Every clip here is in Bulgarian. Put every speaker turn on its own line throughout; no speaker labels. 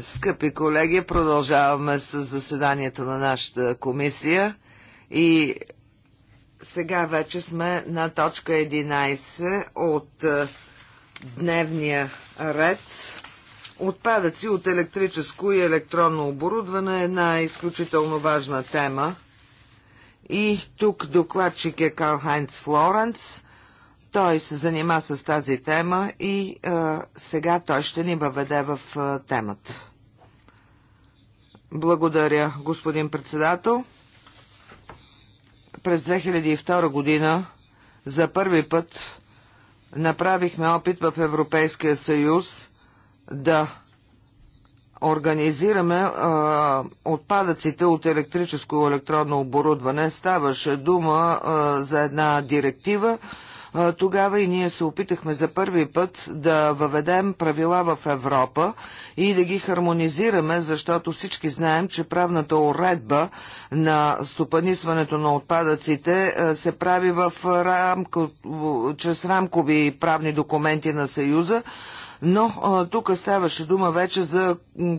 Скъпи колеги, продължаваме с заседанието на нашата комисия и сега вече сме на точка 11 от е, дневния ред. Отпадъци от електрическо и електронно оборудване е една изключително важна тема. И тук докладчик е Карл Хайнц Флоренц. Той се занима с тази тема и а, сега той ще ни въведе в а, темата. Благодаря, господин председател. През 2002 година за първи път направихме опит в Европейския съюз да организираме а, отпадъците от електрическо и електронно оборудване. Ставаше дума а, за една директива, тогава и ние се опитахме за първи път да въведем правила в Европа и да ги хармонизираме, защото всички знаем, че правната уредба на стопанисването на отпадъците е, се прави в рамко, чрез рамкови правни документи на Съюза, но тук ставаше дума вече за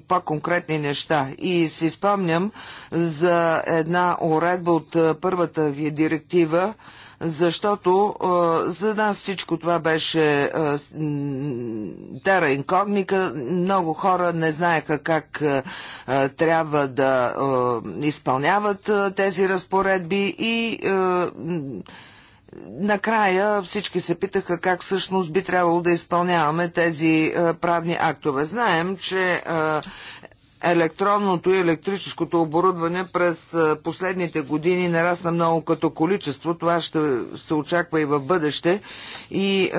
по-конкретни неща. И си спомням за една уредба от първата ви директива, защото за нас всичко това беше тера инкогника. Много хора не знаеха как трябва да изпълняват тези разпоредби и накрая всички се питаха как всъщност би трябвало да изпълняваме тези а, правни актове. Знаем, че а, електронното и електрическото оборудване през последните години нарасна много като количество. Това ще се очаква и в бъдеще. И е,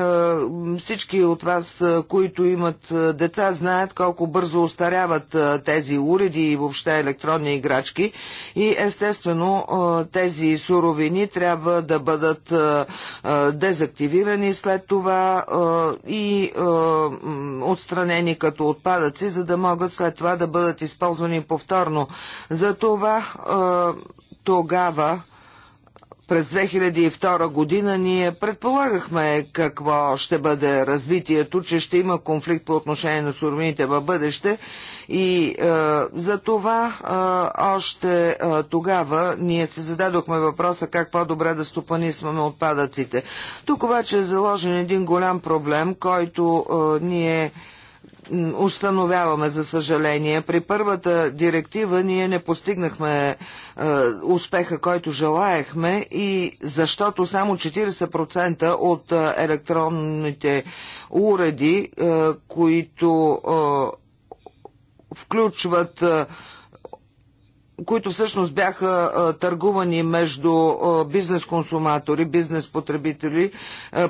всички от вас, които имат деца, знаят колко бързо остаряват тези уреди и въобще електронни играчки. И естествено тези суровини трябва да бъдат дезактивирани след това и отстранени като отпадъци, за да могат след това да бъдат бъдат използвани повторно. За това тогава през 2002 година ние предполагахме какво ще бъде развитието, че ще има конфликт по отношение на сурмините във бъдеще и е, за това е, още е, тогава ние се зададохме въпроса как по-добре да стопанисваме отпадъците. Тук обаче е заложен един голям проблем, който е, ние е, установяваме, за съжаление. При първата директива ние не постигнахме е, успеха, който желаехме и защото само 40% от е, електронните уреди, е, които е, включват е, които всъщност бяха търгувани между бизнес-консуматори, бизнес-потребители,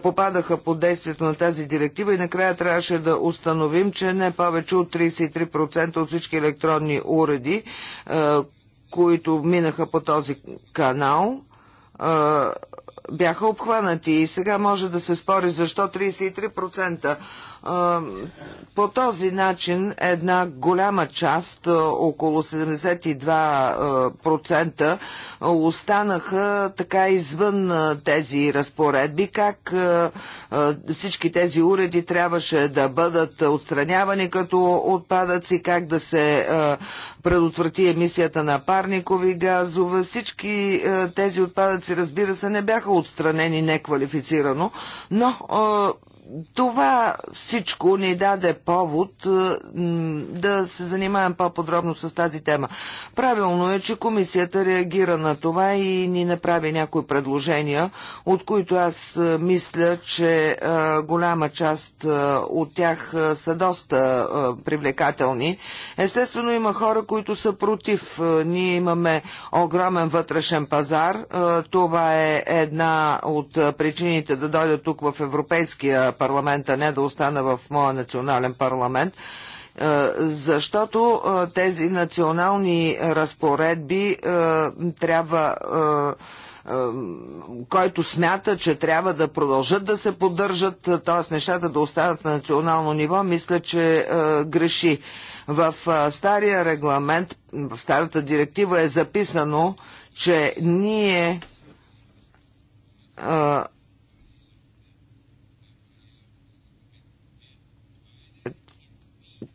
попадаха под действието на тази директива и накрая трябваше да установим, че не повече от 33% от всички електронни уреди, които минаха по този канал, бяха обхванати. И сега може да се спори защо 33%. По този начин една голяма част, около 72%, останаха така извън тези разпоредби, как всички тези уреди трябваше да бъдат отстранявани като отпадъци, как да се предотврати емисията на парникови газове. Всички тези отпадъци, разбира се, не бяха отстранени неквалифицирано, но това всичко ни даде повод е, да се занимаем по-подробно с тази тема. Правилно е, че комисията реагира на това и ни направи някои предложения, от които аз е, мисля, че е, голяма част от тях са доста привлекателни. Естествено има хора, които са против. Ние имаме огромен вътрешен пазар. Това е една от причините да дойда тук в Европейския парламента, не да остана в моя национален парламент, е, защото е, тези национални разпоредби е, трябва който смята, че трябва да продължат да се поддържат, т.е. нещата да останат на национално ниво, мисля, че греши. В стария регламент, в старата директива е записано, че ние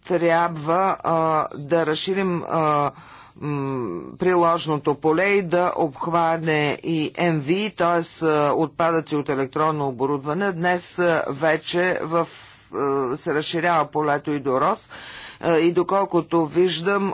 трябва а, да разширим а, приложното поле и да обхване и МВ, т.е. отпадъци от електронно оборудване. Днес вече в, се разширява полето и до РОС и доколкото виждам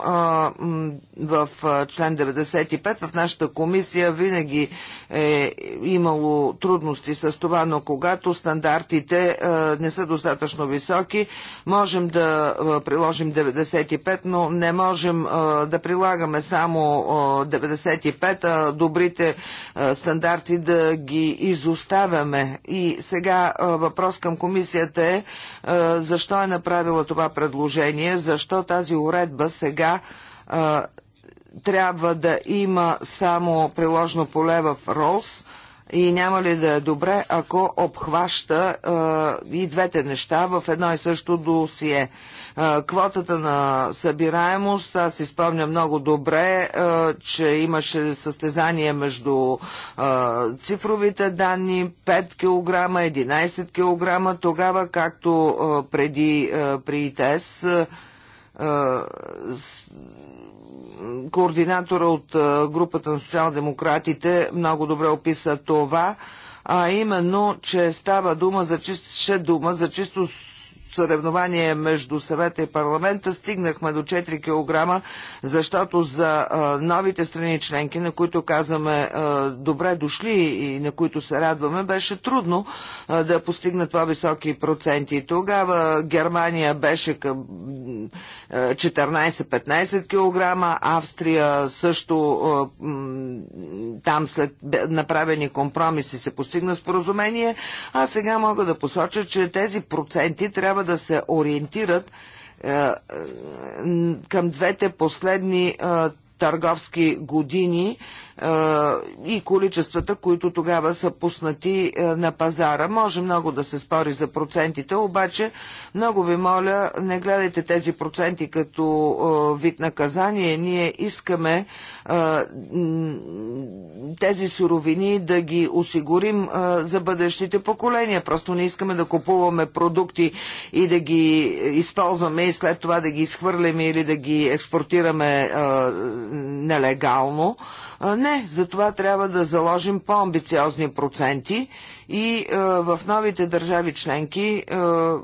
в член 95 в нашата комисия винаги е имало трудности с това, но когато стандартите не са достатъчно високи, можем да приложим 95, но не можем да прилагаме само 95, а добрите стандарти да ги изоставяме. И сега въпрос към комисията е защо е направила това предложение, защо тази уредба сега а, трябва да има само приложно поле в РОС и няма ли да е добре, ако обхваща а, и двете неща в едно и също досие. А, квотата на събираемост, аз изпълня много добре, а, че имаше състезание между а, цифровите данни 5 кг, 11 кг, тогава както а, преди а, при ИТС. а, координатора от групата на социал-демократите много добре описа това, а именно, че става дума за чисто дума за чисто съревнование между съвета и парламента стигнахме до 4 кг, защото за новите страни членки, на които казваме добре дошли и на които се радваме, беше трудно да постигнат по-високи проценти. Тогава Германия беше към 14-15 кг, Австрия също там след направени компромиси се постигна споразумение, а сега мога да посоча, че тези проценти трябва да се ориентират е, е, към двете последни е, търговски години и количествата, които тогава са пуснати на пазара. Може много да се спори за процентите, обаче много ви моля, не гледайте тези проценти като вид наказание. Ние искаме тези суровини да ги осигурим за бъдещите поколения. Просто не искаме да купуваме продукти и да ги използваме и след това да ги изхвърляме или да ги експортираме нелегално. Не, за това трябва да заложим по-амбициозни проценти и а, е, в новите държави членки а, е,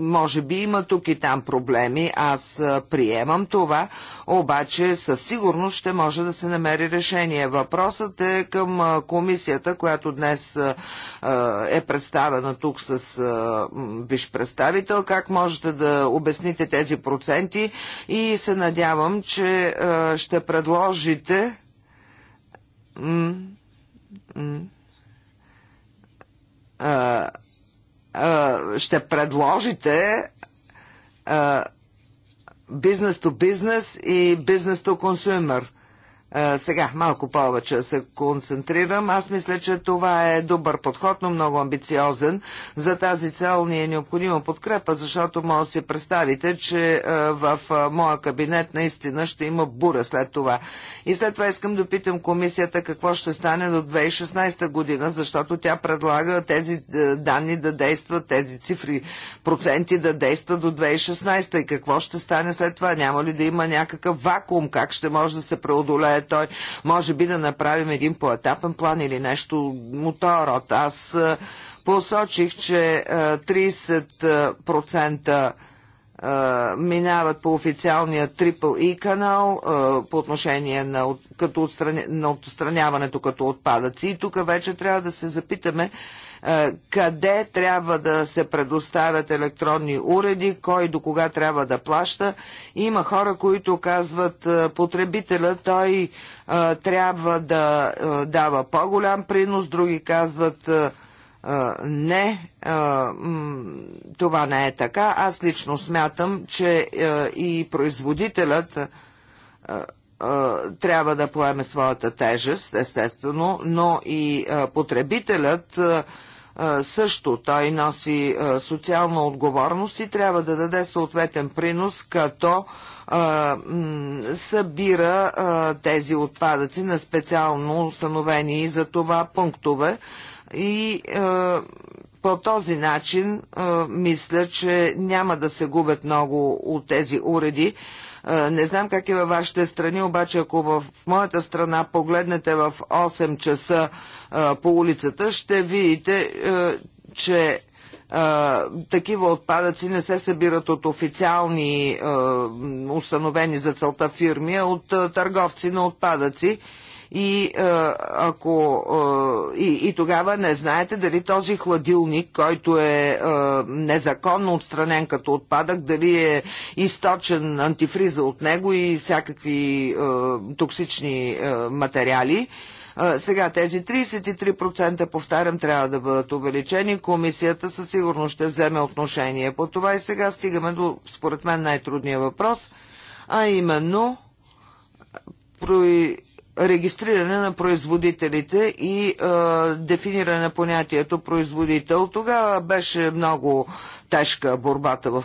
може би има тук и там проблеми. Аз а, е, приемам това, обаче със сигурност ще може да се намери решение. Въпросът е към комисията, която днес е представена тук с биш представител. Как можете да обясните тези проценти и се надявам, че ще предложите Mm. Mm а, ще предложите бизнес-то бизнес и бизнес-то консюмер сега малко повече се концентрирам. Аз мисля, че това е добър подход, но много амбициозен. За тази цел ни е необходима подкрепа, защото може да си представите, че в моя кабинет наистина ще има бура след това. И след това искам да питам комисията какво ще стане до 2016 година, защото тя предлага тези данни да действат, тези цифри, проценти да действат до 2016 и какво ще стане след това? Няма ли да има някакъв вакуум? Как ще може да се преодолее е той. Може би да направим един поетапен план или нещо от този род. Аз е, посочих, че 30% е, е, минават по официалния Triple E канал по отношение на, като отстраня, на отстраняването като отпадъци. И тук вече трябва да се запитаме е, къде трябва да се предоставят електронни уреди, кой до кога трябва да плаща. Има хора, които казват е, потребителя, той е, трябва да дава по-голям принос, други казват не, това не е така. Аз лично смятам, че и производителят трябва да поеме своята тежест, естествено, но и потребителят също той носи социална отговорност и трябва да даде съответен принос, като събира тези отпадъци на специално установени за това пунктове и по този начин мисля, че няма да се губят много от тези уреди. Не знам как е във вашите страни, обаче ако в моята страна погледнете в 8 часа по улицата, ще видите, че а, такива отпадъци не се събират от официални а, установени за целта фирми, а от а, търговци на отпадъци. И, а, ако, а, и, и тогава не знаете дали този хладилник, който е а, незаконно отстранен като отпадък, дали е източен антифриза от него и всякакви а, токсични а, материали. А, сега тези 33% повтарям трябва да бъдат увеличени. Комисията със сигурност ще вземе отношение по това и сега стигаме до според мен най-трудния въпрос, а именно регистриране на производителите и е, дефиниране на понятието производител. Тогава беше много тежка борбата в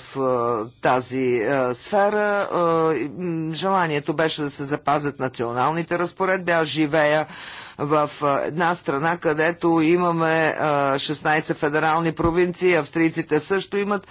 е, тази е, сфера. Е, желанието беше да се запазят националните разпоредби. Аз живея в една страна, където имаме 16 федерални провинции, австрийците също имат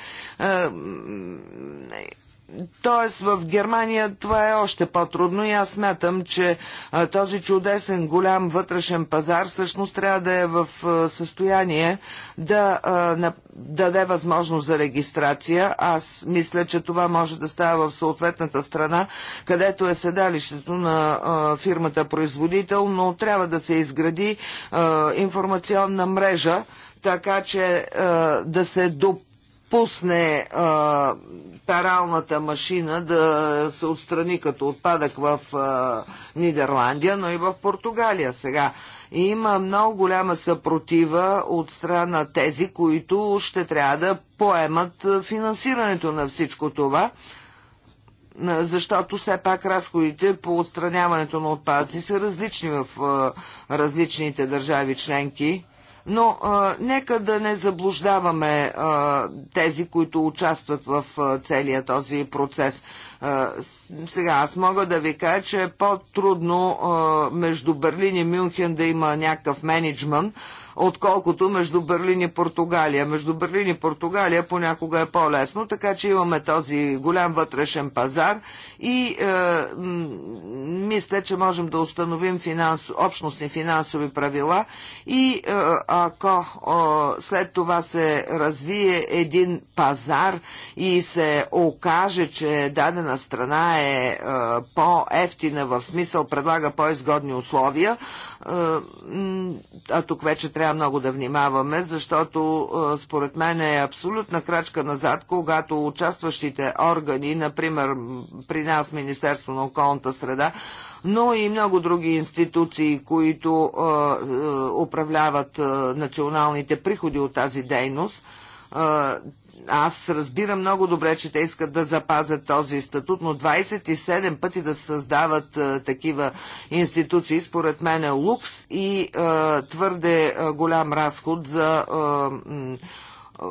Тоест в Германия това е още по-трудно и аз смятам, че а, този чудесен голям вътрешен пазар всъщност трябва да е в а, състояние да, а, на, даде възможност за регистрация. Аз мисля, че това може да става в съответната страна, където е седалището на фирмата производител, но трябва да се изгради информационна мрежа, така че да се допълни пусне а, пералната машина да се отстрани като отпадък в а, Нидерландия, но и в Португалия сега. И има много голяма съпротива от страна тези, които ще трябва да поемат финансирането на всичко това, защото все пак разходите по отстраняването на отпадъци са различни в а, различните държави членки. Но а, нека да не заблуждаваме а, тези, които участват в а, целия този процес. А, сега аз мога да ви кажа, че е по-трудно между Берлин и Мюнхен да има някакъв менеджмент, отколкото между Берлин и Португалия. Между Берлин и Португалия понякога е по-лесно, така че имаме този голям вътрешен пазар и е, мисля, че можем да установим финанс, общностни финансови правила и е, ако е, след това се развие един пазар и се окаже, че дадена страна е, е по-ефтина в смисъл предлага по-изгодни условия, е, а тук вече трябва много да внимаваме, защото е, според мен е абсолютна крачка назад, когато участващите органи, например при нас Министерство на околната среда, но и много други институции, които е, управляват националните приходи от тази дейност, аз разбирам много добре, че те искат да запазят този статут, но 27 пъти да създават а, такива институции, според мен е лукс и а, твърде а, голям разход за а, а,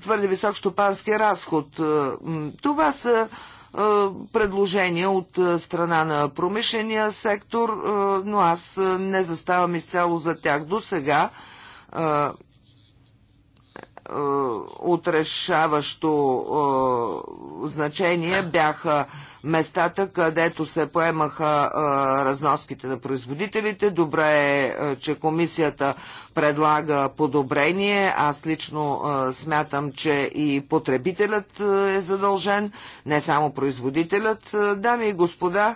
твърде висок стопански разход. Това са предложения от страна на промишления сектор, но аз не заставам изцяло за тях до сега отрешаващо значение бяха местата, където се поемаха разноските на производителите. Добре е, че комисията предлага подобрение. Аз лично смятам, че и потребителят е задължен, не само производителят. дами и господа,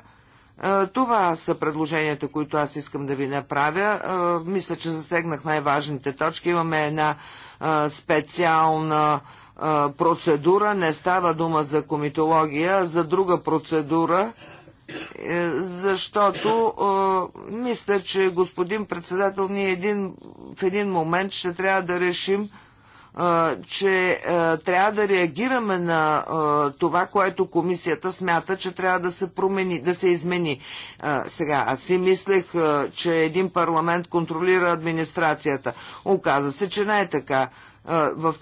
това са предложенията, които аз искам да ви направя. Мисля, че засегнах най-важните точки. Имаме една специална процедура, не става дума за комитология, а за друга процедура, е, защото мисля, че господин председател, ние един, в един момент ще трябва да решим, че трябва да реагираме на това, което комисията смята, че трябва да се промени, да се измени. Сега, аз си мислех, че един парламент контролира администрацията. Оказа се, че не е така в,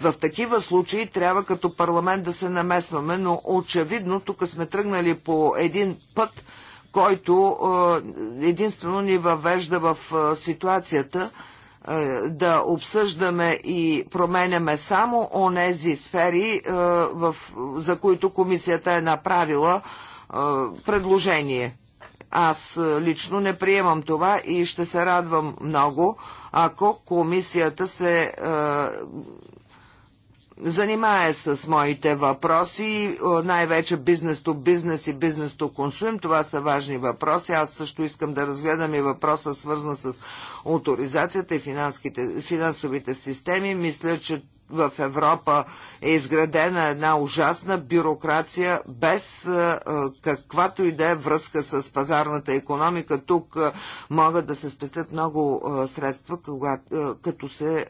в такива случаи трябва като парламент да се намесваме, но очевидно тук сме тръгнали по един път, който единствено ни въвежда в ситуацията да обсъждаме и променяме само онези сфери, за които комисията е направила предложение. Аз е, лично не приемам това и ще се радвам много, ако комисията се е, занимае с моите въпроси, е, най-вече бизнес то бизнес и бизнес то консум. Това са важни въпроси. Аз също искам да разгледам и въпроса свързан с авторизацията и финансовите системи. Мисля, че в Европа е изградена една ужасна бюрокрация без е, е, каквато и да е връзка с пазарната економика. Тук е, могат да се спестят много средства, като се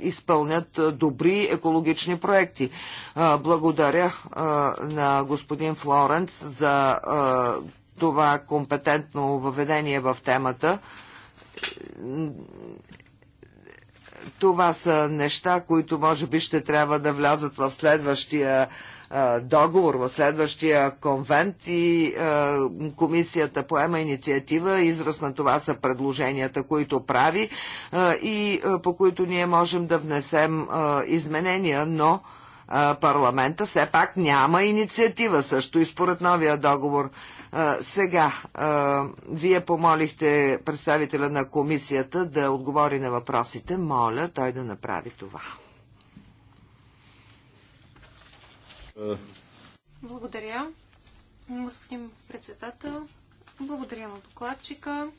изпълнят добри екологични проекти. Благодаря на господин Флоренц за това компетентно въведение в темата това са неща, които може би ще трябва да влязат в следващия договор в следващия конвент и комисията поема инициатива. Израз на това са предложенията, които прави и по които ние можем да внесем изменения, но парламента все пак няма инициатива също и според новия договор. Сега, вие помолихте представителя на комисията да отговори на въпросите. Моля той да направи това.
Благодаря, господин председател. Благодаря на докладчика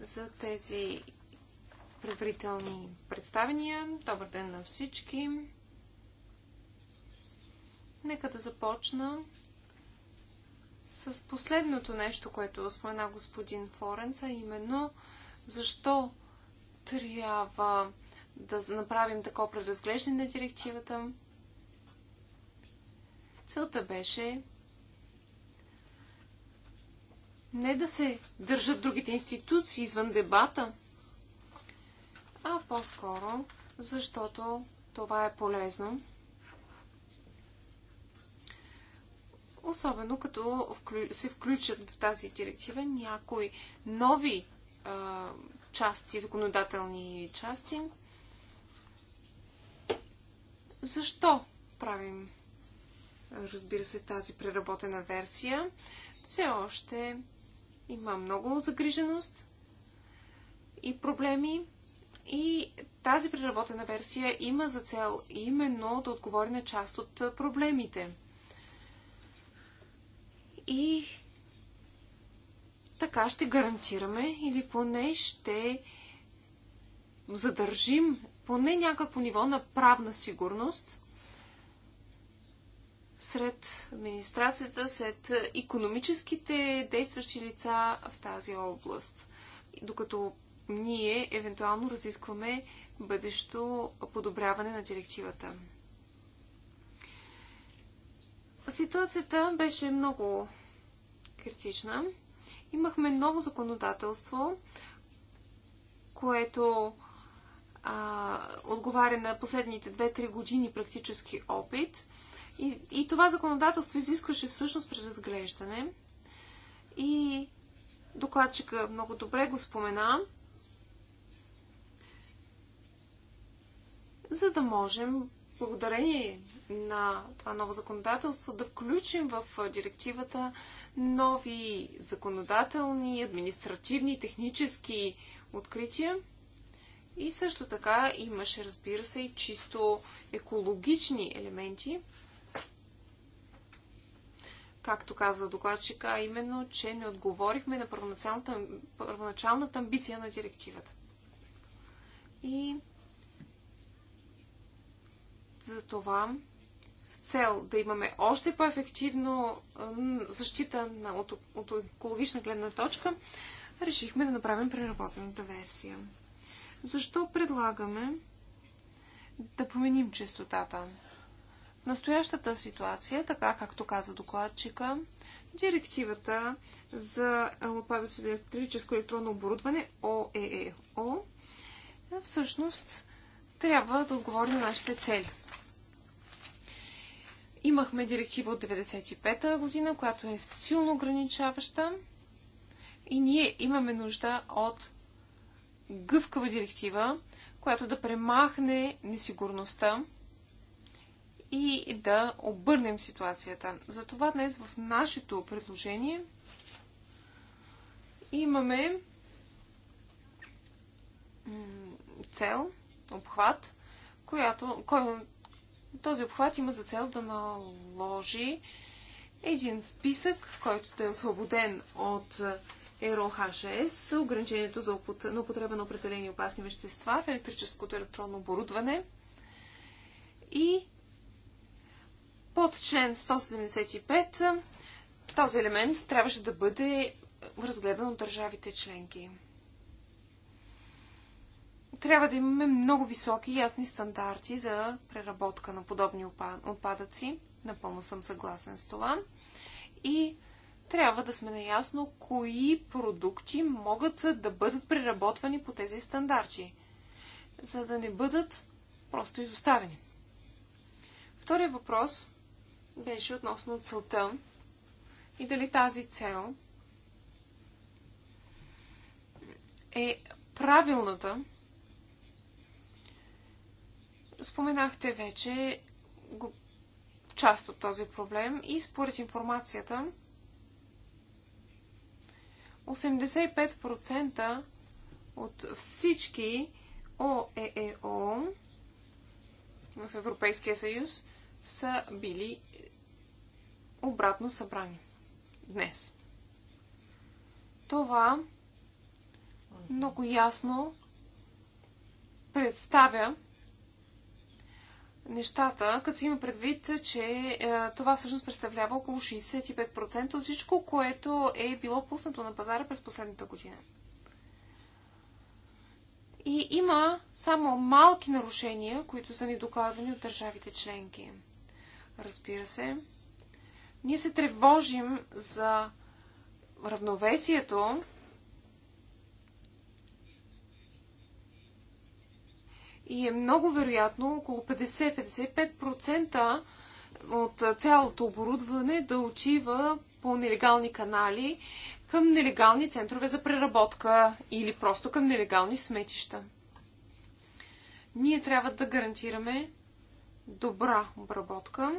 за тези предварителни представения. Добър ден на всички. Нека да започна с последното нещо, което спомена господин Флоренца, именно защо трябва да направим такова преразглеждане на директивата. Целта беше не да се държат другите институции извън дебата, а по-скоро, защото това е полезно особено като се включат в тази директива някои нови а, части, законодателни части. Защо правим, разбира се, тази преработена версия? Все още има много загриженост и проблеми. И тази преработена версия има за цел именно да отговори на част от проблемите – и така ще гарантираме или поне ще задържим поне някакво ниво на правна сигурност сред администрацията, сред економическите действащи лица в тази област. Докато ние евентуално разискваме бъдещо подобряване на директивата. Ситуацията беше много критична. Имахме ново законодателство, което а, отговаря на последните 2-3 години практически опит. И, и това законодателство изискваше всъщност преразглеждане. И докладчика много добре го спомена, за да можем благодарение на това ново законодателство да включим в директивата нови законодателни, административни, технически открития. И също така имаше, разбира се, и чисто екологични елементи. Както каза докладчика, а именно, че не отговорихме на първоначалната, първоначалната амбиция на директивата. И за това в цел да имаме още по-ефективно защита от, от екологична гледна точка, решихме да направим преработената версия. Защо предлагаме да поменим частотата? В настоящата ситуация, така както каза докладчика, директивата за отпадъци електрическо електронно оборудване ОЕЕО всъщност трябва да отговори на нашите цели. Имахме директива от 95-та година, която е силно ограничаваща и ние имаме нужда от гъвкава директива, която да премахне несигурността и да обърнем ситуацията. Затова днес в нашето предложение имаме цел, обхват, която, кой, този обхват има за цел да наложи един списък, който да е освободен от ЕРОХС, ограничението за на употреба на определени опасни вещества в електрическото електронно оборудване и под член 175 този елемент трябваше да бъде разгледан от държавите членки трябва да имаме много високи и ясни стандарти за преработка на подобни отпадъци. Напълно съм съгласен с това. И трябва да сме наясно кои продукти могат да бъдат преработвани по тези стандарти, за да не бъдат просто изоставени. Втория въпрос беше относно целта и дали тази цел е правилната Споменахте вече част от този проблем и според информацията 85% от всички ОЕЕО е е в Европейския съюз са били обратно събрани днес. Това много ясно представя нещата, като си има предвид, че е, това всъщност представлява около 65% от всичко, което е било пуснато на пазара през последната година. И има само малки нарушения, които са ни докладвани от държавите членки. Разбира се, ние се тревожим за равновесието и е много вероятно около 50-55% от цялото оборудване да отива по нелегални канали към нелегални центрове за преработка или просто към нелегални сметища. Ние трябва да гарантираме добра обработка,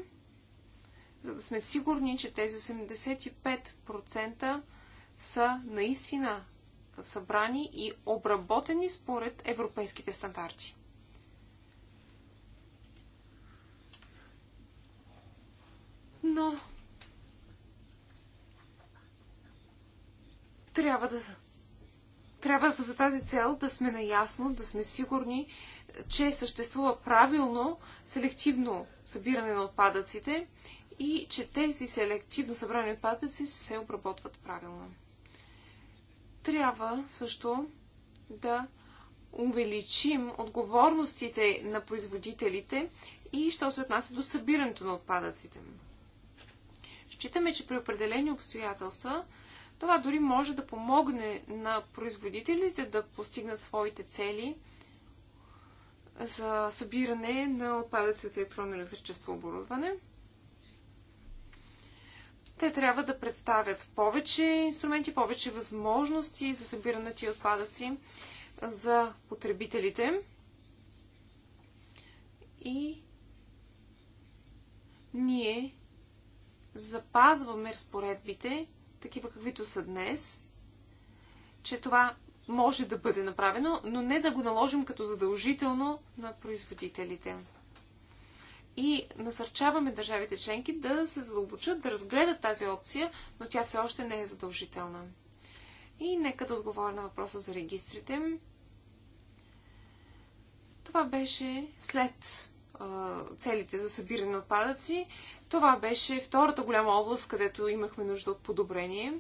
за да сме сигурни, че тези 85% са наистина събрани и обработени според европейските стандарти. но трябва да трябва за тази цел да сме наясно, да сме сигурни, че съществува правилно селективно събиране на отпадъците и че тези селективно събрани отпадъци се обработват правилно. Трябва също да увеличим отговорностите на производителите и що се отнася до събирането на отпадъците. Считаме, че при определени обстоятелства това дори може да помогне на производителите да постигнат своите цели за събиране на отпадъци от електронно електричество оборудване. Те трябва да представят повече инструменти, повече възможности за събиране на тия отпадъци за потребителите. И ние запазваме разпоредбите, такива каквито са днес, че това може да бъде направено, но не да го наложим като задължително на производителите. И насърчаваме държавите членки да се задълбочат, да разгледат тази опция, но тя все още не е задължителна. И нека да отговоря на въпроса за регистрите. Това беше след целите за събиране на отпадъци. Това беше втората голяма област, където имахме нужда от подобрение.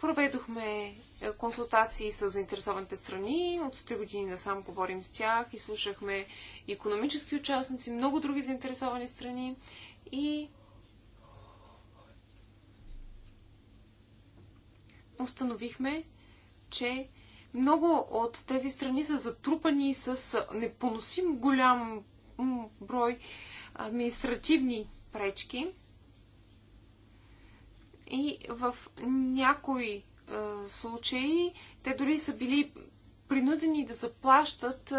Проведохме е, консултации с заинтересованите страни. От 3 години насам говорим с тях и слушахме економически участници, много други заинтересовани страни. И установихме, че много от тези страни са затрупани с непоносим голям брой административни пречки. И в някои е, случаи те дори са били принудени да заплащат е,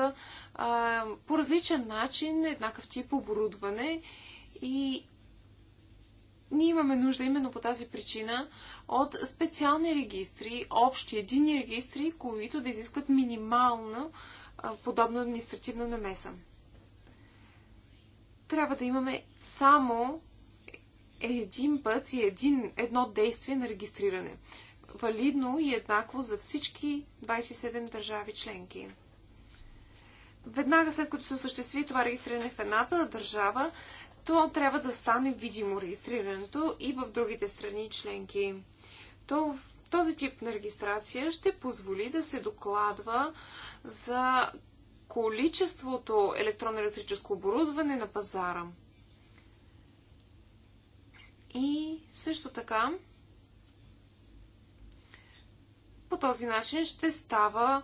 по различен начин еднакъв тип оборудване. И ние имаме нужда именно по тази причина от специални регистри, общи, едини регистри, които да изискват минимална подобна административна намеса. Трябва да имаме само един път и един, едно действие на регистриране. Валидно и еднакво за всички 27 държави членки. Веднага след като се осъществи това регистриране в едната държава, то трябва да стане видимо регистрирането и в другите страни членки то този тип на регистрация ще позволи да се докладва за количеството електронно-електрическо оборудване на пазара. И също така по този начин ще става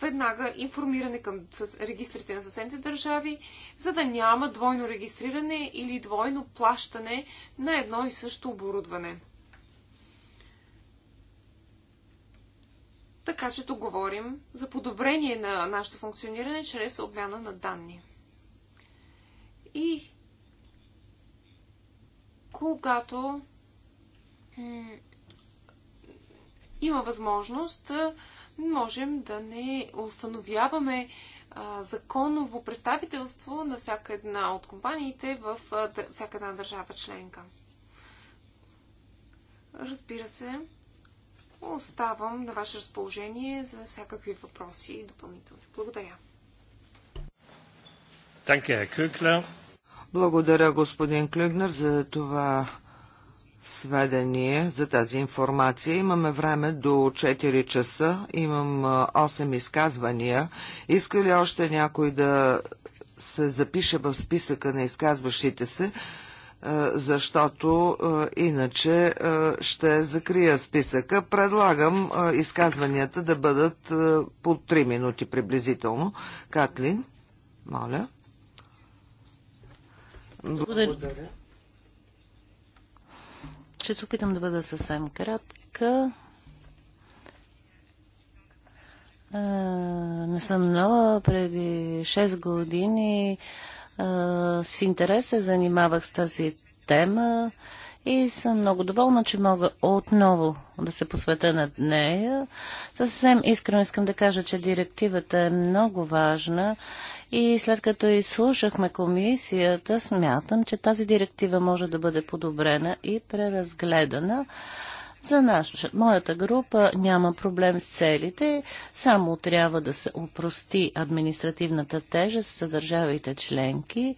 веднага информиране към регистрите на съседните държави, за да няма двойно регистриране или двойно плащане на едно и също оборудване. Така че договорим за подобрение на нашето функциониране чрез обмяна на данни. И когато има възможност, можем да не установяваме законово представителство на всяка една от компаниите в всяка една държава членка. Разбира се, Оставам на ваше разположение за всякакви въпроси и допълнителни. Благодаря.
Благодаря, господин Клюгнер, за това сведение, за тази информация. Имаме време до 4 часа. Имам 8 изказвания. Иска ли още някой да се запише в списъка на изказващите се? Е, защото е, иначе е, ще закрия списъка. Предлагам изказванията да бъдат по 3 минути приблизително. Катлин, моля. Благодаря.
Ще се опитам да бъда съвсем кратка. Не съм много. Преди 6 години с интерес се занимавах с тази тема и съм много доволна, че мога отново да се посветя на нея. Съвсем искрено искам да кажа, че директивата е много важна и след като изслушахме комисията, смятам, че тази директива може да бъде подобрена и преразгледана. За нас, моята група няма проблем с целите, само трябва да се упрости административната тежест за държавите членки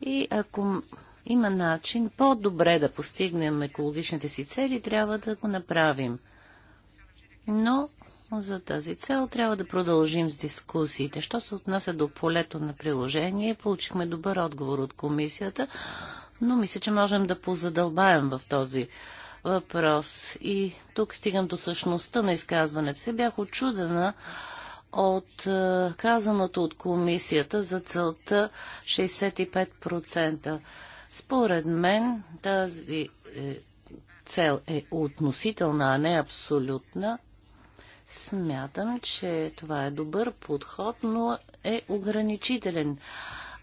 и ако има начин по-добре да постигнем екологичните си цели, трябва да го направим. Но за тази цел трябва да продължим с дискусиите. Що се отнася до полето на приложение, получихме добър отговор от комисията, но мисля, че можем да позадълбаем в този въпрос. И тук стигам до същността на изказването си. Бях очудена от е, казаното от комисията за целта 65%. Според мен тази е, цел е относителна, а не абсолютна. Смятам, че това е добър подход, но е ограничителен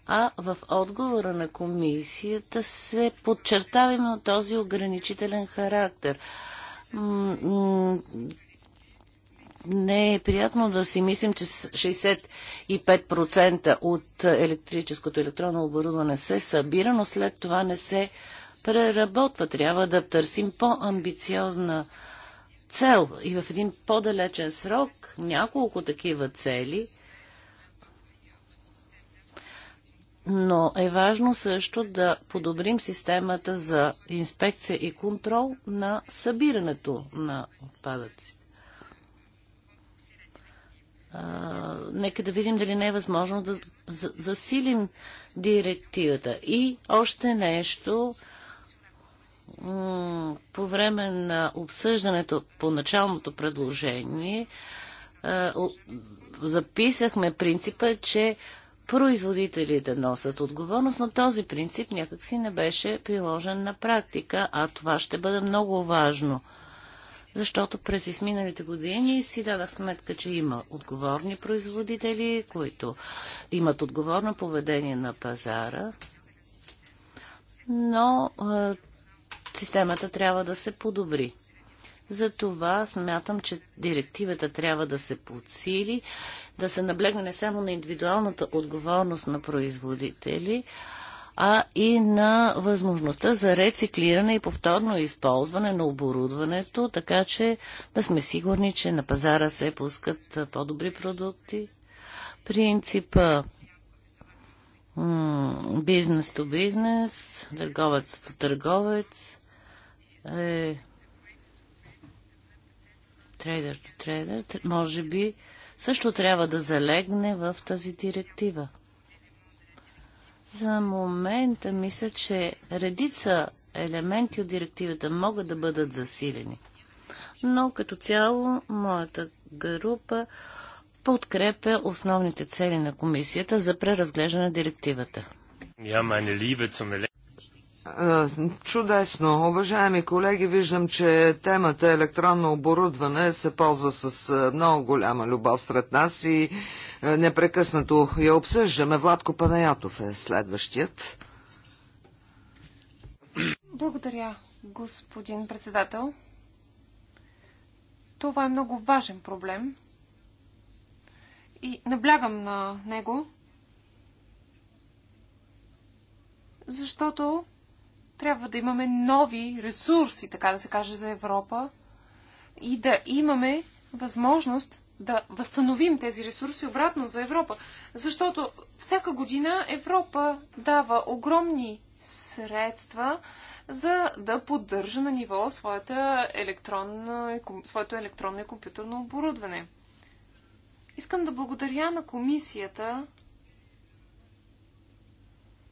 а в отговора на комисията се подчертава именно този ограничителен характер. Не е приятно да си мислим, че 65% от електрическото електронно оборудване се събира, но след това не се преработва. Трябва да търсим по-амбициозна цел и в един по-далечен срок няколко такива цели – но е важно също да подобрим системата за инспекция и контрол на събирането на отпадъците. А, нека да видим дали не е възможно да засилим директивата. И още нещо. По време на обсъждането по началното предложение записахме принципа, че производителите носят отговорност, но този принцип някакси не беше приложен на практика, а това ще бъде много важно. Защото през изминалите години си дадах сметка, че има отговорни производители, които имат отговорно поведение на пазара, но е, системата трябва да се подобри. Затова смятам, че директивата трябва да се подсили, да се наблегне не само на индивидуалната отговорност на производители, а и на възможността за рециклиране и повторно използване на оборудването, така че да сме сигурни, че на пазара се пускат по-добри продукти. Принципа бизнес то бизнес, търговец то търговец е трейдер ту трейдер, може би също трябва да залегне в тази директива. За момента мисля, че редица елементи от директивата могат да бъдат засилени. Но като цяло моята група подкрепя основните цели на комисията за преразглеждане на директивата. Ja, meine Liebe zum
е, чудесно. Уважаеми колеги, виждам, че темата електронно оборудване се ползва с е, много голяма любов сред нас и е, непрекъснато я обсъждаме. Владко Панаятов е следващият.
Благодаря, господин председател. Това е много важен проблем и наблягам на него, защото трябва да имаме нови ресурси, така да се каже, за Европа и да имаме възможност да възстановим тези ресурси обратно за Европа. Защото всяка година Европа дава огромни средства, за да поддържа на ниво своята електронна, своето електронно и компютърно оборудване. Искам да благодаря на комисията,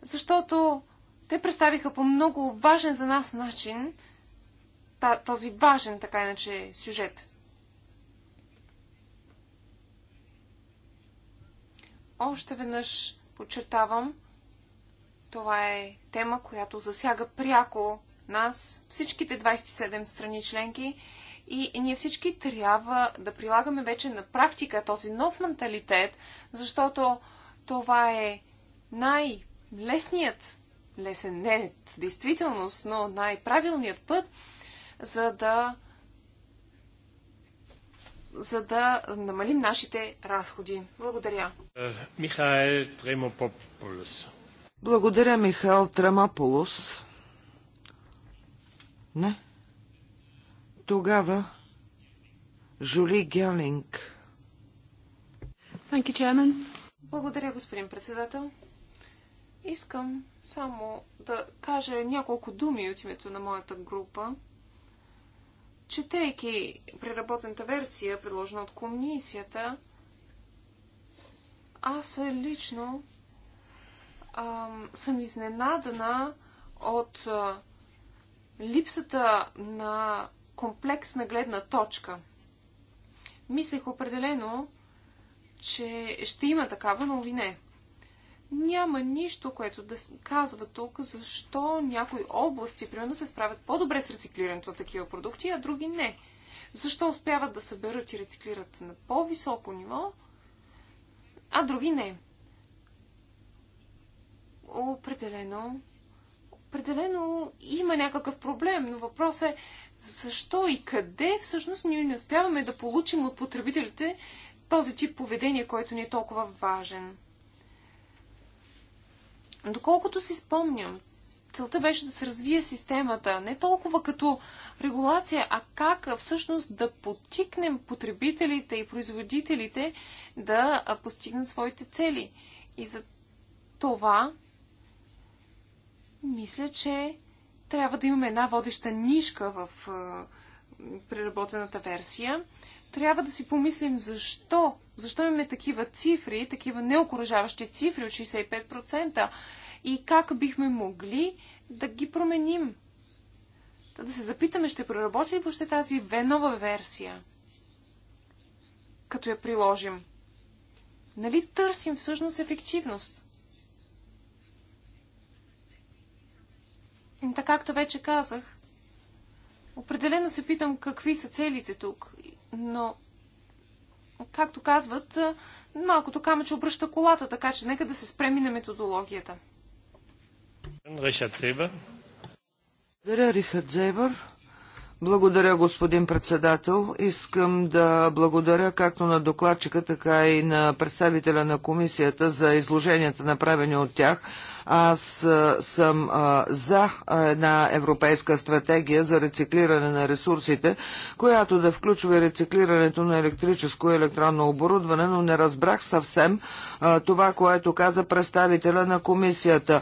защото те представиха по много важен за нас начин този важен, така иначе, сюжет. Още веднъж подчертавам, това е тема, която засяга пряко нас, всичките 27 страни членки и ние всички трябва да прилагаме вече на практика този нов менталитет, защото това е най-лесният лесен не е действителност, но най-правилният път, за да за да намалим нашите разходи. Благодаря. Е, Михаил Тремопополос.
Благодаря, Михаил Тремополос. Не. Тогава Жули Гелинг.
Благодаря, господин председател. Искам само да кажа няколко думи от името на моята група. Четейки преработената версия, предложена от комисията, аз лично ам, съм изненадана от а, липсата на комплексна гледна точка. Мислех определено, че ще има такава, но не. Няма нищо, което да казва тук, защо някои области, примерно, се справят по-добре с рециклирането на такива продукти, а други не. Защо успяват да съберат и рециклират на по-високо ниво, а други не. Определено. Определено има някакъв проблем, но въпрос е защо и къде всъщност ние не успяваме да получим от потребителите този тип поведение, който ни е толкова важен. Доколкото си спомням, целта беше да се развие системата не толкова като регулация, а как всъщност да подтикнем потребителите и производителите да постигнат своите цели. И за това мисля, че трябва да имаме една водеща нишка в преработената версия. Трябва да си помислим защо защо имаме такива цифри, такива неокоръжаващи цифри от 65% и как бихме могли да ги променим? Та да се запитаме, ще преработи ли въобще тази венова версия, като я приложим? Нали търсим всъщност ефективност? Така, както вече казах, определено се питам какви са целите тук, но както казват, е, малкото камъче обръща колата, така че нека да се спреми на методологията.
Благодаря, Рихард Зейбър. Благодаря, господин председател. Искам да благодаря както на докладчика, така и на представителя на комисията за изложенията, направени от тях. Аз съм за една европейска стратегия за рециклиране на ресурсите, която да включва рециклирането на електрическо и електронно оборудване, но не разбрах съвсем това, което каза представителя на комисията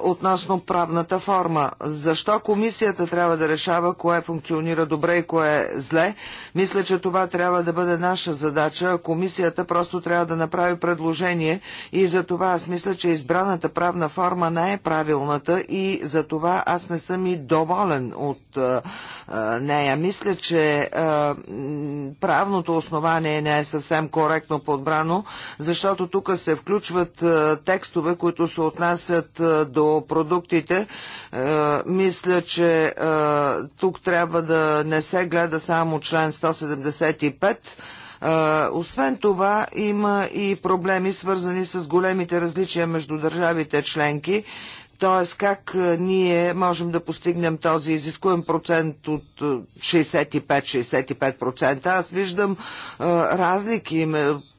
относно правната форма. Защо комисията трябва да решава кое функционира добре и кое е зле? Мисля, че това трябва да бъде наша задача. Комисията просто трябва да направи предложение и за това аз мисля, че избраната правна правна форма не е правилната и за това аз не съм и доволен от нея. Мисля, че правното основание не е съвсем коректно подбрано, защото тук се включват текстове, които се отнасят до продуктите. Мисля, че тук трябва да не се гледа само член 175, освен това, има и проблеми свързани с големите различия между държавите членки, т.е. как ние можем да постигнем този изискуем процент от 65-65%. Аз виждам разлики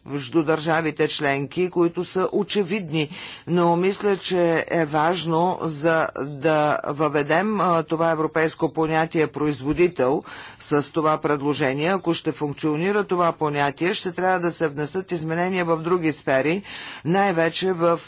между държавите членки, които са очевидни. Но мисля, че е важно за да въведем това европейско понятие производител с това предложение. Ако ще функционира това понятие, ще трябва да се внесат изменения в други сфери, най-вече в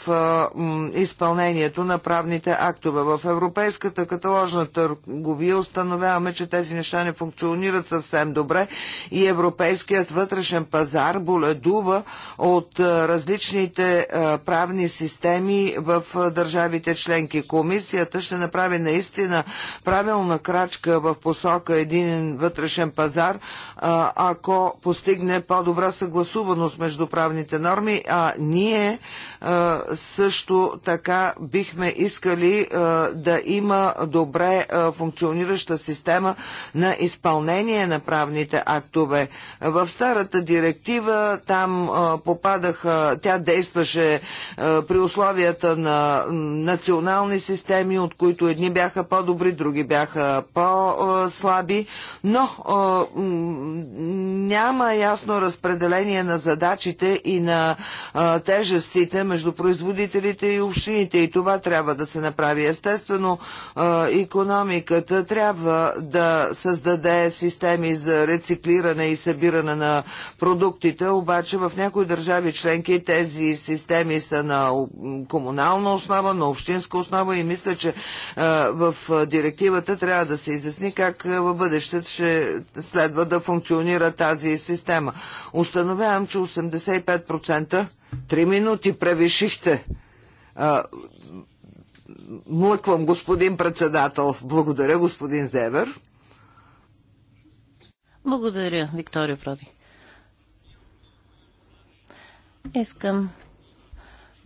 изпълнението на правните актове. В европейската каталожна търговия установяваме, че тези неща не функционират съвсем добре и европейският вътрешен пазар боледува тълкува от различните правни системи в държавите членки. Комисията ще направи наистина правилна крачка в посока един вътрешен пазар, ако постигне по-добра съгласуваност между правните норми, а ние също така бихме искали да има добре функционираща система на изпълнение на правните актове. В старата директива там попадаха, тя действаше при условията на национални системи, от които едни бяха по-добри, други бяха по-слаби, но няма ясно разпределение на задачите и на тежестите между производителите и общините и това трябва да се направи. Естествено, економиката трябва да създаде системи за рециклиране и събиране на продуктите, обаче в в някои държави членки тези системи са на комунална основа, на общинска основа и мисля, че в директивата трябва да се изясни как в бъдеще ще следва да функционира тази система. Установявам, че 85% 3 минути превишихте. Млъквам, господин председател. Благодаря, господин Зевер.
Благодаря, Виктория Проди. Искам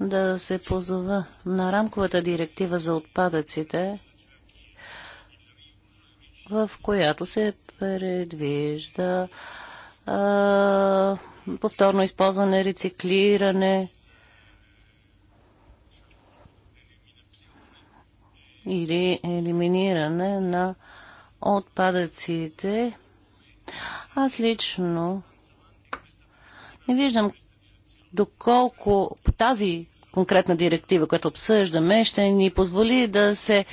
да се позова на рамковата директива за отпадъците, в която се предвижда а, повторно използване, рециклиране или елиминиране на отпадъците. Аз лично не виждам доколко тази конкретна директива, която обсъждаме, ще ни позволи да се е,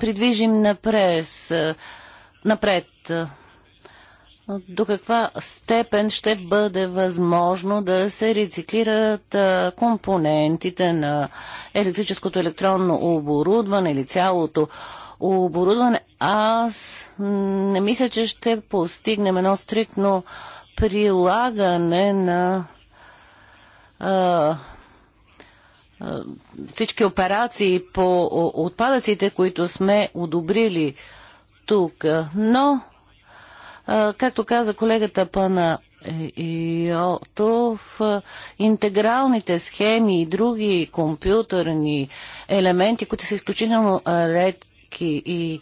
придвижим напрез, е, напред. До каква степен ще бъде възможно да се рециклират е, компонентите на електрическото електронно оборудване или цялото оборудване? Аз не мисля, че ще постигнем едно стриктно прилагане на всички операции по отпадъците, които сме одобрили тук. Но, както каза колегата Пана Йотов, интегралните схеми и други компютърни елементи, които са изключително редки и,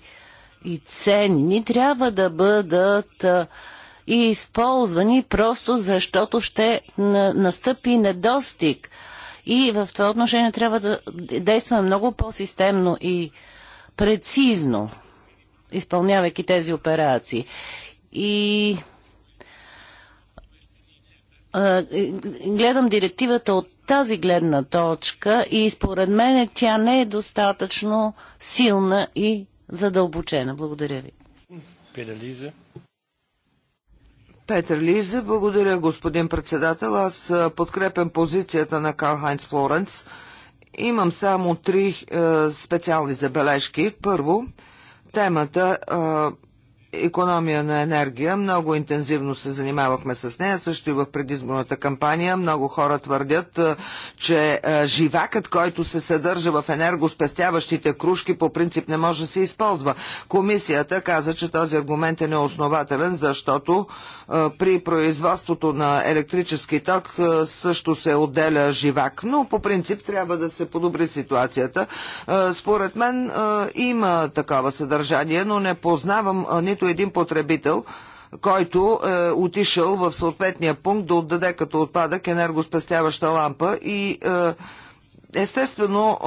и ценни, трябва да бъдат и използвани просто защото ще настъпи недостиг. И в това отношение трябва да действаме много по-системно и прецизно, изпълнявайки тези операции. И гледам директивата от тази гледна точка и според мен тя не е достатъчно силна и задълбочена. Благодаря
ви. Педализа. Петър Лиза, благодаря господин председател. Аз подкрепям позицията на Карл Хайнц Флоренц. Имам само три е, специални забележки. Първо, темата економия на енергия. Много интензивно се занимавахме с нея, също и в предизборната кампания. Много хора твърдят, че живакът, който се съдържа в енергоспестяващите кружки, по принцип не може да се използва. Комисията каза, че този аргумент е неоснователен, защото при производството на електрически ток също се отделя живак, но по принцип трябва да се подобри ситуацията. Според мен има такова съдържание, но не познавам нито нито един потребител, който е отишъл в съответния пункт да отдаде като отпадък енергоспестяваща лампа и е, Естествено,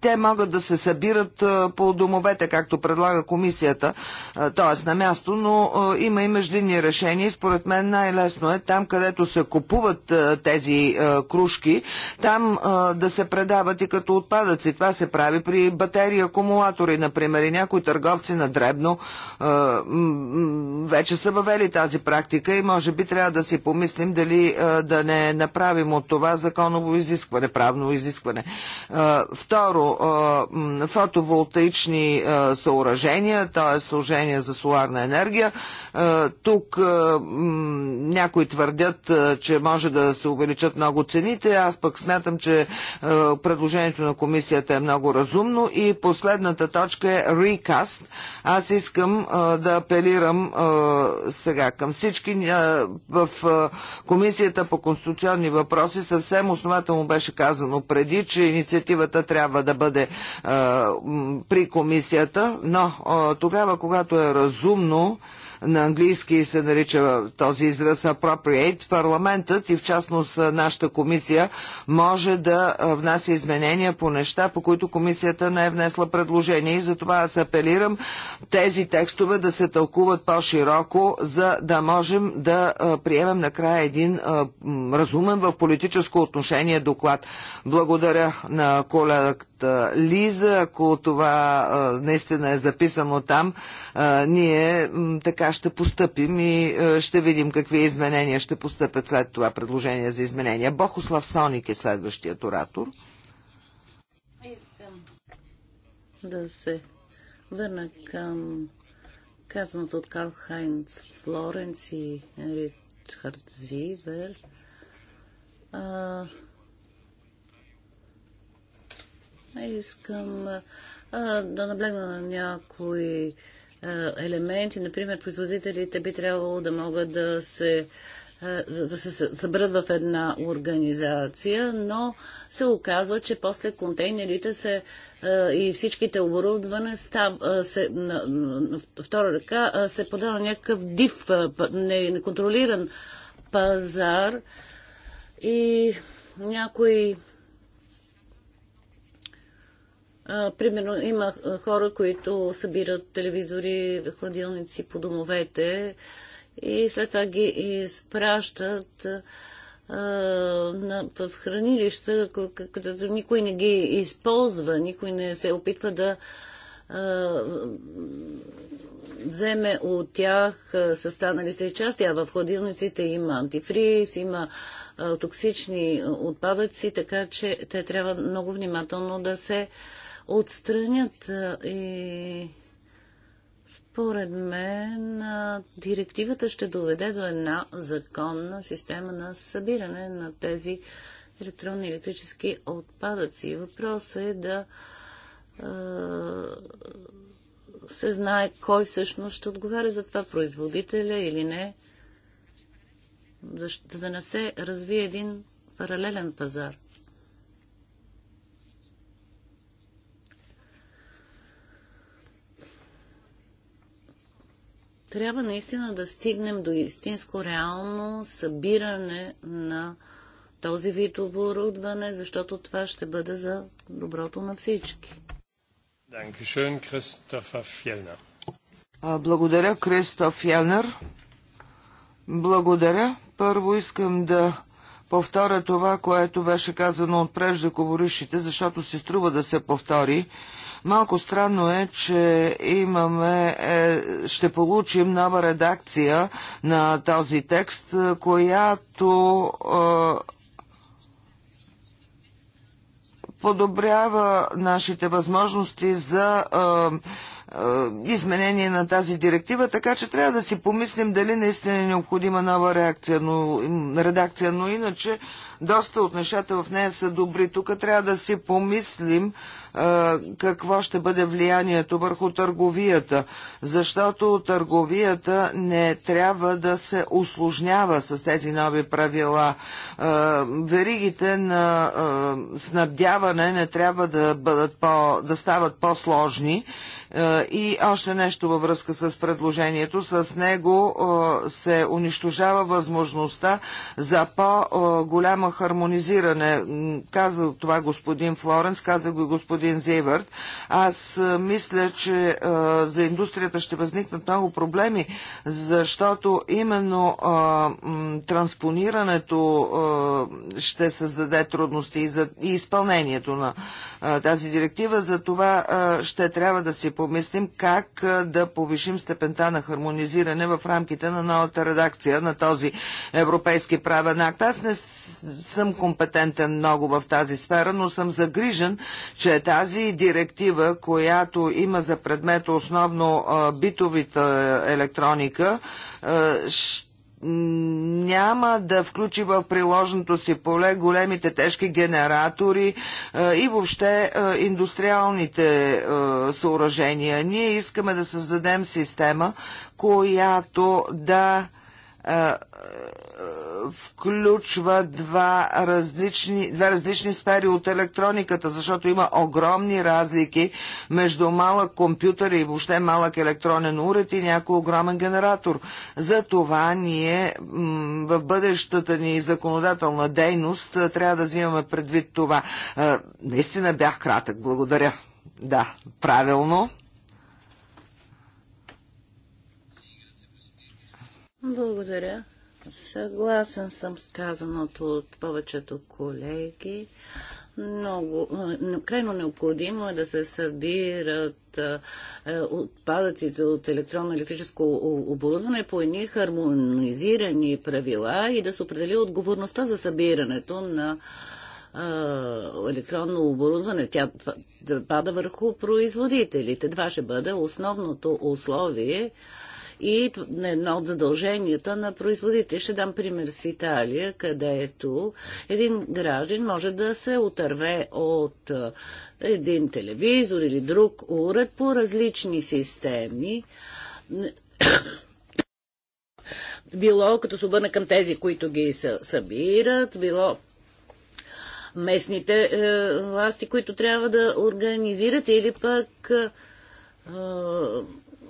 те могат да се събират по домовете, както предлага комисията, т.е. на място, но има и междинни решения. Според мен най-лесно е там, където се купуват тези кружки, там да се предават и като отпадъци. Това се прави при батерии, акумулатори, например, и някои търговци на дребно вече са въвели тази практика и може би трябва да си помислим дали да не направим от това законово изискване изискване, правно изискване. Второ, фотоволтаични съоръжения, т.е. съоръжения за соларна енергия. Тук някои твърдят, че може да се увеличат много цените. Аз пък смятам, че предложението на комисията е много разумно. И последната точка е recast. Аз искам да апелирам сега към всички в Комисията по конституционни въпроси съвсем основателно беше беше казано преди, че инициативата трябва да бъде е, при комисията, но е, тогава, когато е разумно, на английски се нарича този израз appropriate, парламентът и в частност нашата комисия може да внася изменения по неща, по които комисията не е внесла предложение и затова аз апелирам тези текстове да се тълкуват по-широко, за да можем да приемем накрая един разумен в политическо отношение доклад. Благодаря на колегата Лиза, ако това наистина е записано там, ние така ще постъпим и ще видим какви изменения ще постъпят след това предложение за изменения. Бохослав Соник е следващият оратор.
Искам да се върна към казаното от Карл Хайнц Флоренц и Ричард Зивер. Искам а, да наблегна на някои а, елементи. Например, производителите би трябвало да могат да се да се съберат в една организация, но се оказва, че после контейнерите се, и всичките оборудване став, се, втора ръка се подава на някакъв див, неконтролиран пазар и някои примерно има хора, които събират телевизори, хладилници по домовете и след това ги изпращат в хранилища, където никой не ги използва, никой не се опитва да вземе от тях състаналите части, а в хладилниците има антифриз, има токсични отпадъци, така че те трябва много внимателно да се отстранят и според мен директивата ще доведе до една законна система на събиране на тези електронни електрически отпадъци. Въпросът е да е, се знае кой всъщност ще отговаря за това, производителя или не, за да не се развие един паралелен пазар. Трябва наистина да стигнем до истинско реално събиране на този вид оборудване, защото това ще
бъде за доброто на всички. Благодаря, Кристоф Фелнер. Благодаря. Първо искам да повторя това, което беше казано от преждеговорившите, защото си струва да се повтори. Малко странно е, че имаме, е, ще получим нова редакция на този текст, е, която е, подобрява нашите възможности за е, е, изменение на тази директива, така че трябва да си помислим дали наистина е необходима нова реакция, но, редакция, но иначе доста от нещата в нея са добри. Тук трябва да си помислим а, е, какво ще бъде влиянието върху търговията, защото търговията не трябва да се усложнява с тези нови правила. А, е, веригите на а, снабдяване не трябва да, бъдат по, да стават по-сложни, е, и още нещо във връзка с предложението. С него е, се унищожава възможността за по-голяма хармонизиране. Каза това господин Флоренс, каза го и господин Зейвърт. Аз е, мисля, че за индустрията ще възникнат много проблеми, защото именно транспонирането ще създаде трудности и, и изпълнението на тази директива. За това ще трябва да си помислим как да повишим степента на хармонизиране в рамките на новата редакция на този европейски правен акт. Аз не съм компетентен много в тази сфера, но съм загрижен, че тази директива, която има за предмет основно битовите електроника, ще няма да включи в приложното си поле големите тежки генератори е, и въобще е, индустриалните е, съоръжения. Ние искаме да създадем система, която да включва два различни, два различни сфери от електрониката, защото има огромни разлики между малък компютър и въобще малък електронен уред и някой огромен генератор. За това ние в бъдещата ни законодателна дейност трябва да взимаме предвид това. Наистина бях кратък, благодаря. Да, правилно.
Благодаря. Съгласен съм с казаното от повечето колеги. Много, е, крайно необходимо е да се събират е, е, отпадъците от електронно-електрическо оборудване по едни хармонизирани правила и да се определи отговорността за събирането на електронно оборудване, тя пада върху производителите. Това ще бъде основното условие и едно от задълженията на производителите. Ще дам пример с Италия, където един граждан може да се отърве от един телевизор или друг уред по различни системи било като се обърна към тези, които ги събират, било местните е, власти, които трябва да организират или пък е,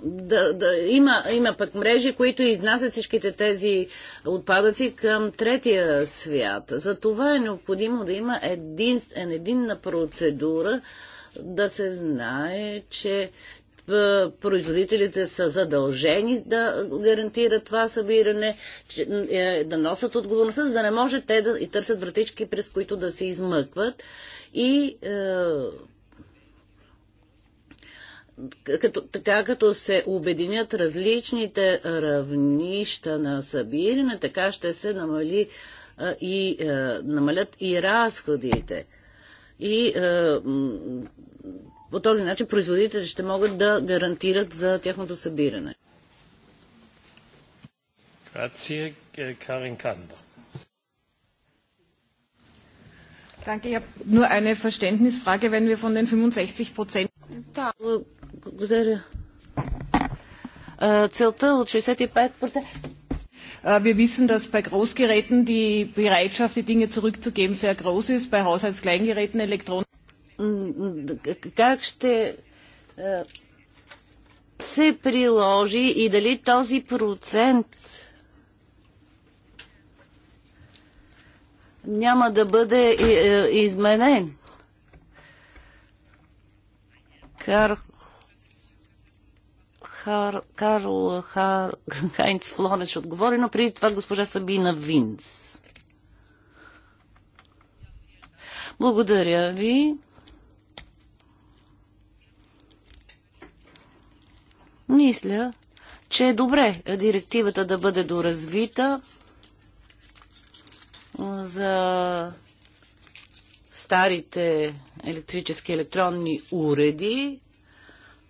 да, да, има, има пък мрежи, които изнасят всичките тези отпадъци към третия свят. За това е необходимо да има един, единна процедура, да се знае, че е, производителите са задължени да гарантират това събиране, е, да носят отговорността, за да не може те да и търсят вратички, през които да се измъкват. И е, като, така като се обединят различните равнища на събиране, така ще се намали а, и а, намалят и разходите. И а, по този начин производителите ще могат да гарантират за тяхното събиране. Grazie, Karin Kander. Danke, ich habe nur eine Verständnisfrage, wenn wir von den 65 Prozent. Да. Благодаря. Целта от 65%. Wir wissen, dass bei Großgeräten die Bereitschaft, die Dinge zurückzugeben, sehr groß ist. Bei Haushaltskleingeräten, Elektronik. Хар... Карл Хар... Хайнц Флорен ще отговори, но преди това госпожа Сабина Винц. Благодаря ви. Мисля, че е добре директивата да бъде доразвита за старите електрически електронни уреди,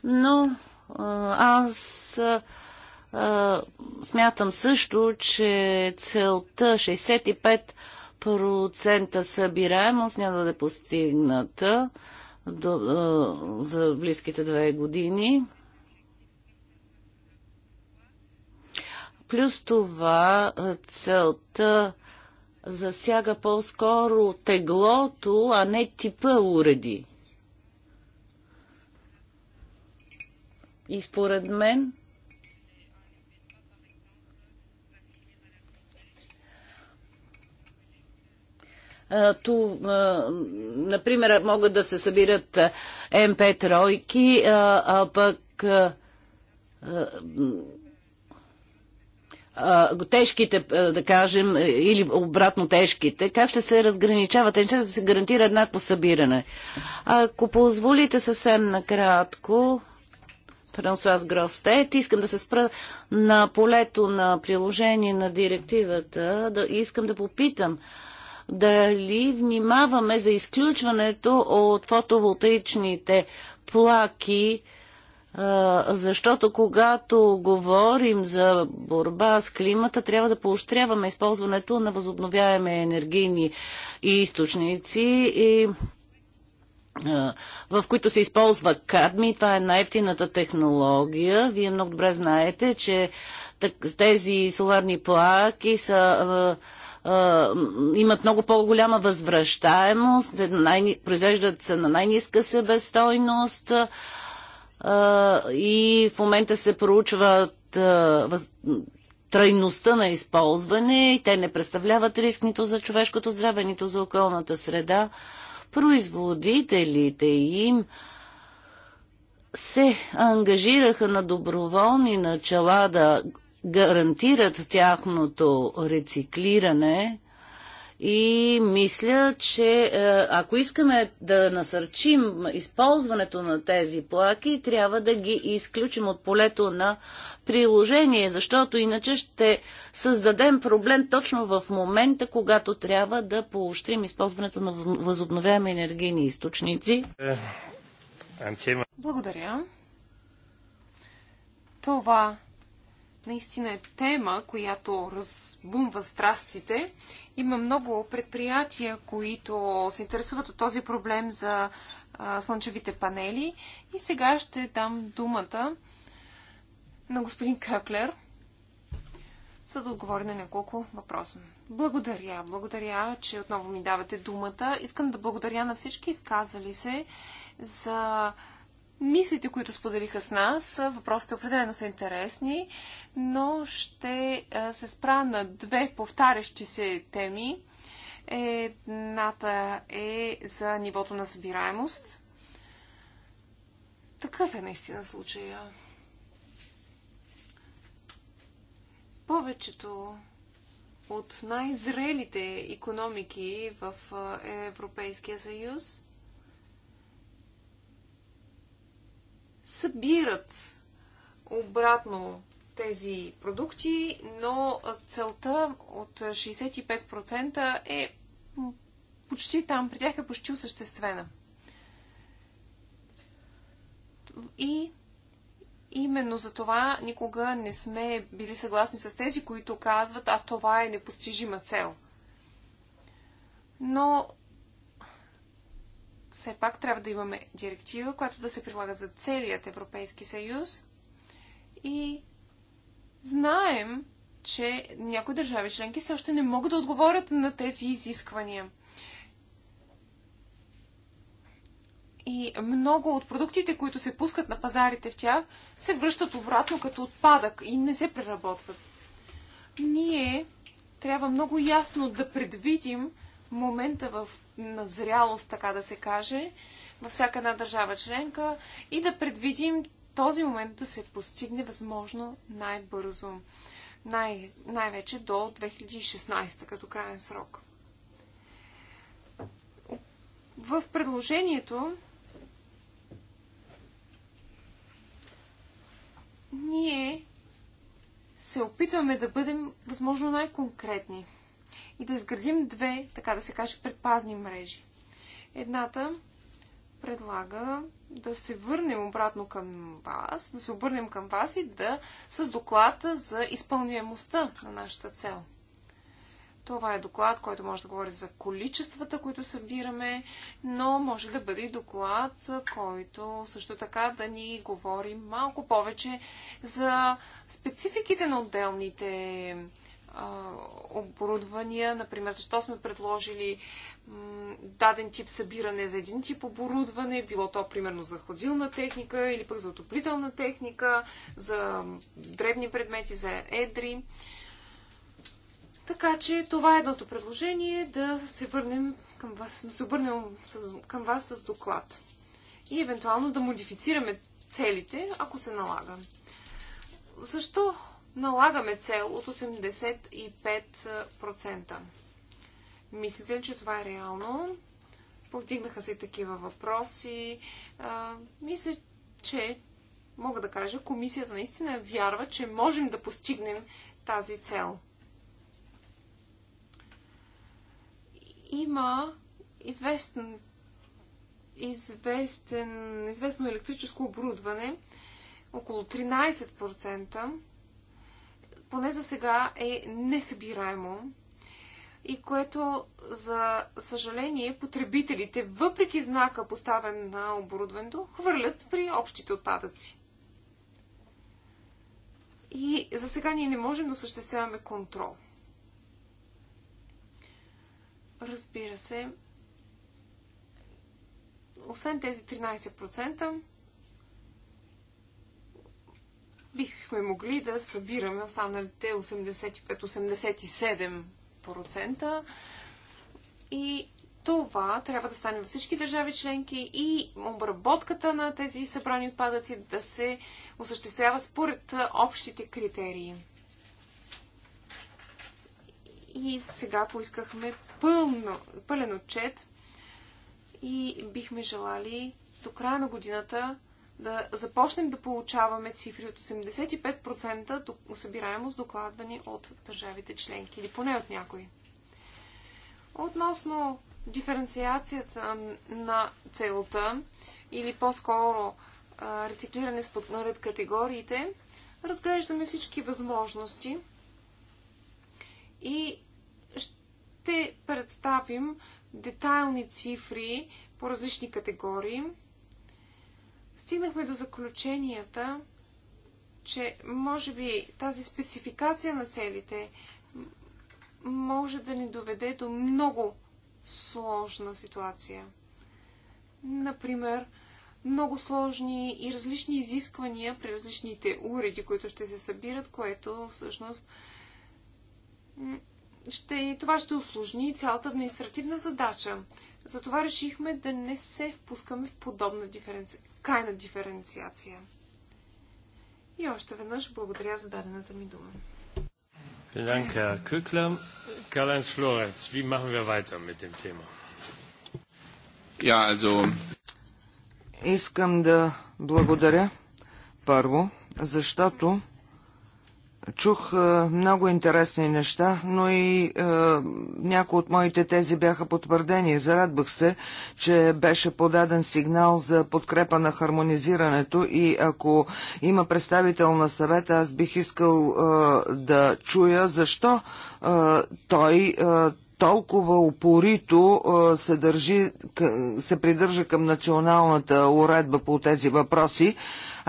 но аз смятам също, че целта 65% събираемост няма да е постигната до, за близките две години. Плюс това целта засяга по-скоро теглото, а не типа уреди. И според мен ту, например, могат да се събират МП тройки, а пък тежките, да кажем, или обратно тежките, как ще се разграничават? Те ще се гарантира еднакво събиране. Ако позволите съвсем накратко, Франсуаз Гростет. Искам да се спра на полето на приложение на директивата. Да, искам да попитам дали внимаваме за изключването от фотоволтаичните плаки, защото когато говорим за борба с климата, трябва да поощряваме използването на възобновяеми енергийни източници и в които се използва кадми. Това е най-ефтината технология. Вие много добре знаете, че тези соларни плаки са имат много по-голяма възвръщаемост, произвеждат се на най-ниска себестойност и в момента се проучват трайността на използване и те не представляват риск нито за човешкото здраве, нито за околната среда производителите им се ангажираха на доброволни начала да гарантират тяхното рециклиране и мисля, че е, ако искаме да насърчим използването на тези плаки, трябва да ги изключим от полето на приложение, защото иначе ще създадем проблем точно в момента, когато трябва да поощрим използването на възобновяеми енергийни източници.
Благодаря. Това наистина е тема, която разбумва страстите има много предприятия, които се интересуват от този проблем за а, слънчевите панели. И сега ще дам думата на господин Къклер, за да отговори на няколко въпроса. Благодаря, благодаря, че отново ми давате думата. Искам да благодаря на всички изказали се за мислите, които споделиха с нас. Въпросите определено са интересни, но ще се спра на две повтарящи се теми. Едната е за нивото на събираемост. Такъв е наистина случая. Повечето от най-зрелите економики в Европейския съюз – събират обратно тези продукти, но целта от 65% е почти там, при тях е почти осъществена. И именно за това никога не сме били съгласни с тези, които казват, а това е непостижима цел. Но все пак трябва да имаме директива, която да се прилага за целият Европейски съюз. И знаем, че някои държави членки все още не могат да отговорят на тези изисквания. И много от продуктите, които се пускат на пазарите в тях, се връщат обратно като отпадък и не се преработват. Ние трябва много ясно да предвидим момента в, на зрялост, така да се каже, във всяка една държава членка и да предвидим този момент да се постигне възможно най-бързо. Най- най-вече до 2016 като крайен срок. В предложението ние се опитваме да бъдем възможно най-конкретни – и да изградим две, така да се каже, предпазни мрежи. Едната предлага да се върнем обратно към вас, да се обърнем към вас и да с доклад за изпълняемостта на нашата цел. Това е доклад, който може да говори за количествата, които събираме, но може да бъде и доклад, който също така да ни говори малко повече за спецификите на отделните оборудвания. Например, защо сме предложили даден тип събиране за един тип оборудване, било то примерно за хладилна техника или пък за отоплителна техника, за древни предмети, за едри. Така че това е едното предложение да се върнем към вас, да се обърнем с, към вас с доклад. И евентуално да модифицираме целите, ако се налага. Защо налагаме цел от 85%. Мислите ли, че това е реално? Повдигнаха се такива въпроси. А, мисля, че мога да кажа, комисията наистина вярва, че можем да постигнем тази цел. Има известен, известен, известно електрическо оборудване, около 13%, поне за сега е несъбираемо и което, за съжаление, потребителите, въпреки знака поставен на оборудването, хвърлят при общите отпадъци. И за сега ние не можем да осъществяваме контрол. Разбира се, освен тези 13%, бихме могли да събираме останалите 85-87% и това трябва да стане във всички държави членки и обработката на тези събрани отпадъци да се осъществява според общите критерии. И сега поискахме пълно, пълен отчет и бихме желали до края на годината да започнем да получаваме цифри от 85% събираемост, докладвани от държавите членки или поне от някои. Относно диференциацията на целта или по-скоро рециклиране според категориите, разглеждаме всички възможности и ще представим детайлни цифри по различни категории стигнахме до заключенията, че може би тази спецификация на целите може да ни доведе до много сложна ситуация. Например, много сложни и различни изисквания при различните уреди, които ще се събират, което всъщност ще, това ще усложни цялата административна задача. Затова решихме да не се впускаме в подобна диференци крайна диференциация. И още веднъж благодаря за дадената ми дума.
wie machen wir weiter mit dem Thema?
Ja, also... Искам да благодаря първо, защото Чух е, много интересни неща, но и е, някои от моите тези бяха потвърдени. Зарадвах се, че беше подаден сигнал за подкрепа на хармонизирането и ако има представител на съвета, аз бих искал а, е, да чуя защо а, той А, толкова упорито се, държи, се придържа към националната уредба по тези въпроси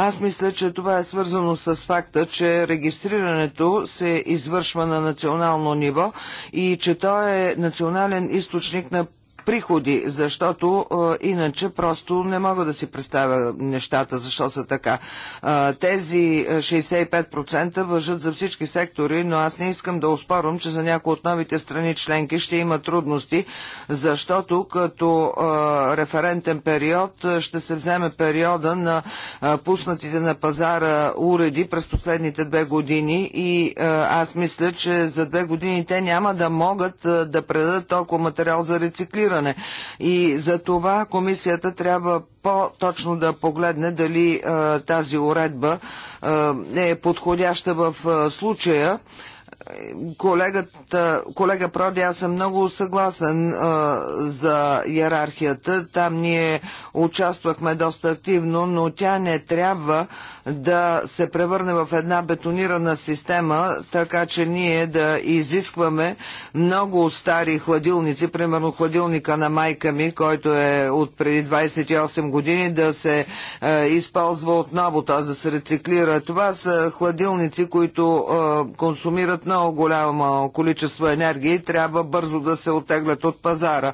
аз мисля, че това е свързано с факта, че регистрирането се извършва на национално ниво и че то е национален източник на приходи, защото иначе просто не мога да си представя нещата, защо са така. тези 65% въжат за всички сектори, но аз не искам да успорвам, че за някои от новите страни членки ще има трудности, защото като референтен период ще се вземе периода на пуснатите на пазара уреди през последните две години и аз мисля, че за две години те няма да могат да предадат толкова материал за рециклиране финансиране. И за това комисията трябва по-точно да погледне дали а, е, тази уредба а, е, е подходяща в а, е, случая. Колегата, колега Проди, аз съм много съгласен а, за иерархията. Там ние участвахме доста активно, но тя не трябва да се превърне в една бетонирана система, така че ние да изискваме много стари хладилници, примерно хладилника на майка ми, който е от преди 28 години, да се е, използва отново, т.е. да се рециклира. Това са хладилници, които е, консумират много голямо количество енергия и трябва бързо да се отеглят от пазара.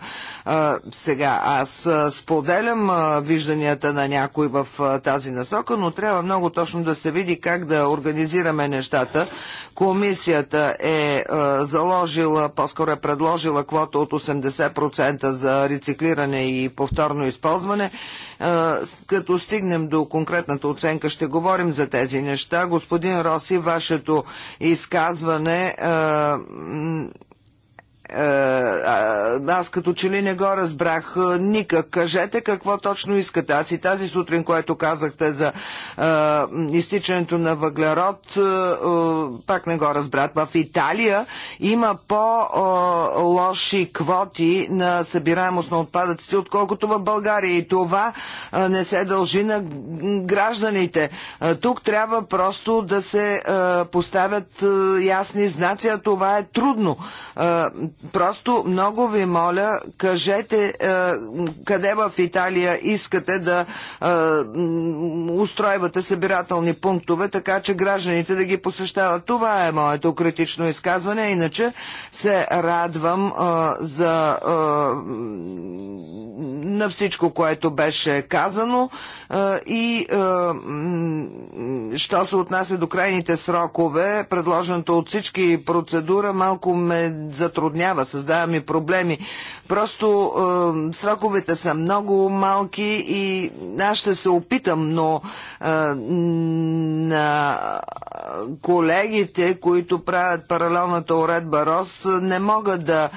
Е, сега, аз е, споделям е, вижданията на някой в е, тази насока, но трябва много много точно да се види как да организираме нещата. Комисията е, е заложила, по-скоро е предложила квота от 80% за рециклиране и повторно използване. Е, като стигнем до конкретната оценка, ще говорим за тези неща. Господин Роси, вашето изказване е, е, аз като че ли не го разбрах е, никак. Кажете какво точно искате. Аз и тази сутрин, което казахте за а, е, изтичането на въглерод, а, пак не го разбрах. В Италия има по-лоши квоти на събираемост на отпадъците, отколкото в България. И това не се дължи на гражданите. Тук трябва просто да се поставят ясни знаци, а това е трудно. Просто много ви моля, кажете къде в Италия искате да устройвате събирателни пунктове, така че гражданите да ги посещават. Това е моето критично изказване, иначе се радвам за на всичко, което беше казано доказано и що се отнася до крайните срокове, предложената от всички процедура малко ме затруднява, създава ми проблеми. Просто сроковете са много малки и аз ще се опитам, но на колегите, които правят паралелната уредба РОС, не мога да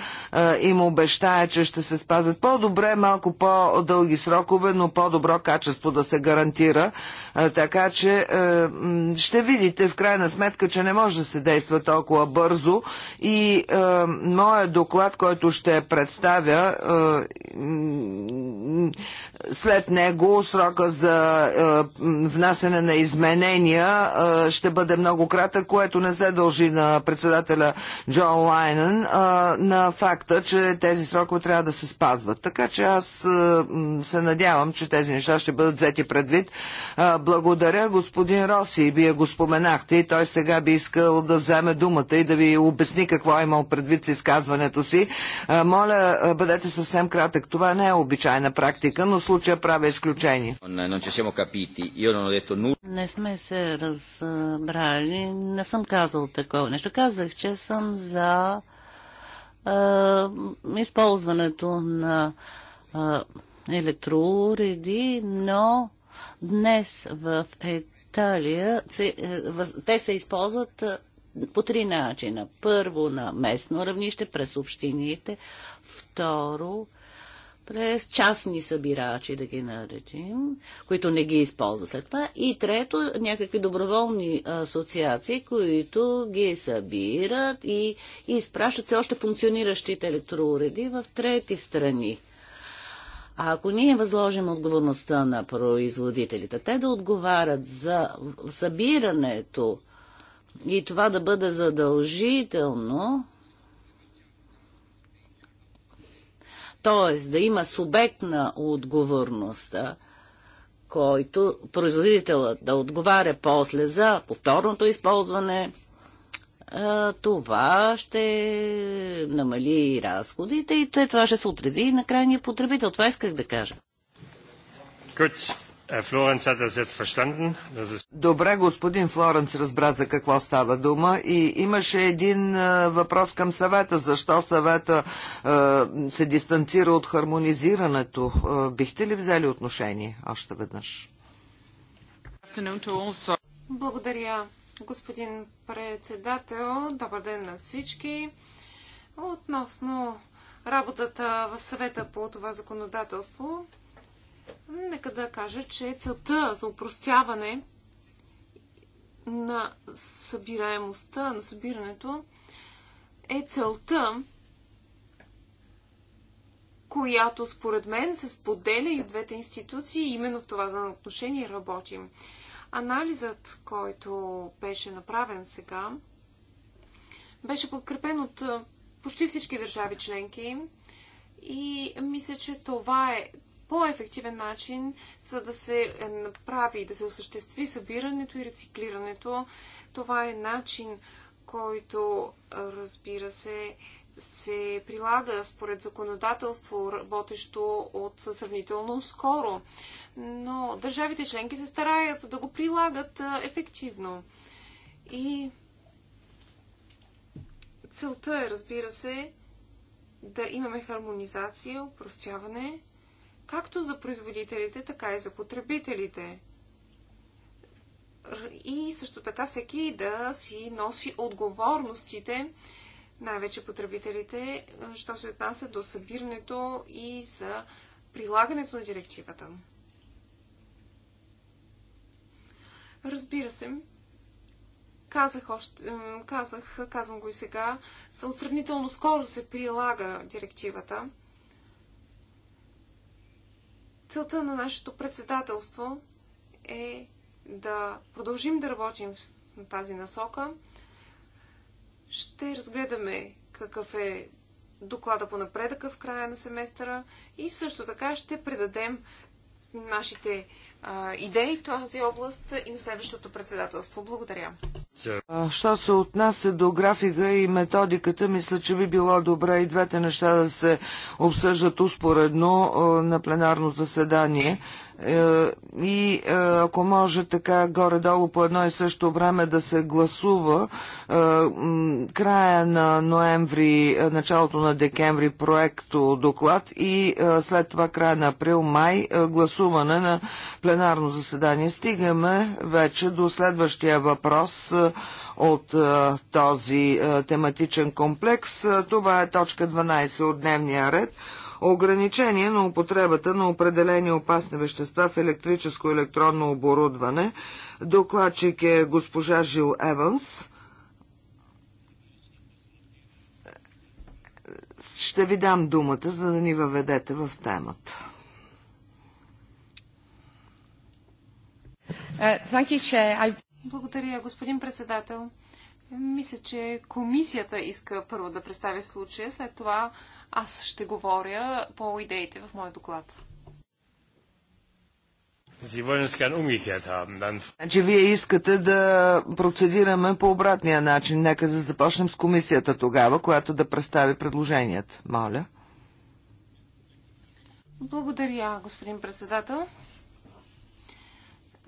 им обещае, че ще се спазят по-добре, малко по-дълги срокове, но по-добро качество да се гарантира. Така че е, ще видите в крайна сметка, че не може да се действа толкова бързо и е, моят доклад, който ще представя, е, след него срока за е, внасене на изменения е, ще бъде много кратък, което не се дължи на председателя Джон Лайнен, е, на факта, че тези срокове трябва да се спазват. Така че аз е, се надявам, че тези неща ще бъдат взети предвид. Е, благодаря господин Роси, вие го споменахте и той сега би искал да вземе думата и да ви обясни какво е имал предвид с изказването си. Е, моля, бъдете съвсем кратък. Това не е обичайна практика, но случая правя изключение.
Не сме се разбрали. Не съм казал такова нещо. Казах, че съм за е, използването на е, електроуреди, но днес в Италия е, те се използват по три начина. Първо на местно равнище, през общините. Второ, през частни събирачи, да ги наречем, които не ги използва след това. И трето, някакви доброволни асоциации, които ги събират и, изпращат все още функциониращите електроуреди в трети страни. А ако ние възложим отговорността на производителите, те да отговарят за събирането и това да бъде задължително, Т.е. да има субект на отговорността, който производителът да отговаря после за повторното използване, това ще намали разходите и това ще се отрези и на крайния потребител. Това исках да кажа.
Good. Добре, господин Флоренц разбра за какво става дума и имаше един е, въпрос към съвета. Защо съвета е, се дистанцира от хармонизирането? Е, бихте ли взели отношение още веднъж?
Благодаря, господин председател. Добър ден на всички. Относно работата в съвета по това законодателство, нека да кажа, че целта за упростяване на събираемостта, на събирането, е целта, която според мен се споделя и от двете институции, и именно в това отношение работим. Анализът, който беше направен сега, беше подкрепен от почти всички държави членки и мисля, че това е по-ефективен начин, за да се е, направи, да се осъществи събирането и рециклирането. Това е начин, който, разбира се, се прилага според законодателство, работещо от сравнително скоро. Но държавите членки се стараят да го прилагат ефективно. И целта е, разбира се, да имаме хармонизация, упростяване както за производителите, така и за потребителите. И също така всеки да си носи отговорностите, най-вече потребителите, е, що се отнася до събирането и за прилагането на директивата. Разбира се, казах, още, казах, казвам го и сега, сравнително скоро се прилага директивата – Целта на нашето председателство е да продължим да работим на тази насока. Ще разгледаме какъв е доклада по напредъка в края на семестъра и също така ще предадем нашите а, идеи в тази област и на следващото председателство. Благодаря.
Що се отнася до графика и методиката, мисля, че би било добре и двете неща да се обсъждат успоредно а, на пленарно заседание. Е, и е, ако може така горе-долу по едно и също време да се гласува е, края на ноември, началото на декември проекто доклад и след това края на април-май гласуване на пленарно заседание. Стигаме вече до следващия въпрос от този тематичен комплекс. Това е точка 12 от дневния ред – ограничение на употребата на определени опасни вещества в електрическо и електронно оборудване. Докладчик е госпожа Жил Еванс. Ще ви дам думата, за да ни въведете в темата.
Е, Благодаря, господин председател. Мисля, че комисията иска първо да представи случая, след това аз ще говоря по идеите в моя доклад.
Значи вие искате да процедираме по обратния начин. Нека да започнем с комисията тогава, която да представи предложението. Моля.
Благодаря, господин председател.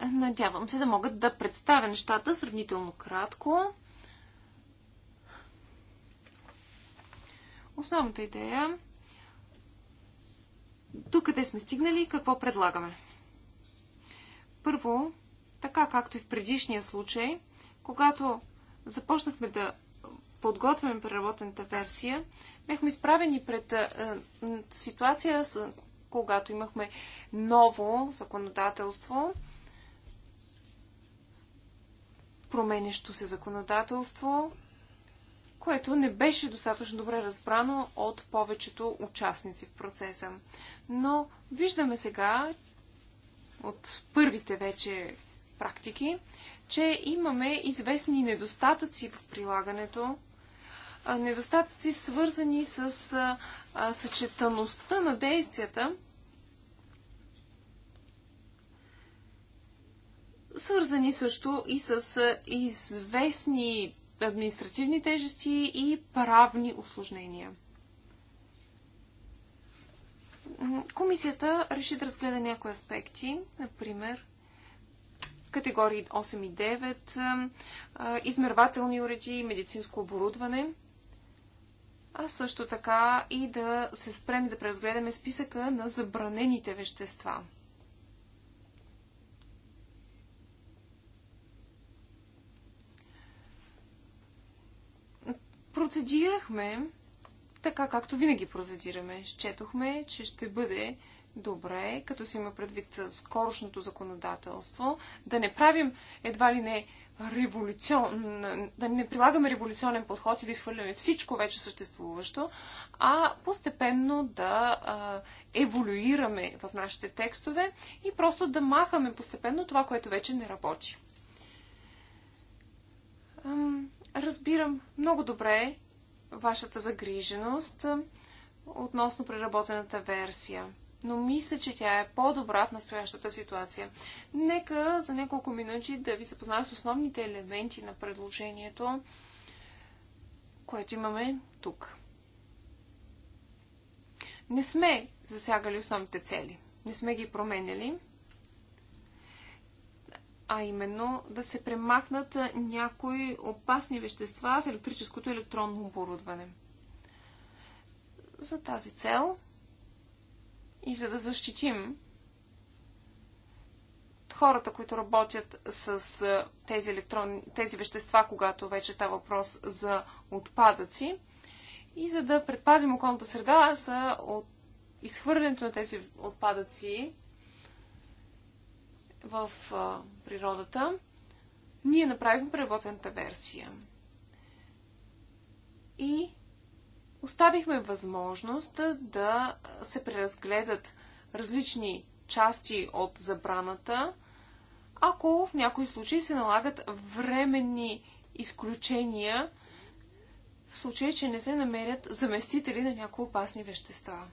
Надявам се да могат да представя нещата сравнително кратко. Основната идея тук къде сме стигнали и какво предлагаме. Първо, така както и в предишния случай, когато започнахме да подготвяме преработената версия, бяхме изправени пред ситуация, с, когато имахме ново законодателство, променещо се законодателство, което не беше достатъчно добре разбрано от повечето участници в процеса. Но виждаме сега от първите вече практики, че имаме известни недостатъци в прилагането, недостатъци свързани с съчетаността на действията, свързани също и с известни административни тежести и правни осложнения. Комисията реши да разгледа някои аспекти, например категории 8 и 9, измервателни уреди и медицинско оборудване, а също така и да се спрем да преразгледаме списъка на забранените вещества – Процедирахме така, както винаги процедираме. Счетохме, че ще бъде добре, като се има предвид скорошното законодателство, да не правим едва ли не революцион, да не прилагаме революционен подход и да изхвърляме всичко вече съществуващо, а постепенно да а, еволюираме в нашите текстове и просто да махаме постепенно това, което вече не работи. Ам... Разбирам много добре вашата загриженост относно преработената версия. Но мисля, че тя е по-добра в настоящата ситуация. Нека за няколко минути да ви запозная с основните елементи на предложението, което имаме тук. Не сме засягали основните цели. Не сме ги променяли а именно да се премахнат някои опасни вещества в електрическото и електронно оборудване. За тази цел и за да защитим хората, които работят с тези, електрон... тези вещества, когато вече става въпрос за отпадъци, и за да предпазим околната среда са от изхвърлянето на тези отпадъци в а, природата, ние направихме преработената версия. И оставихме възможност да се преразгледат различни части от забраната, ако в някои случаи се налагат временни изключения, в случай, че не се намерят заместители на някои опасни вещества.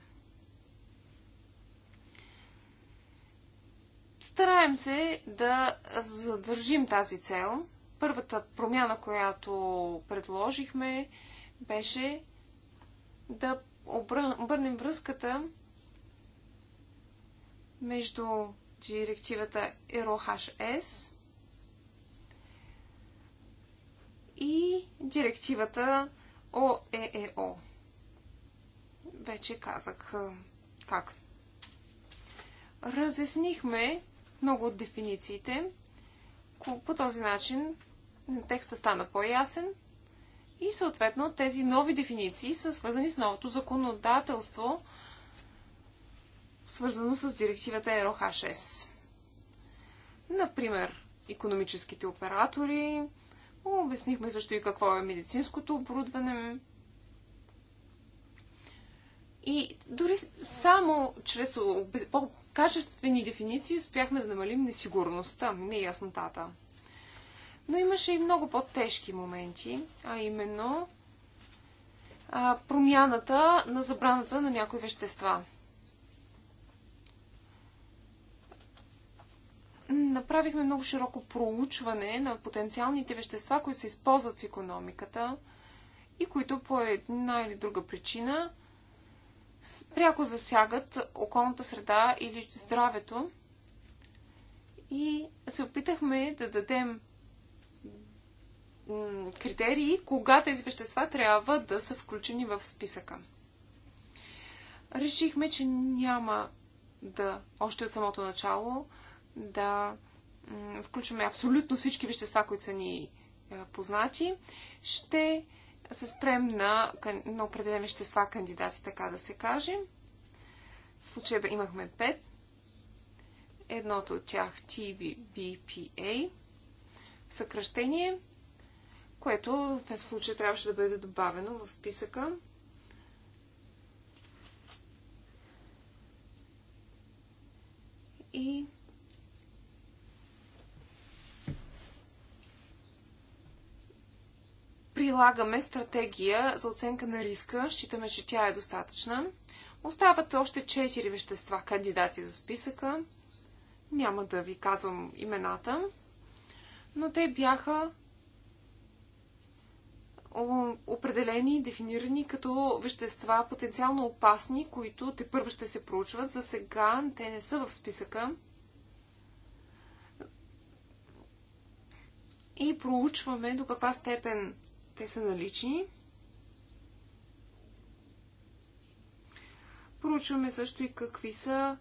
Стараем се да задържим тази цел. Първата промяна, която предложихме, беше да обърнем връзката между директивата EROHS и директивата OEEO. Е е Вече казах как. Разяснихме много от дефинициите. По този начин текста стана по-ясен и съответно тези нови дефиниции са свързани с новото законодателство, свързано с директивата ЕРОХ-6. Например, економическите оператори, обяснихме също и какво е медицинското оборудване. И дори само чрез качествени дефиниции успяхме да намалим несигурността, неяснотата. Е Но имаше и много по-тежки моменти, а именно а, промяната на забраната на някои вещества. Направихме много широко проучване на потенциалните вещества, които се използват в економиката и които по една или друга причина пряко засягат околната среда или здравето. И се опитахме да дадем критерии, кога тези вещества трябва да са включени в списъка. Решихме, че няма да, още от самото начало, да включваме абсолютно всички вещества, които са ни е, познати. Ще се спрем на, на определени вещества кандидати, така да се каже. В случая имахме 5. Едното от тях TBBPA съкръщение, което в случая трябваше да бъде добавено в списъка. И прилагаме стратегия за оценка на риска. Считаме, че тя е достатъчна. Остават още 4 вещества кандидати за списъка. Няма да ви казвам имената, но те бяха определени, дефинирани като вещества потенциално опасни, които те първо ще се проучват. За сега те не са в списъка. И проучваме до каква степен те са налични. Проучваме също и какви са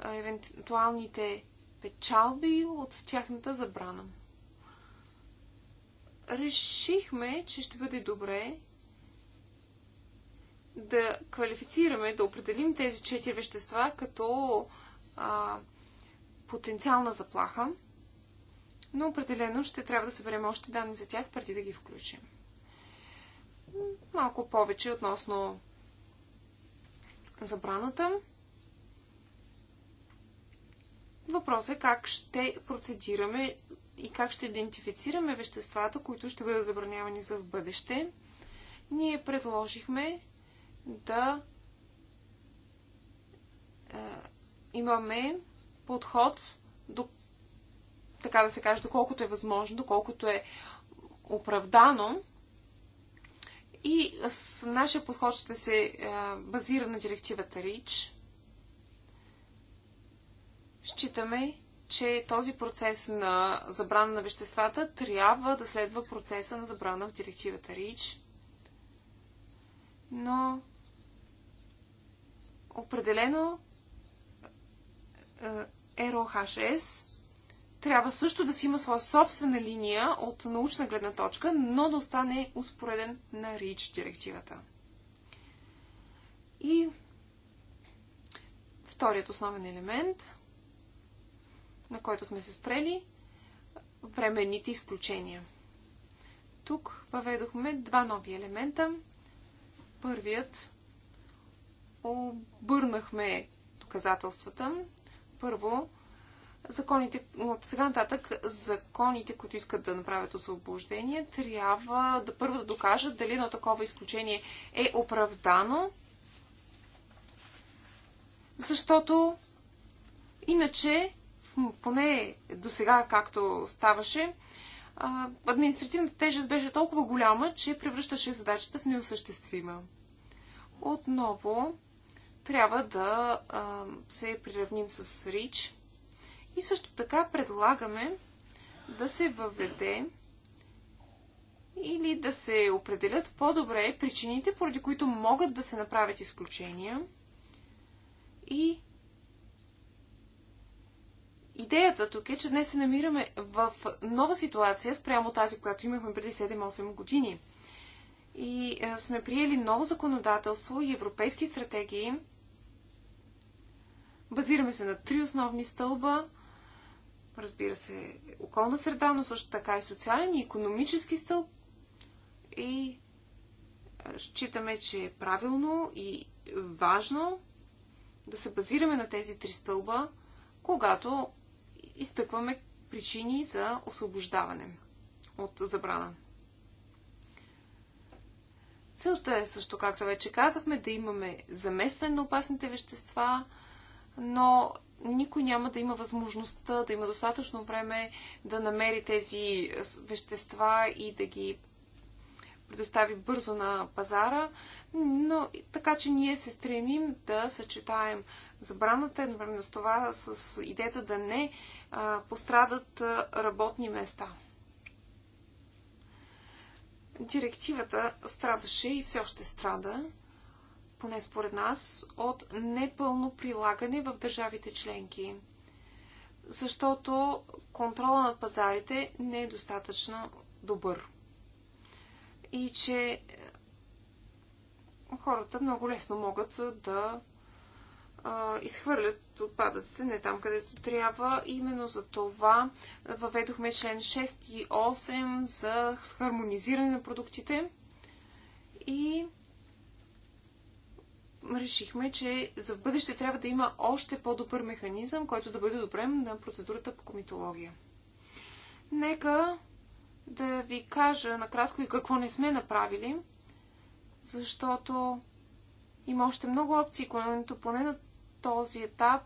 евентуалните печалби от тяхната забрана. Решихме, че ще бъде добре да квалифицираме, да определим тези четири вещества като а, потенциална заплаха но определено ще трябва да съберем още данни за тях преди да ги включим. Малко повече относно забраната. Въпросът е как ще процедираме и как ще идентифицираме веществата, които ще бъдат забранявани за в бъдеще. Ние предложихме да е, имаме подход, до така да се каже, доколкото е възможно, доколкото е оправдано. И с нашия подход ще се е, базира на директивата РИЧ. Считаме, че този процес на забрана на веществата трябва да следва процеса на забрана в директивата РИЧ. Но определено е, е, РОХС трябва също да си има своя собствена линия от научна гледна точка, но да остане успореден на РИЧ директивата. И вторият основен елемент, на който сме се спрели, временните изключения. Тук въведохме два нови елемента. Първият обърнахме доказателствата. Първо, законите, от сега нататък, законите, които искат да направят освобождение, трябва да първо да докажат дали едно такова изключение е оправдано, защото иначе, поне до сега, както ставаше, административната тежест беше толкова голяма, че превръщаше задачата в неосъществима. Отново трябва да се приравним с РИЧ и също така предлагаме да се въведе или да се определят по-добре причините, поради които могат да се направят изключения. И идеята тук е, че днес се намираме в нова ситуация спрямо тази, която имахме преди 7-8 години. И е, сме приели ново законодателство и европейски стратегии. Базираме се на три основни стълба – разбира се, околна среда, но също така и социален и економически стълб. И считаме, че е правилно и важно да се базираме на тези три стълба, когато изтъкваме причини за освобождаване от забрана. Целта е също, както вече казахме, да имаме заместване на опасните вещества, но никой няма да има възможността да има достатъчно време да намери тези вещества и да ги предостави бързо на пазара, но така че ние се стремим да съчетаем забраната едновременно с това с идеята да не а, пострадат работни места. Директивата страдаше и все още страда поне според нас, от непълно прилагане в държавите членки. Защото контрола над пазарите не е достатъчно добър. И че е, хората много лесно могат да изхвърлят отпадъците не там, където трябва. Именно за това въведохме член 6 и 8 за хармонизиране на продуктите и решихме, че за бъдеще трябва да има още по-добър механизъм, който да бъде добрем на процедурата по комитология. Нека да ви кажа накратко и какво не сме направили, защото има още много опции, които поне на този етап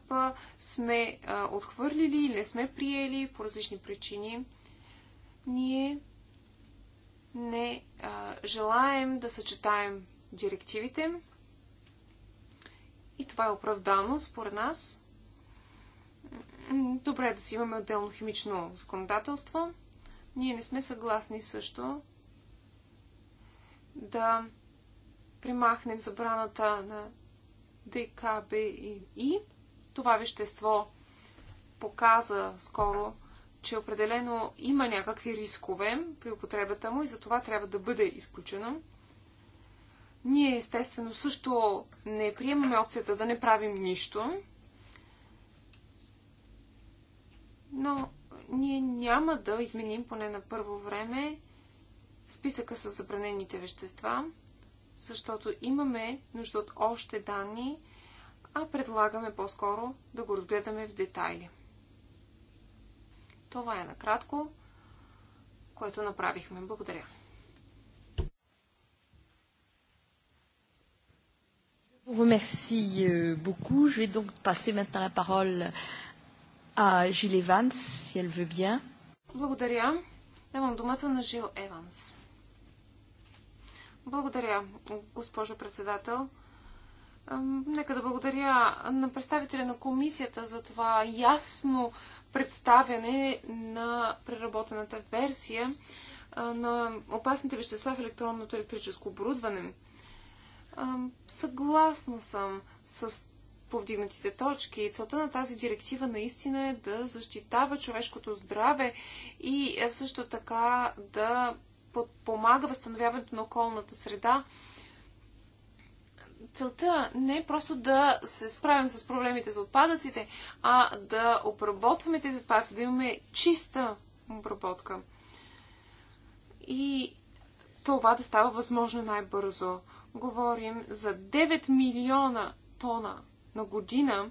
сме отхвърлили или не сме приели по различни причини. Ние не желаем да съчетаем директивите, и това е оправдано според нас. Добре е да си имаме отделно химично законодателство. Ние не сме съгласни също да примахнем забраната на ДКБИ. Това вещество показа скоро, че определено има някакви рискове при употребата му и за това трябва да бъде изключено. Ние естествено също не приемаме опцията да не правим нищо, но ние няма да изменим поне на първо време списъка с забранените вещества, защото имаме нужда от още данни, а предлагаме по-скоро да го разгледаме в детайли. Това е накратко, което направихме. Благодаря. Merci euh, beaucoup. Je vais donc passer maintenant la parole à Gilles Evans, si elle veut bien. Благодаря. Давам думата на Жил Еванс. Благодаря, госпожо председател. Нека да благодаря на представителя на комисията за това ясно представяне на преработената версия на опасните вещества в електронното електрическо оборудване. Съгласна съм с повдигнатите точки. Целта на тази директива наистина е да защитава човешкото здраве и е също така да подпомага възстановяването на околната среда. Целта не е просто да се справим с проблемите за отпадъците, а да обработваме тези отпадъци, да имаме чиста обработка. И това да става възможно най-бързо говорим за 9 милиона тона на година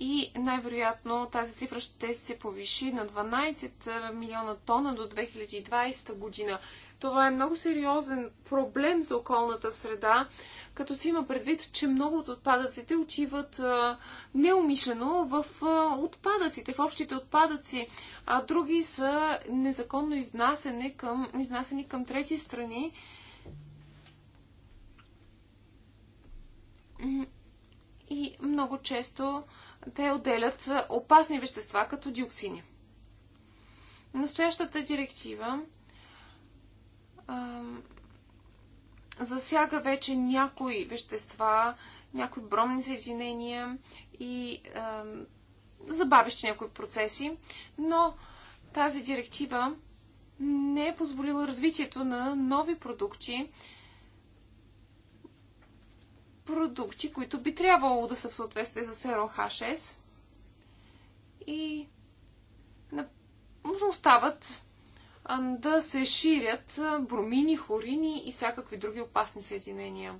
и най-вероятно тази цифра ще се повиши на 12 е, милиона тона до 2020 година. Това е много сериозен проблем за околната среда, като си има предвид, че много от отпадъците отиват е, неумишлено в е, отпадъците, в общите отпадъци, а други са незаконно изнасени към, изнасени към трети страни И много често те отделят опасни вещества, като диоксини. Настоящата директива засяга вече някои вещества, някои бромни съединения и а, забавящи някои процеси, но тази директива не е позволила развитието на нови продукти, продукти, които би трябвало да са в съответствие с РОХ6 и остават да се ширят бромини, хорини и всякакви други опасни съединения.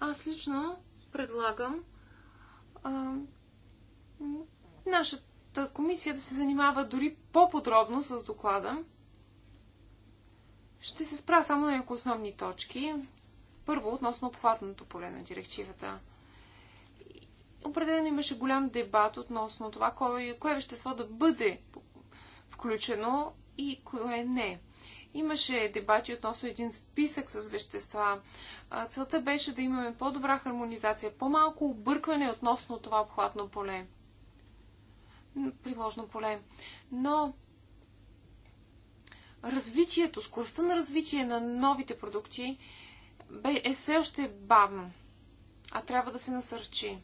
Аз лично предлагам а, нашата комисия да се занимава дори по-подробно с доклада. Ще се спра само на някои основни точки. Първо, относно обхватното поле на директивата. Определено имаше голям дебат относно това, кое, кое вещество да бъде включено и кое не. Имаше дебати относно един списък с вещества. Целта беше да имаме по-добра хармонизация, по-малко объркване относно това обхватно поле. Приложно поле. Но развитието, скоростта на развитие на новите продукти е все още бавно, а трябва да се насърчи.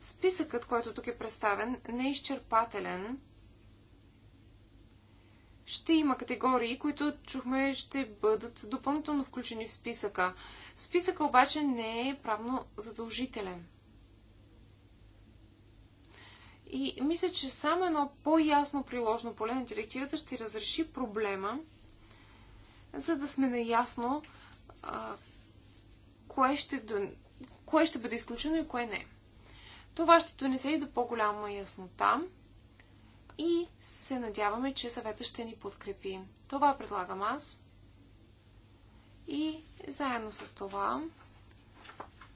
Списъкът, който тук е представен, не е изчерпателен. Ще има категории, които чухме ще бъдат допълнително включени в списъка. Списъка обаче не е правно задължителен. И мисля, че само едно по-ясно приложно поле на директивата ще разреши проблема, за да сме наясно кое, ще дон... кое ще бъде изключено и кое не. Това ще донесе и до по-голяма яснота и се надяваме, че съвета ще ни подкрепи. Това предлагам аз. И заедно с това,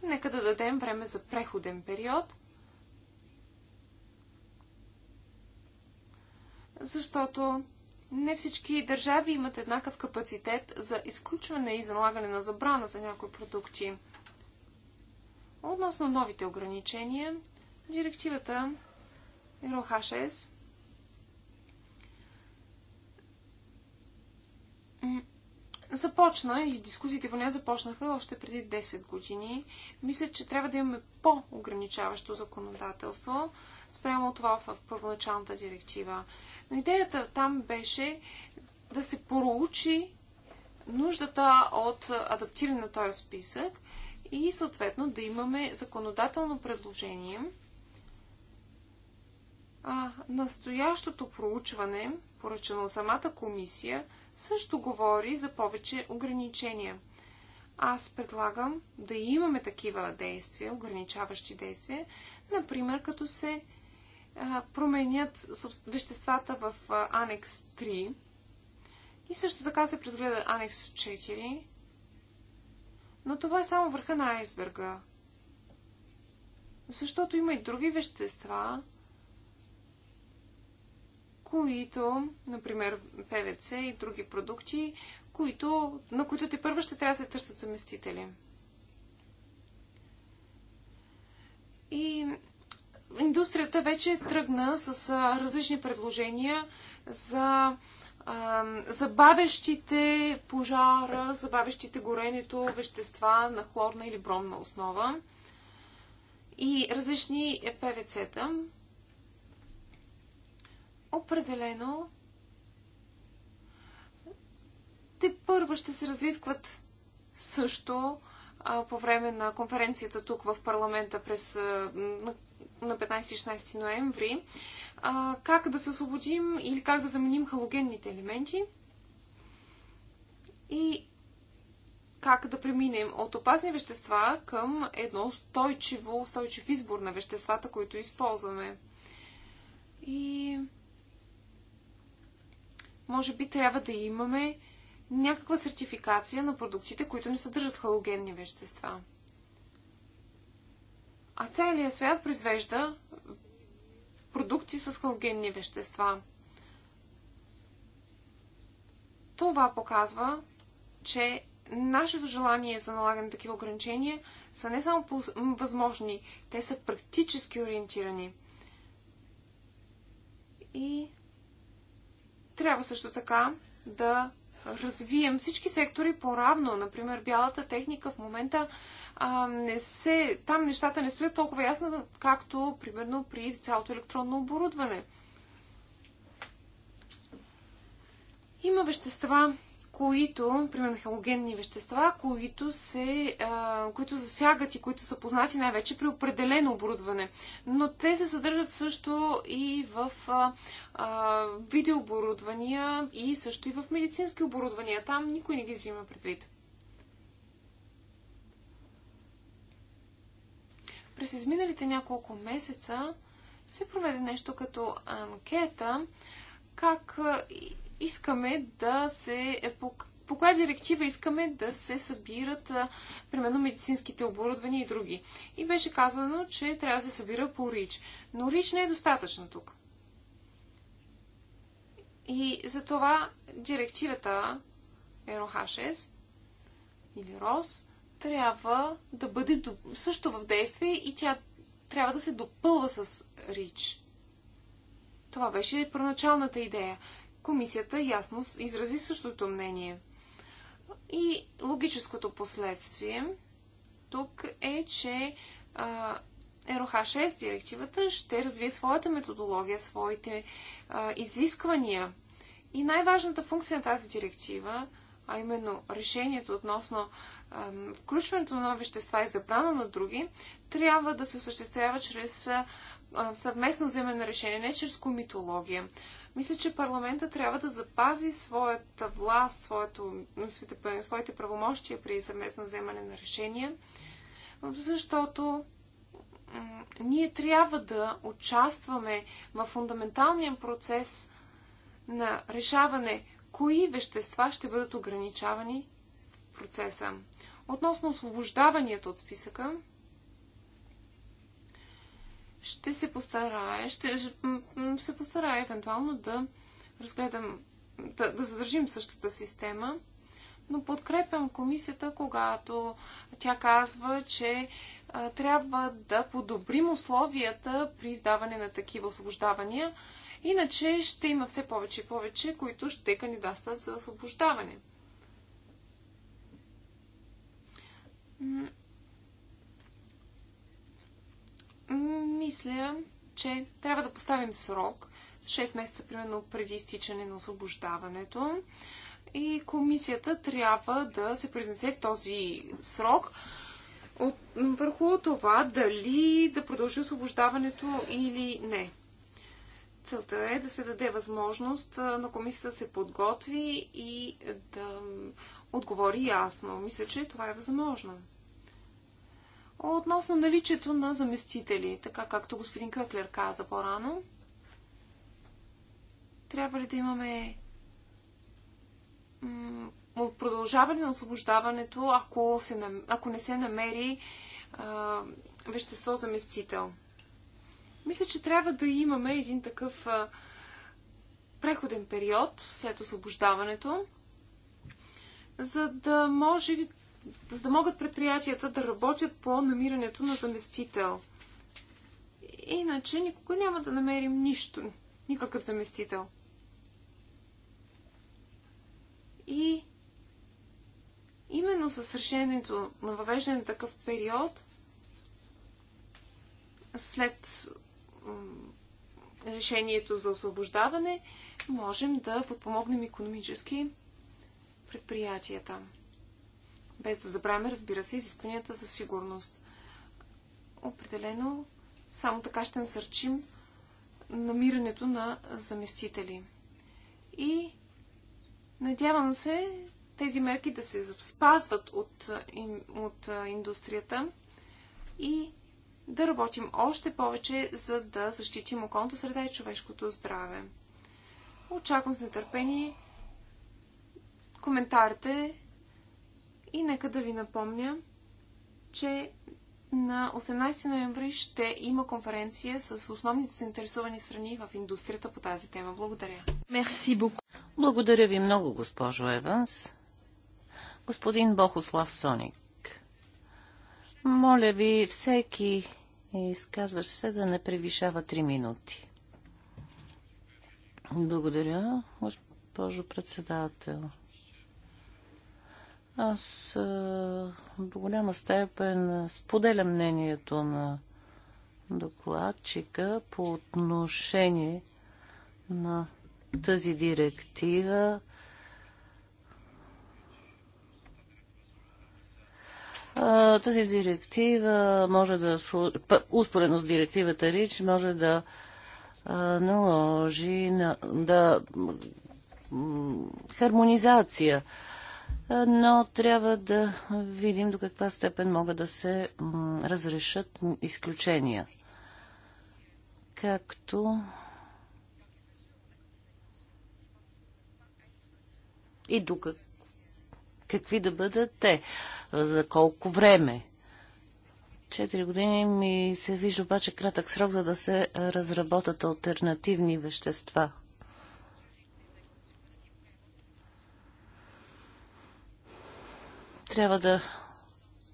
нека да дадем време за преходен период, защото не всички държави имат еднакъв капацитет за изключване и залагане на забрана за някои продукти. Относно новите ограничения, директивата РОХ6 започна, и дискусиите по нея започнаха още преди 10 години. Мисля, че трябва да имаме по-ограничаващо законодателство спрямо това в първоначалната директива. Но идеята там беше да се проучи нуждата от адаптиране на този списък и съответно да имаме законодателно предложение. А настоящото проучване, поръчано от самата комисия, също говори за повече ограничения. Аз предлагам да имаме такива действия, ограничаващи действия, например, като се променят веществата в анекс 3 и също така се презгледа анекс 4. Но това е само върха на айсберга. Защото има и други вещества, които, например, ПВЦ и други продукти, които, на които те първо ще трябва да се търсят заместители. И индустрията вече тръгна с различни предложения за забавящите пожара, забавящите горенето вещества на хлорна или бромна основа и различни ПВЦ-та. Определено те първо ще се разискват също а, по време на конференцията тук в парламента през, а, на 15-16 ноември, а, как да се освободим или как да заменим халогенните елементи и как да преминем от опасни вещества към едно устойчиво, устойчив избор на веществата, които използваме. И може би трябва да имаме някаква сертификация на продуктите, които не съдържат халогенни вещества а целият свят произвежда продукти с халогенни вещества. Това показва, че нашето желание за налагане на такива ограничения са не само възможни, те са практически ориентирани. И трябва също така да развием всички сектори по-равно. Например, бялата техника в момента а, не се, там нещата не стоят толкова ясно, както примерно при цялото електронно оборудване. Има вещества, които, примерно халогенни вещества, които, се, а, които засягат и които са познати най-вече при определено оборудване. Но те се съдържат също и в а, а, видеооборудвания и също и в медицински оборудвания. Там никой не ги взима предвид. През изминалите няколко месеца се проведе нещо като анкета, как искаме да се. Е, по, коя директива искаме да се събират, примерно, медицинските оборудвания и други. И беше казано, че трябва да се събира по РИЧ. Но РИЧ не е достатъчно тук. И затова директивата ЕРОХ6 или РОС трябва да бъде също в действие и тя трябва да се допълва с Рич. Това беше първоначалната идея. Комисията ясно изрази същото мнение. И логическото последствие тук е, че РОХ-6 директивата ще развие своята методология, своите а, изисквания. И най-важната функция на тази директива, а именно решението относно включването на нови вещества и забрана на други трябва да се осъществява чрез съвместно вземане на решение, не чрез комитология. Мисля, че парламента трябва да запази своята власт, своето, своите, своите правомощия при съвместно вземане на решения, защото ние трябва да участваме в фундаменталния процес на решаване кои вещества ще бъдат ограничавани процеса. Относно освобождаванията от списъка, ще се постарая, ще, ще се постарая евентуално да разгледам, да, да задържим същата система, но подкрепям комисията, когато тя казва, че а, трябва да подобрим условията при издаване на такива освобождавания, иначе ще има все повече и повече, които ще кандидатстват за освобождаване. Мисля, че трябва да поставим срок 6 месеца, примерно, преди изтичане на освобождаването. И комисията трябва да се произнесе в този срок от, върху това дали да продължи освобождаването или не. Целта е да се даде възможност на комисията да се подготви и да отговори ясно. Мисля, че това е възможно. Относно наличието на заместители, така както господин Къклер каза по-рано, трябва ли да имаме продължаване на освобождаването, ако, се, ако не се намери а, вещество заместител. Мисля, че трябва да имаме един такъв а, преходен период след освобождаването, за да, може, за да могат предприятията да работят по намирането на заместител. Иначе никога няма да намерим нищо, никакъв заместител. И именно с решението на въвеждане на такъв период, след решението за освобождаване, можем да подпомогнем економически предприятията. Без да забравяме, разбира се, изискванията за сигурност. Определено, само така ще насърчим намирането на заместители. И надявам се тези мерки да се спазват от, от индустрията и да работим още повече, за да защитим околната среда и човешкото здраве. Очаквам с нетърпение коментарите и нека да ви напомня, че на 18 ноември ще има конференция с основните заинтересовани страни в индустрията по тази тема. Благодаря.
Мерси Благодаря ви много, госпожо Еванс. Господин Бохослав Соник, моля ви всеки изказващ се да не превишава 3 минути. Благодаря, госпожо председател. Аз до голяма степен споделя мнението на докладчика по отношение на тази директива. Тази директива може да. Успоредно с директивата РИЧ може да наложи на, да хармонизация но трябва да видим до каква степен могат да се разрешат изключения. Както и до как... какви да бъдат те, за колко време. Четири години ми се вижда обаче кратък срок, за да се разработят альтернативни вещества. трябва да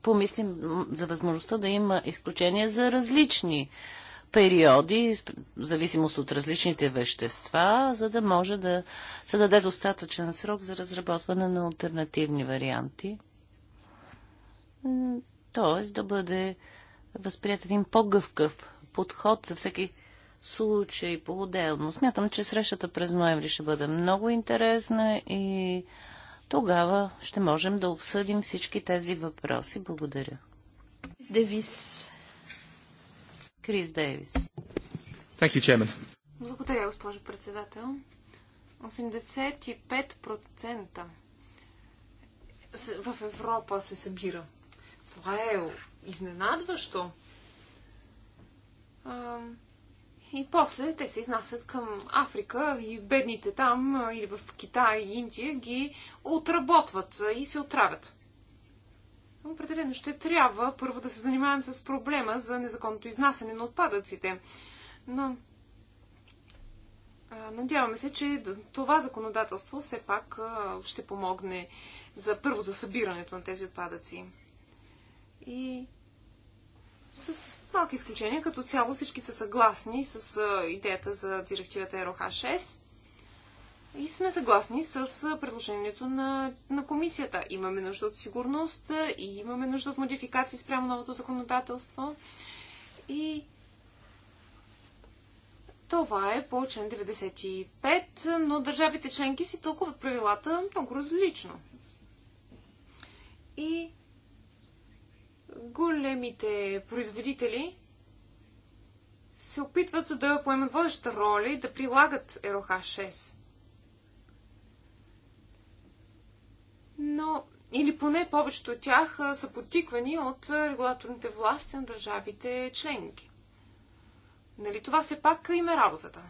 помислим за възможността да има изключения за различни периоди, в зависимост от различните вещества, за да може да се даде достатъчен срок за разработване на альтернативни варианти. Тоест да бъде възприят един по гъвкъв подход за всеки случай по-отделно. Смятам, че срещата през ноември ще бъде много интересна и тогава ще можем да обсъдим всички тези въпроси. Благодаря. Крис Дейвис.
Thank you, Chairman. Благодаря, госпожо председател. 85% в Европа се събира. Това е изненадващо и после те се изнасят към Африка и бедните там или в Китай и Индия ги отработват и се отравят. Определено ще трябва първо да се занимаваме с проблема за незаконното изнасяне на отпадъците. Но надяваме се, че това законодателство все пак ще помогне за първо за събирането на тези отпадъци. И с малки изключения, като цяло всички са съгласни с идеята за директивата РОХ-6 и сме съгласни с предложението на, на комисията. Имаме нужда от сигурност и имаме нужда от модификации спрямо новото законодателство. И това е по член 95, но държавите членки си тълкуват правилата много различно. И големите производители се опитват за да поемат водеща роля и да прилагат РОХ-6. Но, или поне повечето от тях са потиквани от регулаторните власти на държавите членки. Нали, това все пак има е работата.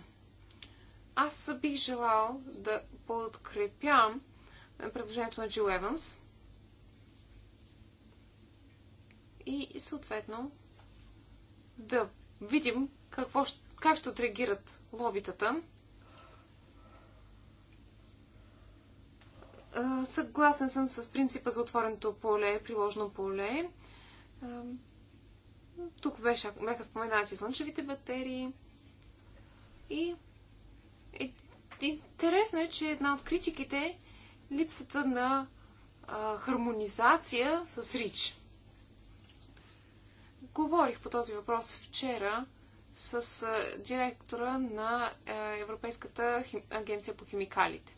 Аз бих желал да подкрепям предложението на Джил Еванс – и, съответно да видим какво, как ще отреагират лобитата. Съгласен съм с принципа за отвореното поле, приложено поле. Тук беше, бяха споменати слънчевите батерии. И е, интересно е, че една от критиките е липсата на а, хармонизация с Рич. Говорих по този въпрос вчера с директора на Европейската агенция по химикалите.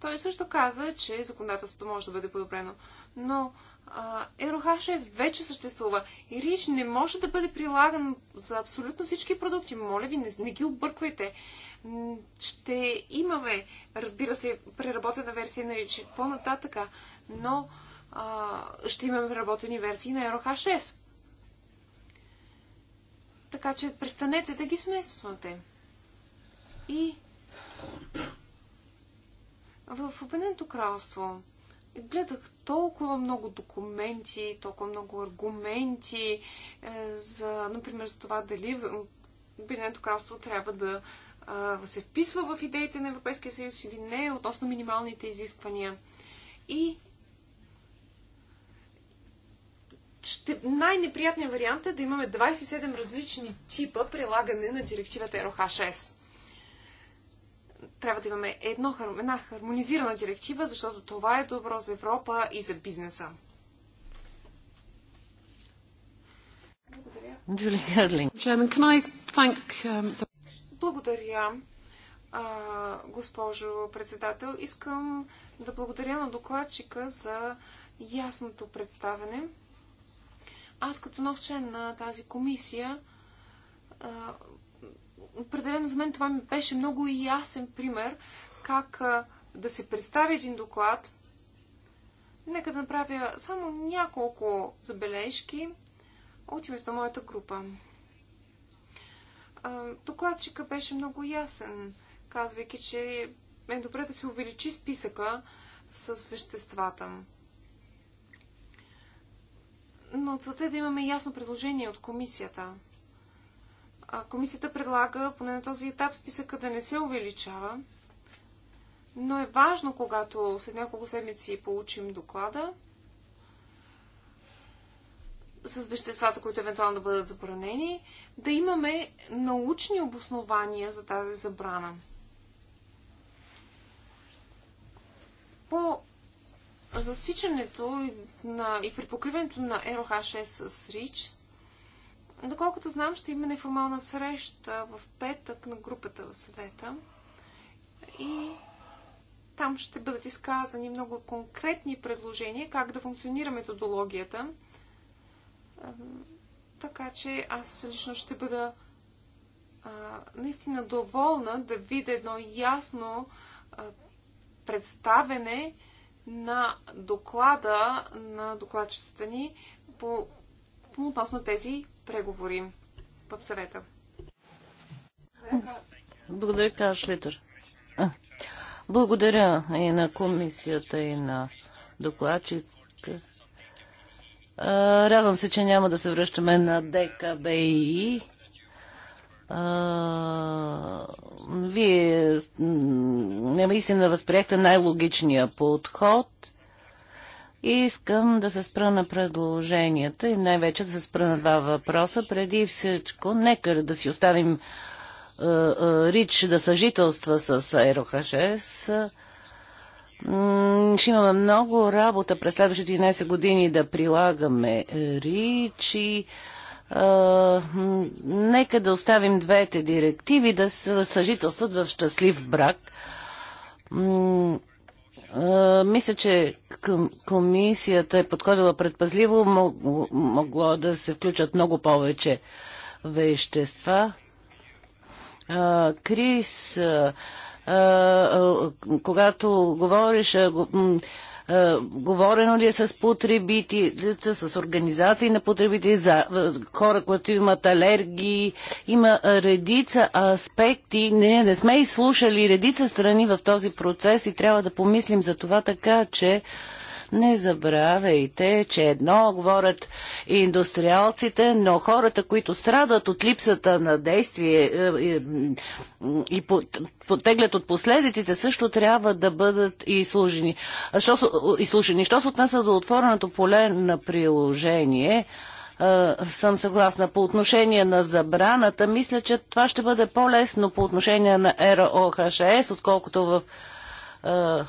Той също каза, че законодателството може да бъде подобрено, но 6 вече съществува и РИЧ не може да бъде прилаган за абсолютно всички продукти. Моля ви, не, не ги обърквайте. Ще имаме, разбира се, преработена версия на РИЧ по-нататъка, но а, ще имаме преработени версии на Ероха 6. Така че престанете да ги смесвате. И в Обединеното кралство гледах толкова много документи, толкова много аргументи е, за, например, за това дали Обединеното кралство трябва да е, се вписва в идеите на Европейския съюз или не относно минималните изисквания. И ще, най-неприятният вариант е да имаме 27 различни типа прилагане на директивата РОХ-6. Трябва да имаме едно, една хармонизирана директива, защото това е добро за Европа и за бизнеса.
Благодаря. Um,
благодаря, госпожо председател. Искам да благодаря на докладчика за ясното представене. Аз като нов член на тази комисия, определено за мен това ми беше много ясен пример как да се представи един доклад. Нека да направя само няколко забележки от името на моята група. докладчика беше много ясен, казвайки, че е добре да се увеличи списъка с веществата но целта е да имаме ясно предложение от комисията. А комисията предлага, поне на този етап, списъка да не се увеличава, но е важно, когато след няколко седмици получим доклада с веществата, които евентуално да бъдат забранени, да имаме научни обоснования за тази забрана. По засичането на, и покриването на РОХ6 с РИЧ, доколкото знам, ще има неформална среща в петък на групата в съвета и там ще бъдат изказани много конкретни предложения как да функционира методологията. Така че аз лично ще бъда а, наистина доволна да видя едно ясно а, представене на доклада на докладчицата ни по, по относно тези преговори в съвета.
Благодаря, Каш Литър. Благодаря и на комисията, и на докладчика. Радвам се, че няма да се връщаме на ДКБИ а, вие наистина възприехте най-логичния подход. И искам да се спра на предложенията и най-вече да се спра на два въпроса. Преди всичко, нека да си оставим Рич да съжителства с Аерохашес. Ще имаме много работа през следващите 11 години да прилагаме Рич и нека да оставим двете директиви да се съжителстват в щастлив брак. Мисля, че комисията е подходила предпазливо, могло да се включат много повече вещества. Крис, когато говориш, е, говорено ли е с потребителите, с организации на потребители, за е, хора, които имат алергии. Има редица аспекти. Не, не сме изслушали редица страни в този процес и трябва да помислим за това така, че не забравяйте, че едно говорят индустриалците, но хората, които страдат от липсата на действие е, е, и потеглят от последиците, също трябва да бъдат изслужени. Що, изслушени. Що се отнася до отвореното поле на приложение, е, съм съгласна. По отношение на забраната, мисля, че това ще бъде по-лесно по отношение на РОХС, отколкото в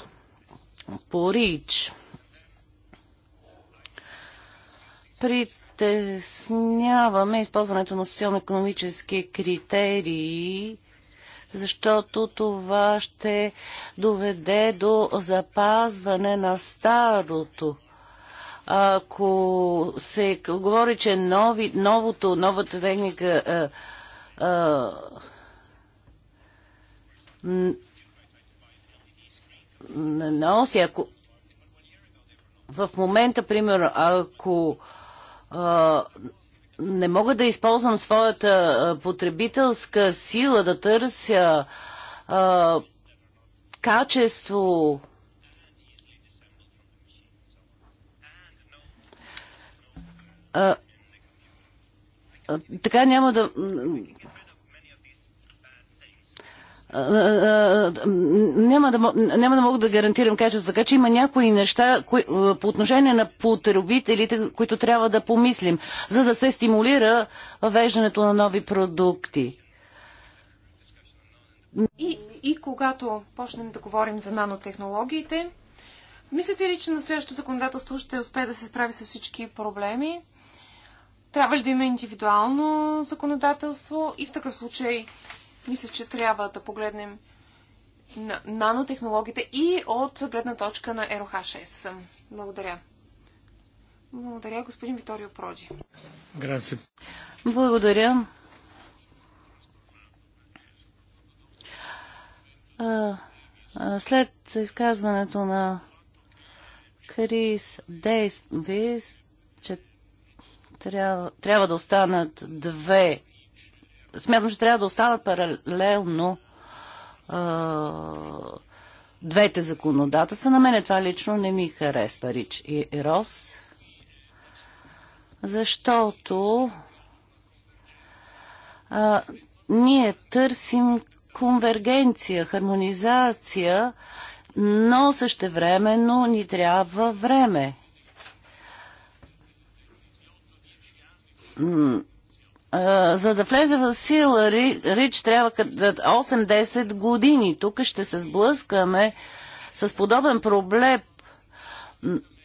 Порич. Uh, притесняваме използването на социално-економически критерии, защото това ще доведе до запазване на старото ако се говори, че нови, новото, новата техника а, носи, ако в момента, примерно, ако а, не мога да използвам своята потребителска сила да търся а, качество. А, а, така няма да няма да, няма да мога да гарантирам качество, така че има някои неща кои, по отношение на потребителите, които трябва да помислим, за да се стимулира въвеждането на нови продукти.
И, и когато почнем да говорим за нанотехнологиите, мислите ли, че настоящото законодателство ще успее да се справи с всички проблеми? Трябва ли да има индивидуално законодателство и в такъв случай мисля, че трябва да погледнем на нанотехнологите и от гледна точка на РОХ6. Благодаря. Благодаря, господин Виторио Проди.
Грация. Благодаря. След изказването на Крис Дейс, че трябва, трябва да останат две смятам, че трябва да останат паралелно двете законодателства. На мен това лично не ми харесва Рич и Рос, защото а, ние търсим конвергенция, хармонизация, но същевременно ни трябва време за да влезе в сила Рич трябва 8-10 години. Тук ще се сблъскаме с подобен проблем,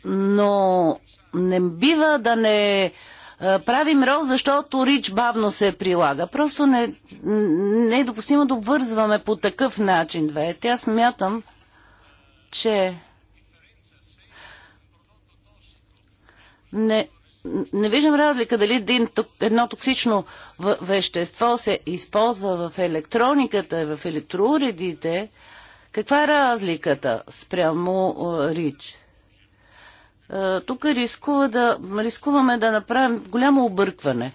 но не бива да не правим рол, защото Рич бавно се прилага. Просто не, не е допустимо да вързваме по такъв начин двете. Аз смятам, че не, не виждам разлика дали един, едно токсично вещество се използва в електрониката, в електроуредите. Каква е разликата спрямо РИЧ? Тук рискува да, рискуваме да направим голямо объркване.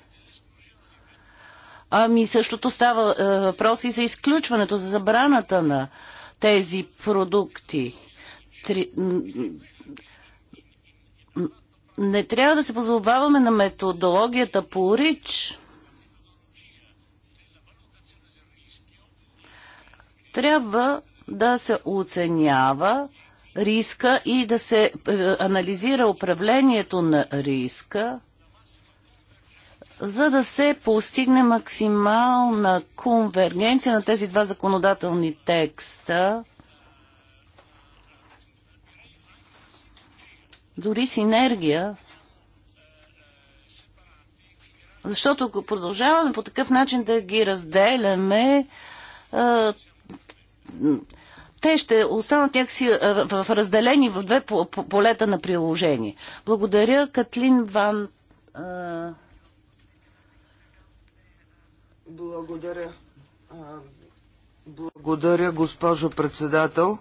Ами същото става въпрос и за изключването, за забраната на тези продукти не трябва да се позлобаваме на методологията по РИЧ. Трябва да се оценява риска и да се е, анализира управлението на риска, за да се постигне максимална конвергенция на тези два законодателни текста дори синергия, защото ако продължаваме по такъв начин да ги разделяме, е, те ще останат някакси е, в разделени в две полета на приложение. Благодаря, Катлин Ван.
Е. Благодаря. Благодаря, госпожо председател.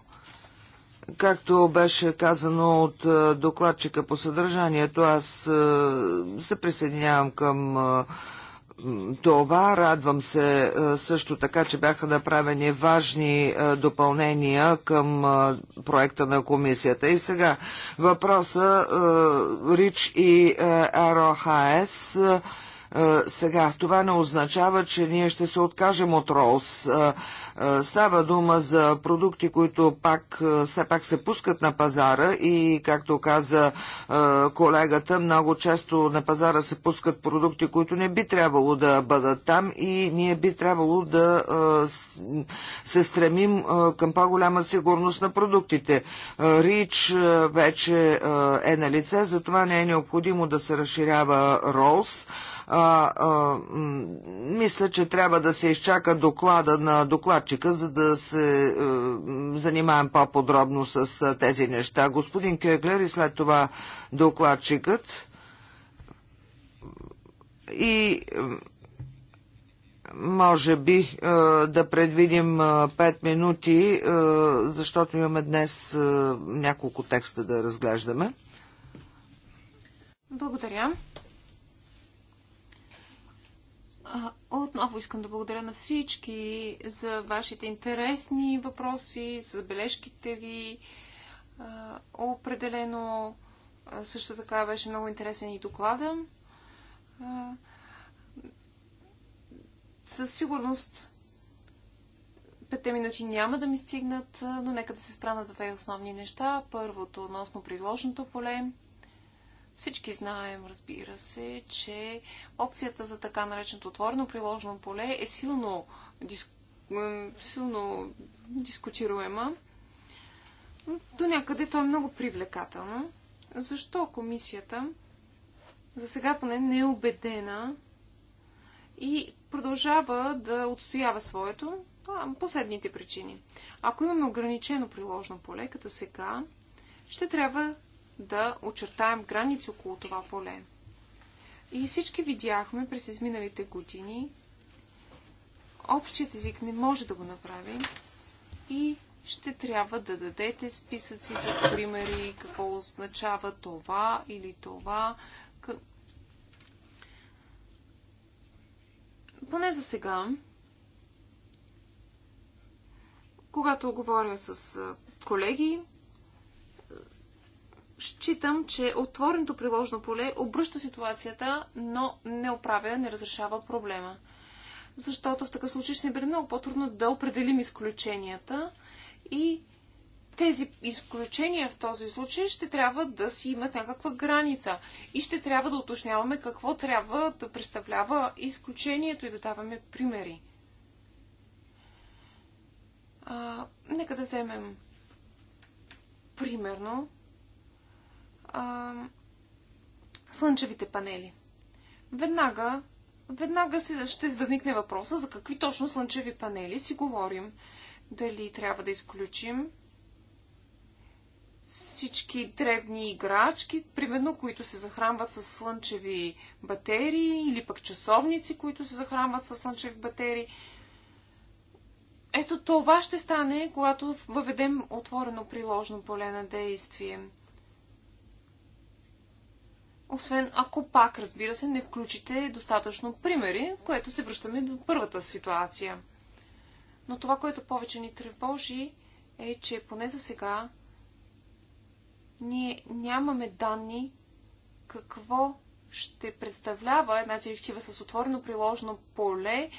Както беше казано от е, докладчика по съдържанието, аз е, се присъединявам към е, това. Радвам се също така, че бяха направени важни допълнения към проекта на комисията. И сега въпроса РИЧ и РОХС – сега, това не означава, че ние ще се откажем от Ролс. Става дума за продукти, които пак, все пак се пускат на пазара и, както каза колегата, много често на пазара се пускат продукти, които не би трябвало да бъдат там и ние би трябвало да се стремим към по-голяма сигурност на продуктите. Рич вече е на лице, затова не е необходимо да се разширява Ролс. А, а, мисля, че трябва да се изчака доклада на докладчика, за да се а, е, занимаем по-подробно с а, е, тези неща. Господин Кеглер и след това докладчикът. И може би е, да предвидим 5 минути, защото имаме днес няколко текста да разглеждаме.
Благодаря. Отново искам да благодаря на всички за вашите интересни въпроси, за забележките ви. Определено също така беше много интересен и доклада. Със сигурност петте минути няма да ми стигнат, но нека да се спра на две основни неща. Първото относно приложното поле всички знаем, разбира се, че опцията за така нареченото отворено приложено поле е силно, дис... силно дискутируема. До някъде то е много привлекателно. Защо комисията за сега поне не е убедена и продължава да отстоява своето а, последните причини. Ако имаме ограничено приложно поле, като сега, ще трябва да очертаем граници около това поле. И всички видяхме през изминалите години, общият език не може да го направи и ще трябва да дадете списъци с примери, какво означава това или това. Поне за сега, когато говоря с колеги, считам, че отвореното приложно поле обръща ситуацията, но не оправя, не разрешава проблема. Защото в такъв случай ще бъде много по-трудно да определим изключенията и тези изключения в този случай ще трябва да си имат някаква граница и ще трябва да уточняваме какво трябва да представлява изключението и да даваме примери. А, нека да вземем примерно а, слънчевите панели. Веднага, веднага си, ще възникне въпроса за какви точно слънчеви панели си говорим. Дали трябва да изключим всички дребни играчки, примерно, които се захранват с слънчеви батерии или пък часовници, които се захранват с слънчеви батерии. Ето това ще стане, когато въведем отворено приложно поле на действие. Освен ако пак, разбира се, не включите достатъчно примери, което се връщаме до първата ситуация. Но това, което повече ни тревожи, е, че поне за сега ние нямаме данни какво ще представлява една директива с отворено приложно поле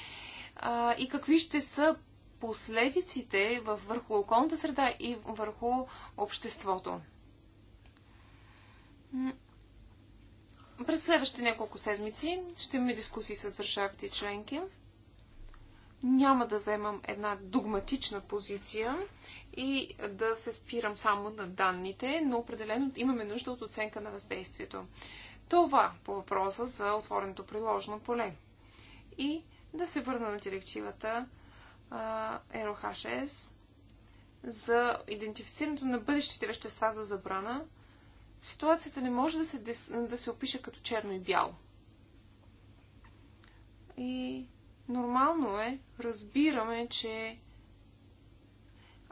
а, и какви ще са последиците върху околната среда и върху обществото. През следващите няколко седмици ще имаме дискусии с държавите и членки. Няма да вземам една догматична позиция и да се спирам само на данните, но определено имаме нужда от оценка на въздействието. Това по въпроса за отвореното приложно поле. И да се върна на директивата ROH6 за идентифицирането на бъдещите вещества за забрана – ситуацията не може да се, да се опише като черно и бяло. И нормално е, разбираме, че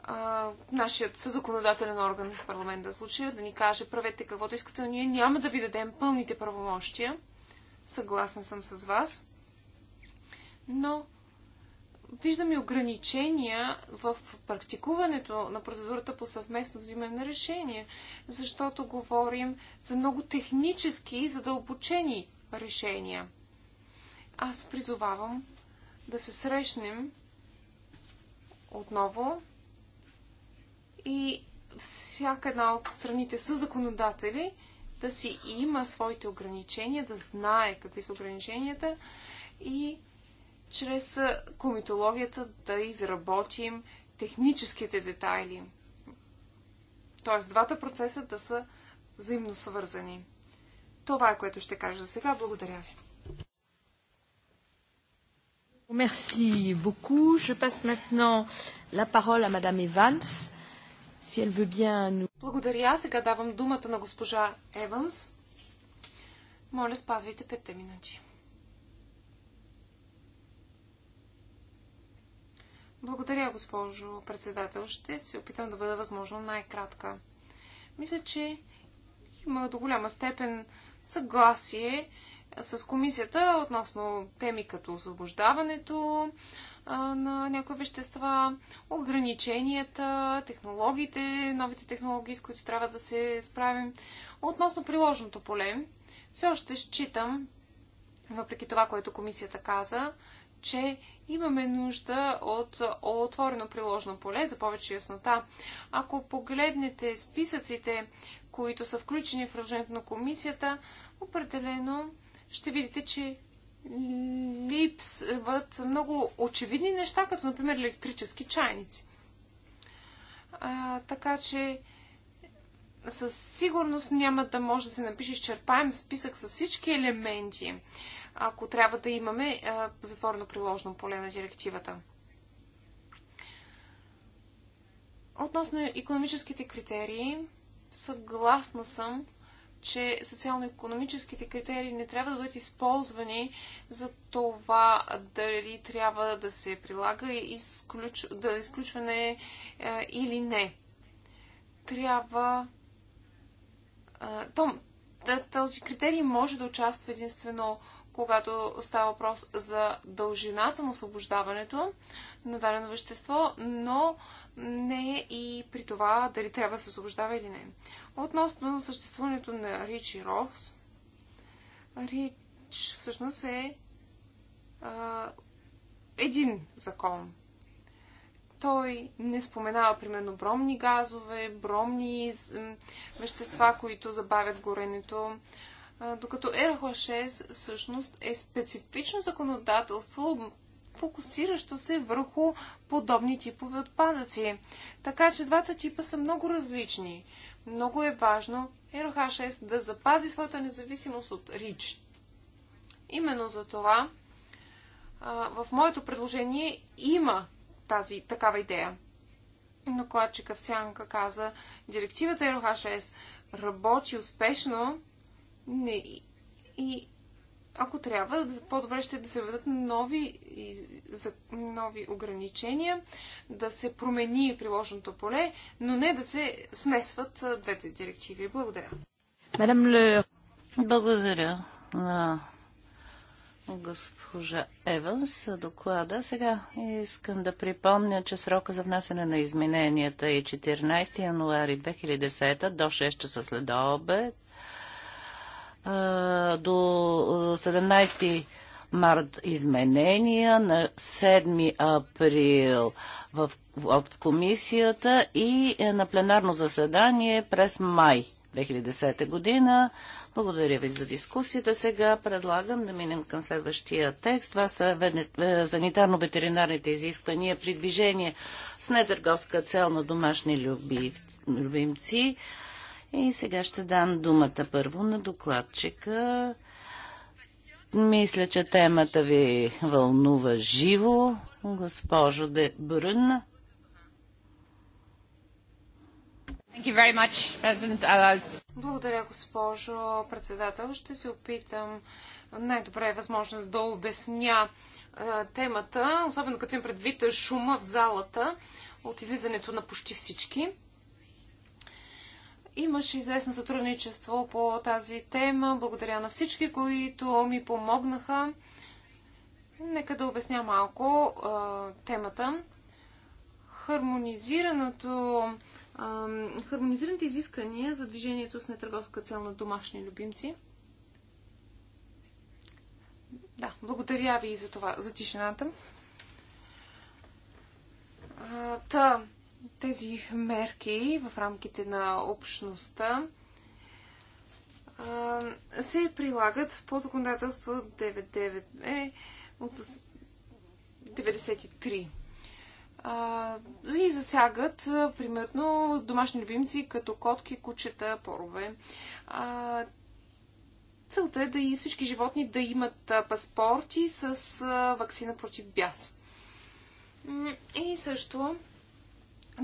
а, нашият съзаконодателен орган в парламента случая да ни каже правете каквото искате, но ние няма да ви дадем пълните правомощия. Съгласна съм с вас. Но виждаме ограничения в практикуването на процедурата по съвместно взимане на решение, защото говорим за много технически и задълбочени решения. Аз призовавам да се срещнем отново и всяка една от страните са законодатели да си има своите ограничения, да знае какви са ограниченията и чрез комитологията да изработим техническите детайли. Тоест, двата процеса да са взаимно свързани. Това е което ще кажа за сега. Благодаря ви. Merci beaucoup. Je passe maintenant la parole à Madame Evans, si elle veut bien nous... Благодаря. Сега давам думата на госпожа Еванс. Моля, спазвайте петте минути. Благодаря, госпожо председател. Ще се опитам да бъда възможно най-кратка. Мисля, че има до голяма степен съгласие с комисията относно теми като освобождаването на някои вещества, ограниченията, технологиите, новите технологии, с които трябва да се справим. Относно приложното поле, все още считам, въпреки това, което комисията каза, че имаме нужда от отворено приложно поле за повече яснота. Ако погледнете списъците, които са включени в приложението на комисията, определено ще видите, че липсват много очевидни неща, като например електрически чайници. А, така че със сигурност няма да може да се напише изчерпаем списък с всички елементи ако трябва да имаме затворено приложено поле на директивата. Относно економическите критерии, съгласна съм, че социално-економическите критерии не трябва да бъдат използвани за това дали трябва да се прилага изключ... да е изключване е, или не. Трябва. Е, то, този критерий може да участва единствено когато става въпрос за дължината на освобождаването на дадено вещество, но не и при това дали трябва да се освобождава или не. Относно съществуването на Рич и Ровс, Рич всъщност е а, един закон. Той не споменава, примерно, бромни газове, бромни вещества, които забавят горенето докато РХ6 всъщност е специфично законодателство, фокусиращо се върху подобни типове отпадъци. Така че двата типа са много различни. Много е важно РХ6 да запази своята независимост от РИЧ. Именно за това в моето предложение има тази такава идея. Докладчика в Сянка каза, директивата РХ6 работи успешно не, и ако трябва, по-добре ще да се ведат нови, за, нови ограничения, да се промени приложеното поле, но не да се смесват двете директиви. Благодаря.
Мадам Ле, благодаря на госпожа Еванс за доклада. Сега искам да припомня, че срока за внасяне на измененията е 14 януари 2010 до 6 часа след обед до 17 март изменения, на 7 април в, в, в комисията и е, на пленарно заседание през май 2010 година. Благодаря ви за дискусията. Сега предлагам да минем към следващия текст. Това са е, санитарно-ветеринарните изисквания при движение с нетърговска цел на домашни любимци. И сега ще дам думата първо на докладчика. Мисля, че темата ви вълнува живо, госпожо Де Брън.
Благодаря, госпожо председател. Ще се опитам най-добре е възможно да обясня темата, особено като им предвид шума в залата от излизането на почти всички. Имаше известно сътрудничество по тази тема. Благодаря на всички, които ми помогнаха. Нека да обясня малко а, темата. Хармонизираното, а, хармонизираните изисквания за движението с нетърговска цел на домашни любимци. Да, благодаря ви и за това, за тишината. А, та, тези мерки в рамките на общността се прилагат по законодателство 99 е, от 93. И засягат, примерно, домашни любимци, като котки, кучета, порове. Целта е да и всички животни да имат паспорти с вакцина против бяс. И също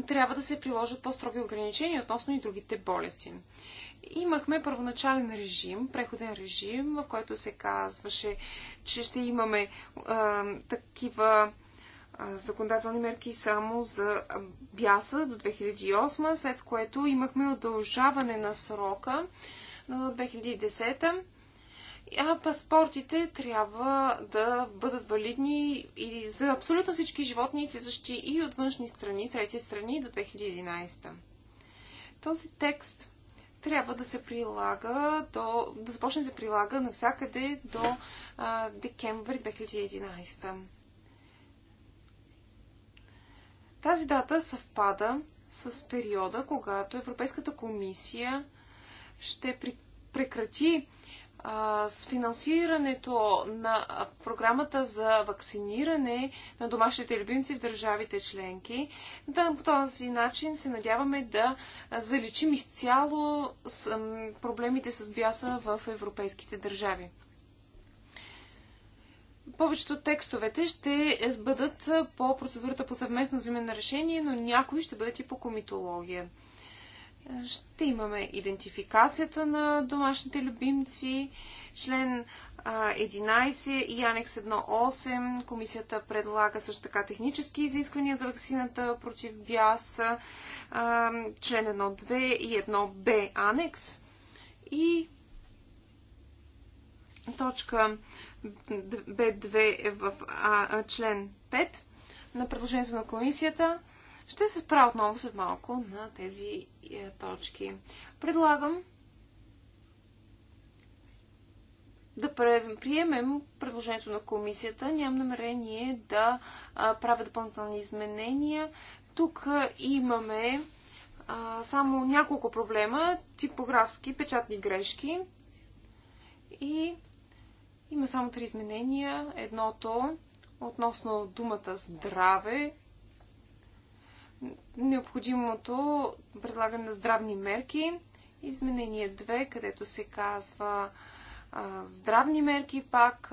трябва да се приложат по-строги ограничения относно и другите болести. Имахме първоначален режим, преходен режим, в който се казваше, че ще имаме а, такива а, законодателни мерки само за бяса до 2008, след което имахме удължаване на срока до 2010 а паспортите трябва да бъдат валидни и за абсолютно всички животни, влизащи и от външни страни, трети страни до 2011. Този текст трябва да се прилага до, да започне да се прилага навсякъде до а, декември 2011. Тази дата съвпада с периода, когато Европейската комисия ще прекрати с финансирането на програмата за вакциниране на домашните любимци в държавите членки. Да, по този начин се надяваме да заличим изцяло с проблемите с бяса в европейските държави. Повечето от текстовете ще бъдат по процедурата по съвместно взимане на решение, но някои ще бъдат и по комитология ще имаме идентификацията на домашните любимци, член 11 и анекс 1.8. Комисията предлага също така технически изисквания за вакцината против БИАС, член 1.2 и 1.б анекс. И точка Б 2 е в а, член 5 на предложението на комисията – ще се спра отново след малко на тези е, точки. Предлагам да приемем предложението на комисията. Нямам намерение да правя допълнителни изменения. Тук имаме само няколко проблема, типографски, печатни грешки и има само три изменения. Едното относно думата здраве, необходимото предлагане на здравни мерки. Изменение 2, където се казва а, здравни мерки, пак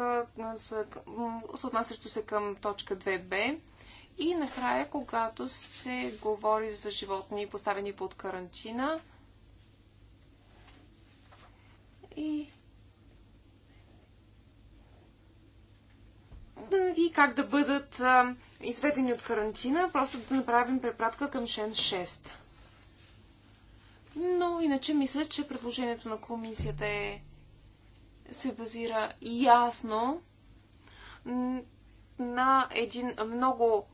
съотнасящо се към точка 2б. И накрая, когато се говори за животни, поставени под карантина, и и как да бъдат изведени от карантина, просто да направим препратка към член 6. Но иначе мисля, че предложението на комисията е, се базира ясно на един много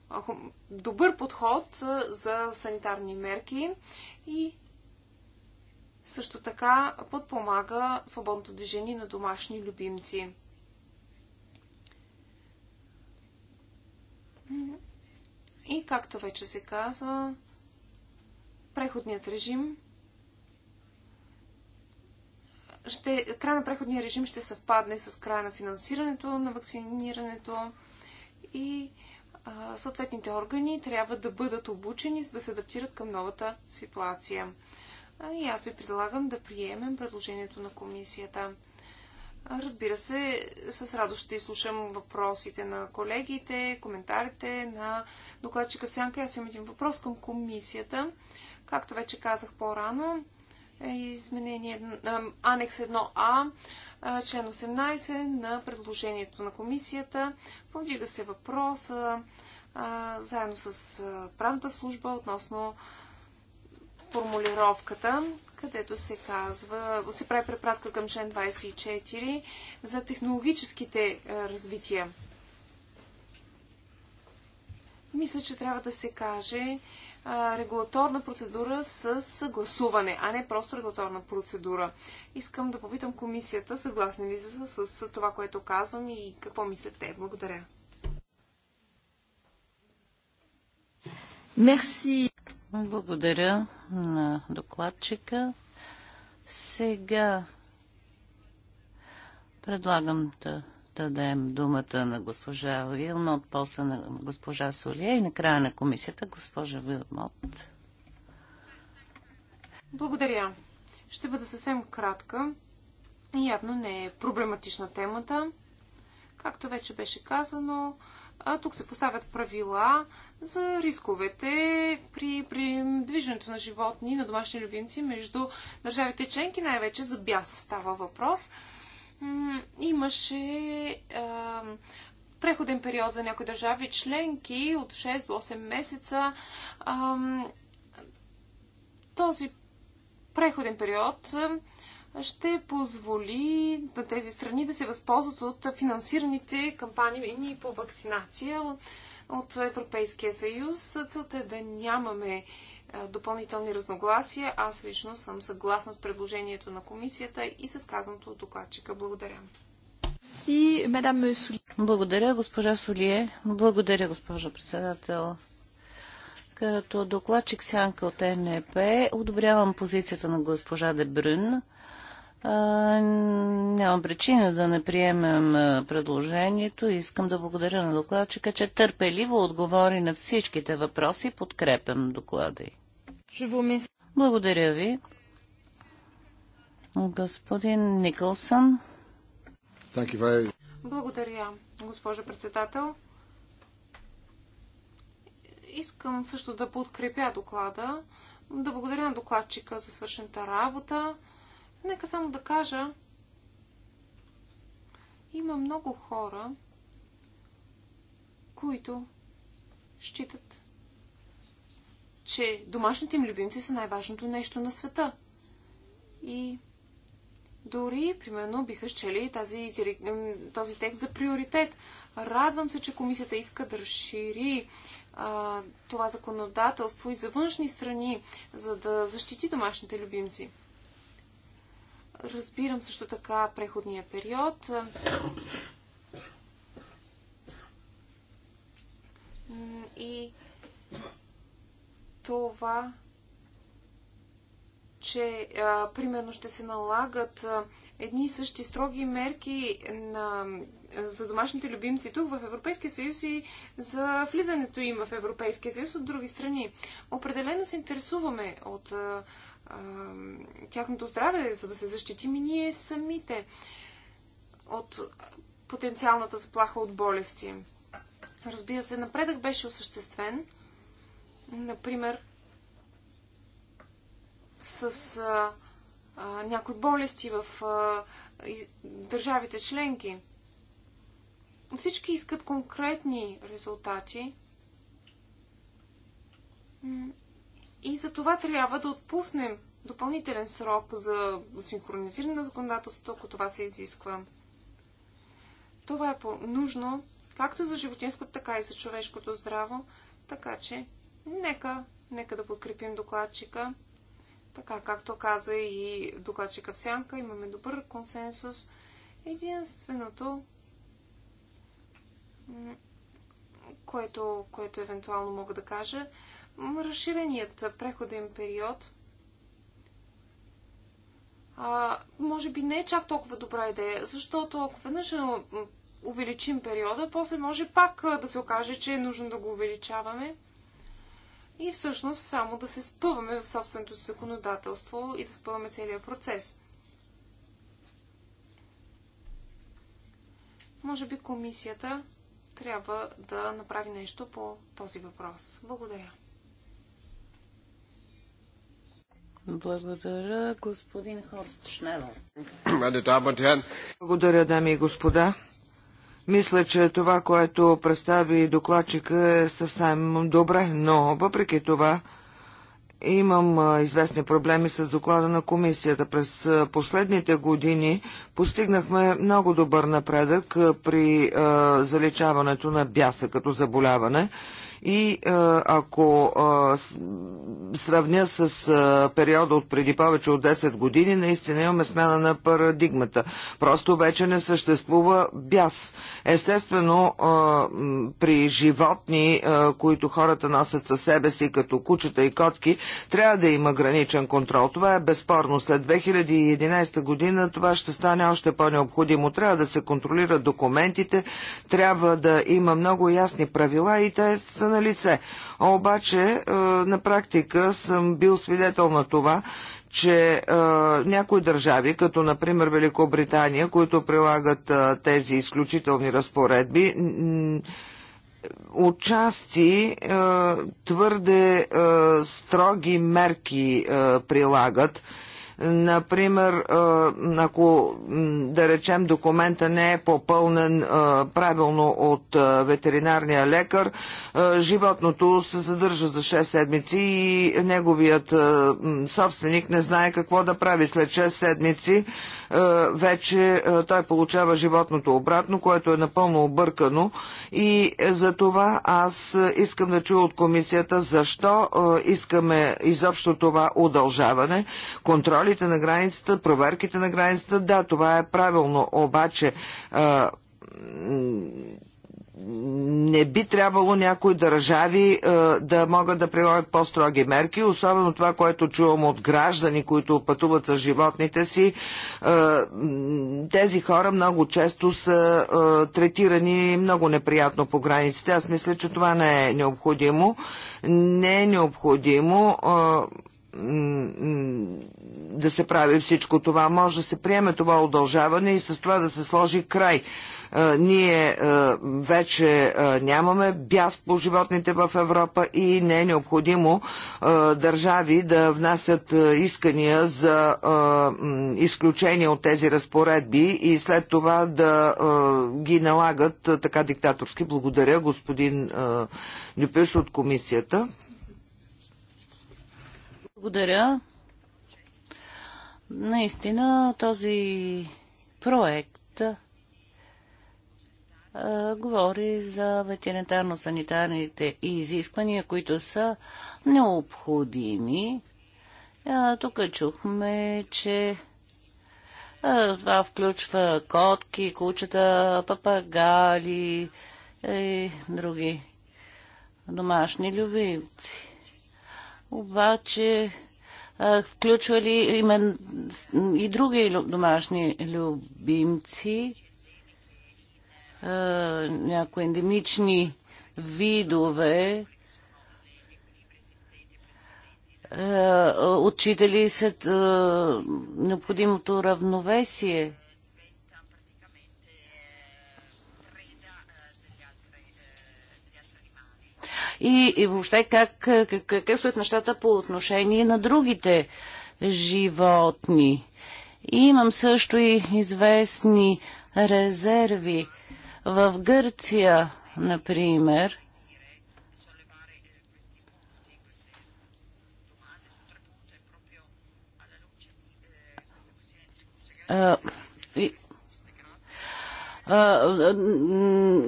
добър подход за санитарни мерки и също така подпомага свободното движение на домашни любимци. И както вече се казва, преходният режим ще, край на преходния режим ще съвпадне с края на финансирането на вакцинирането и а, съответните органи трябва да бъдат обучени, за да се адаптират към новата ситуация. А, и аз ви предлагам да приемем предложението на комисията. Разбира се, с радост ще изслушам въпросите на колегите, коментарите на докладчика Сянка. Аз имам един въпрос към комисията. Както вече казах по-рано, е изменение анекс 1А, член 18 на предложението на комисията. Повдига се въпрос а, заедно с правната служба относно формулировката, където се казва, се прави препратка към член 24 за технологическите е, развития. Мисля, че трябва да се каже е, регулаторна процедура с съгласуване, а не просто регулаторна процедура. Искам да попитам комисията, съгласни ли са с, с това, което казвам и какво мислят те. Благодаря.
Мерси. Благодаря на докладчика. Сега предлагам да дадем думата на госпожа Вилмот, после на госпожа Солия и накрая на комисията госпожа Вилмот.
Благодаря. Ще бъда съвсем кратка. Явно не е проблематична темата. Както вече беше казано, тук се поставят правила за рисковете при, при движенето на животни на домашни любимци между държавите членки, най-вече за бяс става въпрос. Имаше а, преходен период за някои държави членки от 6 до 8 месеца. А, този преходен период ще позволи на тези страни да се възползват от финансираните кампании по вакцинация от Европейския съюз. Целта е да нямаме е, допълнителни разногласия. Аз лично съм съгласна с предложението на комисията и с казаното от докладчика. Благодаря.
Благодаря, госпожа Солие. Благодаря, госпожа председател. Като докладчик сянка от НЕП, одобрявам позицията на госпожа Дебрюн Нямам причина да не приемем предложението. Искам да благодаря на докладчика, че търпеливо отговори на всичките въпроси. Подкрепям доклада й. Благодаря ви. Господин Никълсън.
Благодаря, госпожо председател. Искам също да подкрепя доклада, да благодаря на докладчика за свършената работа. Нека само да кажа, има много хора, които считат, че домашните им любимци са най-важното нещо на света. И дори, примерно, биха счели тази, този текст за приоритет. Радвам се, че комисията иска да разшири а, това законодателство и за външни страни, за да защити домашните любимци. Разбирам също така преходния период. И това, че а, примерно ще се налагат а, едни и същи строги мерки на, за домашните любимци тук в Европейския съюз и за влизането им в Европейския съюз от други страни. Определено се интересуваме от а, тяхното здраве, за да се защитим и ние самите от потенциалната заплаха от болести. Разбира се, напредък беше осъществен. Например, с а, а, някои болести в а, и, държавите членки. Всички искат конкретни резултати. И за това трябва да отпуснем допълнителен срок за синхронизиране на законодателството, ако това се изисква. Това е нужно, както за животинското, така и за човешкото здраво, така че нека, нека да подкрепим докладчика. Така, както каза и докладчика в сянка, имаме добър консенсус. Единственото, което, което евентуално мога да кажа, разширеният преходен период а, може би не е чак толкова добра идея, защото ако веднъж е, увеличим периода, после може пак да се окаже, че е нужно да го увеличаваме и всъщност само да се спъваме в собственото си законодателство и да спъваме целият процес. Може би комисията трябва да направи нещо по този въпрос. Благодаря.
Благодаря, господин Хорст
Благодаря, дами и господа. Мисля, че това, което представи докладчика е съвсем добре, но въпреки това имам известни проблеми с доклада на комисията. През последните години постигнахме много добър напредък при заличаването на бяса като заболяване и ако сравня с периода от преди повече от 10 години, наистина имаме смяна на парадигмата. Просто вече не съществува бяс. Естествено, при животни, които хората носят със себе си, като кучета и котки, трябва да има граничен контрол. Това е безспорно. След 2011 година това ще стане още по-необходимо. Трябва да се контролират документите, трябва да има много ясни правила и те са на лице. Обаче е, на практика съм бил свидетел на това, че е, някои държави, като например Великобритания, които прилагат е, тези изключителни разпоредби, отчасти е, твърде е, строги мерки е, прилагат. Е, Например, ако да речем документа не е попълнен правилно от ветеринарния лекар, животното се задържа за 6 седмици и неговият собственик не знае какво да прави след 6 седмици е, вече е, той получава животното обратно, което е напълно объркано и е, за това аз искам да чуя от комисията защо искаме изобщо това удължаване, контролите на границата, проверките на границата, да, това е правилно, обаче не би трябвало някои държави е, да могат да прилагат по-строги мерки, особено това, което чувам от граждани, които пътуват с животните си. Е, тези хора много често са е, третирани много неприятно по границите. Аз мисля, че това не е необходимо. Не е необходимо е, да се прави всичко това. Може да се приеме това удължаване и с това да се сложи край. Ние вече нямаме бяс по животните в Европа и не е необходимо държави да внасят искания за изключение от тези разпоредби и след това да ги налагат така диктаторски. Благодаря, господин Дюпюс от комисията.
Благодаря. Наистина този проект говори за ветеринарно-санитарните изисквания, които са необходими. тук чухме, че това включва котки, кучета, папагали и други домашни любимци. Обаче включва ли имен и други домашни любимци? някои ендемични видове, отчитали се необходимото равновесие. И, и въобще как, как, как стоят нещата по отношение на другите животни. И имам също и известни резерви в Гърция, например,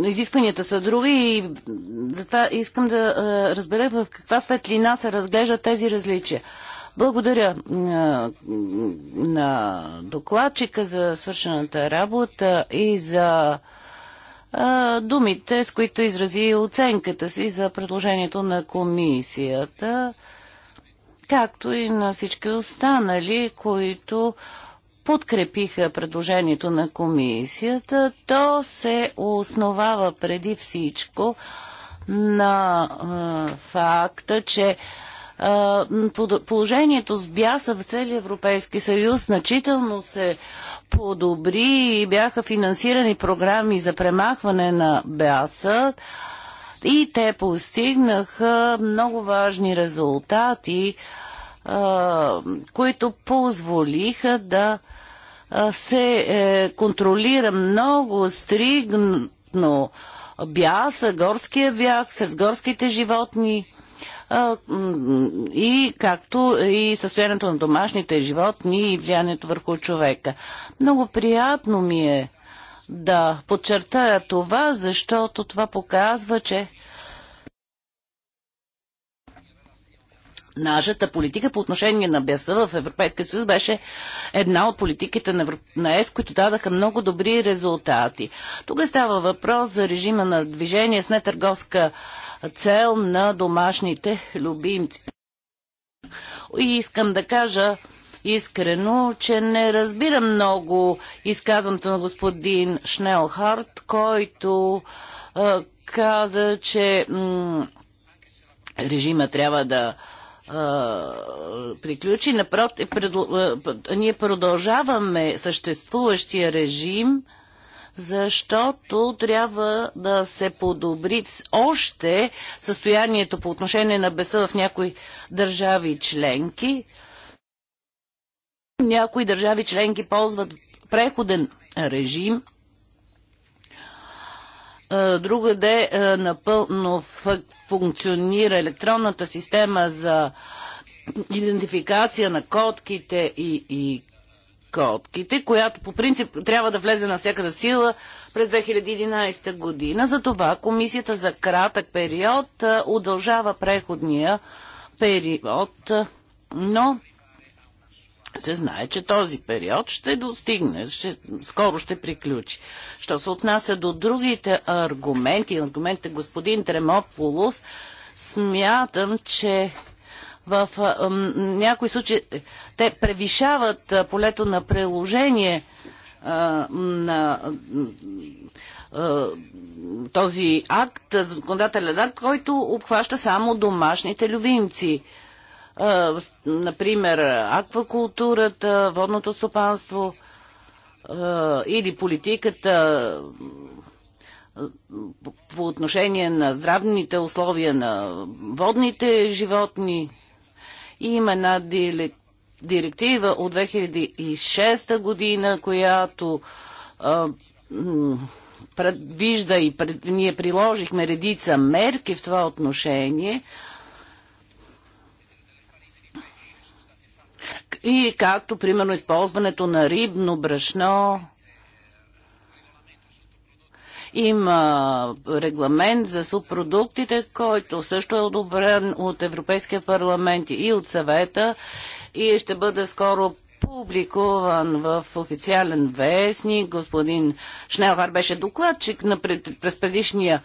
изискванията са други и затова искам да разбера в каква светлина се разглеждат тези различия. Благодаря на докладчика за свършената работа и за думите, с които изрази оценката си за предложението на комисията, както и на всички останали, които подкрепиха предложението на комисията. То се основава преди всичко на а, факта, че положението с бяса в целия Европейски съюз значително се подобри и бяха финансирани програми за премахване на бяса и те постигнаха много важни резултати, които позволиха да се е, контролира много стригно бяса, горския бях, сред горските животни и както и състоянието на домашните животни и влиянието върху човека. Много приятно ми е да подчертая това, защото това показва, че Нашата политика по отношение на беса в Европейския съюз беше една от политиките на, ЕС, които дадаха много добри резултати. Тук става въпрос за режима на движение с нетърговска цел на домашните любимци. И искам да кажа искрено, че не разбира много изказването на господин Шнелхарт, който каза, че режима трябва да приключи. Напротив, ние продължаваме съществуващия режим, защото трябва да се подобри още състоянието по отношение на беса в някои държави членки. Някои държави членки ползват преходен режим, другаде напълно функционира електронната система за идентификация на котките и, и котките, която по принцип трябва да влезе на всяка сила през 2011 година. Затова комисията за кратък период удължава преходния период, но се знае, че този период ще достигне, ще, скоро ще приключи. Що се отнася до другите аргументи, аргументите господин Тремополус, смятам, че в а, някои случаи те превишават а, полето на приложение а, на а, този акт, законодателен акт, който обхваща само домашните любимци. А, например, аквакултурата, водното стопанство или политиката по отношение на здравните условия на водните животни. И има една директива от 2006 година, която предвижда и пред, ние приложихме редица мерки в това отношение – и както примерно използването на рибно брашно. Има регламент за субпродуктите, който също е одобрен от Европейския парламент и от съвета и ще бъде скоро публикуван в официален вестник. Господин Шнелхар беше докладчик на пред, през предишния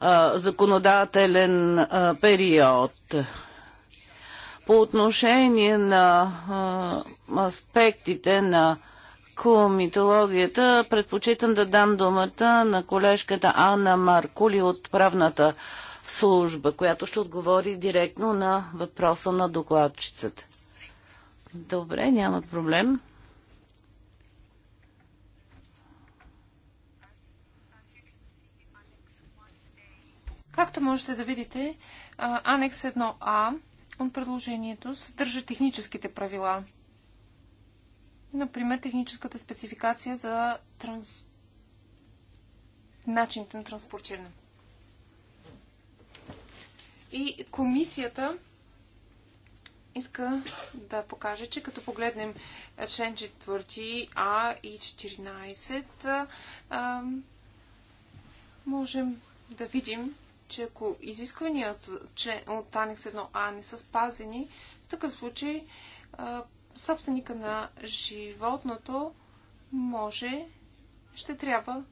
а, законодателен а, период. По отношение на а, аспектите на комитологията, предпочитам да дам думата на колежката Анна Маркули от правната служба, която ще отговори директно на въпроса на докладчицата. Добре, няма проблем.
Както можете да видите, анекс 1А от предложението съдържа техническите правила. Например, техническата спецификация за транс... начините на транспортиране. И комисията иска да покаже, че като погледнем член 4а и 14, можем да видим, че ако изискванията от Анекс 1А не са спазени, в такъв случай собственика на животното може, ще трябва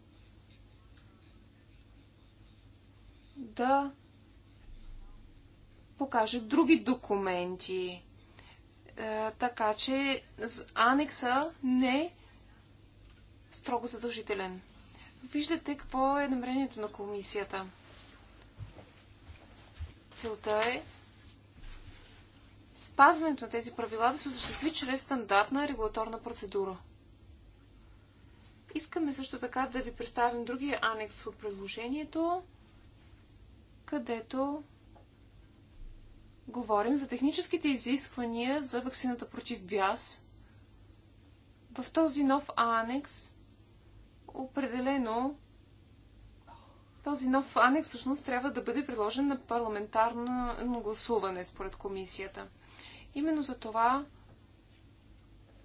да покаже други документи. Е, така че анекса не е строго задължителен. Виждате какво е намерението на комисията целта е спазването на тези правила да се осъществи чрез стандартна регулаторна процедура. Искаме също така да ви представим другия анекс от предложението, където говорим за техническите изисквания за вакцината против бяс. В този нов анекс определено този нов анекс всъщност трябва да бъде приложен на парламентарно гласуване според комисията. Именно за това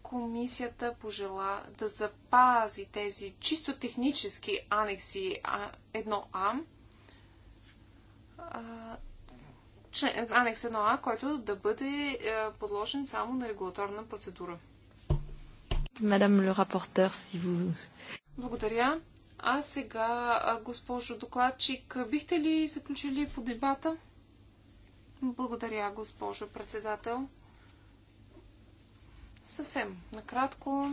комисията пожела да запази тези чисто технически анекси 1А, анекс 1А, който да бъде е, подложен само на регулаторна процедура.
Мадам рапортер, си
Благодаря. А сега, госпожо докладчик, бихте ли заключили по дебата? Благодаря, госпожо председател. Съвсем накратко.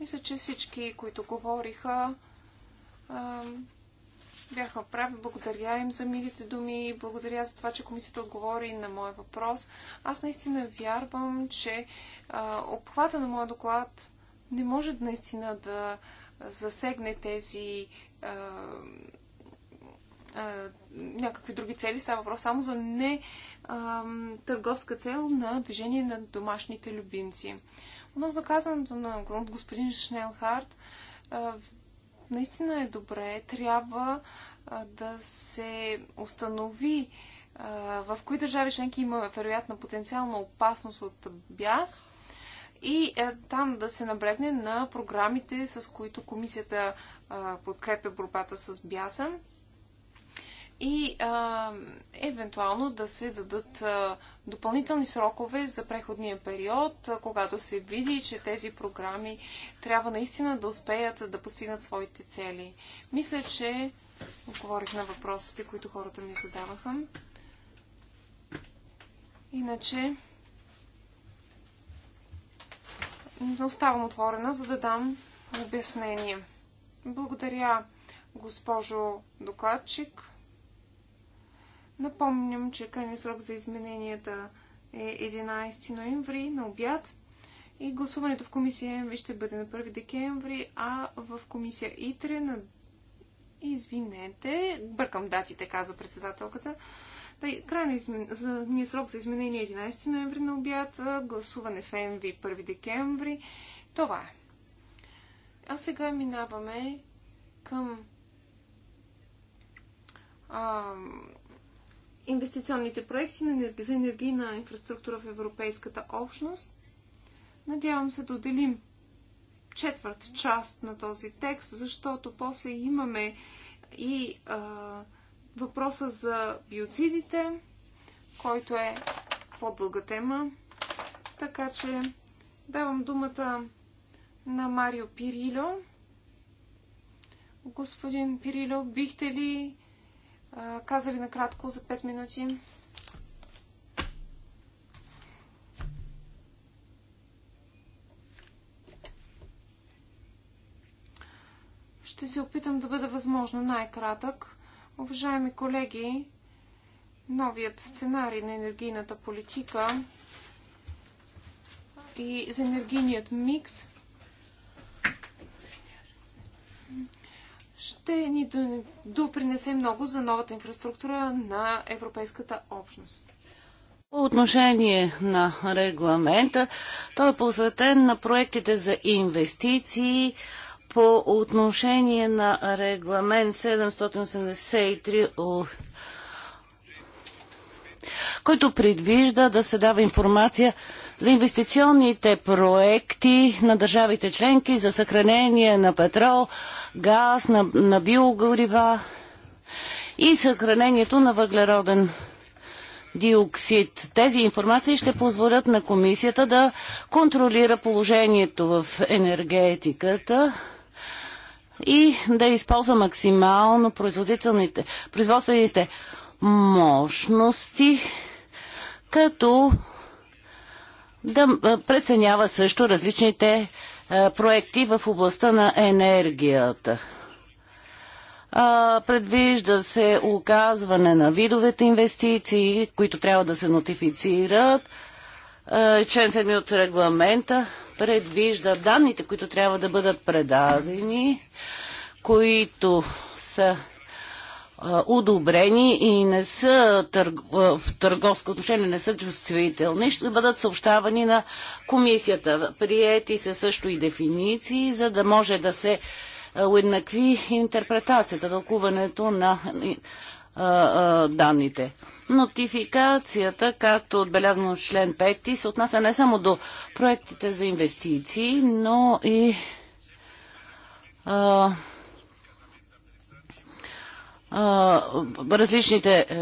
Мисля, че всички, които говориха, бяха прави. Благодаря им за милите думи и благодаря за това, че комисията отговори на моя въпрос. Аз наистина вярвам, че обхвата на моя доклад не може наистина да засегне тези а, а, някакви други цели. Става въпрос само за не а, търговска цел на движение на домашните любимци. Относно казаното на от господин Шнелхарт, а, наистина е добре, трябва а, да се установи в кои държави членки има вероятна потенциална опасност от бяс и е, там да се наблегне на програмите, с които комисията е, подкрепя борбата с бяса и а, евентуално да се дадат а, допълнителни срокове за преходния период, а, когато се види, че тези програми трябва наистина да успеят да постигнат своите цели. Мисля, че отговорих на въпросите, които хората ми задаваха. Иначе. оставам отворена, за да дам обяснение. Благодаря, госпожо докладчик. Напомням, че крайният срок за измененията е 11 ноември на обяд и гласуването в комисия ви ще бъде на 1 декември, а в комисия ИТРЕ на... Извинете, бъркам датите, каза председателката. Тъй, край на измен... за... Ние срок за изменение 11 е ноември на обяд, гласуване в МВ 1 декември. Това е. А сега минаваме към а, инвестиционните проекти за енергийна инфраструктура в Европейската общност. Надявам се да отделим четвърт част на този текст, защото после имаме и а, Въпроса за биоцидите, който е по-дълга тема. Така че давам думата на Марио Пирило. Господин Пирило, бихте ли а, казали накратко за 5 минути? Ще се опитам да бъда възможно най-кратък. Уважаеми колеги, новият сценарий на енергийната политика и за енергийният микс ще ни допринесе много за новата инфраструктура на Европейската общност.
По отношение на регламента, той е посветен на проектите за инвестиции, по отношение на регламент 783, който предвижда да се дава информация за инвестиционните проекти на държавите членки за съхранение на петрол, газ, на, на биогорива и съхранението на въглероден диоксид. Тези информации ще позволят на комисията да контролира положението в енергетиката и да използва максимално производителните, производствените мощности, като да преценява също различните проекти в областта на енергията. предвижда се оказване на видовете инвестиции, които трябва да се нотифицират. член 7 от регламента предвижда данните, които трябва да бъдат предадени, които са одобрени и не са в търговско отношение, не са чувствителни, ще бъдат съобщавани на комисията. Приети се също и дефиниции, за да може да се уеднакви интерпретацията, тълкуването на данните. Нотификацията, както отбелязано в член 5, се отнася не само до проектите за инвестиции, но и а, а, различните а,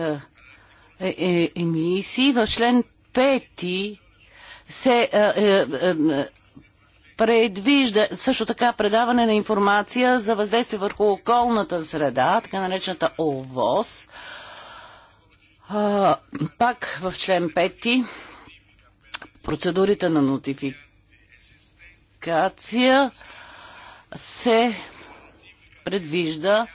е, е, е, емисии. В член 5 се а, е, е, е, предвижда също така предаване на информация за въздействие върху околната среда, така наречената ОВОС. А, пак в член 5 процедурите на нотификация се предвижда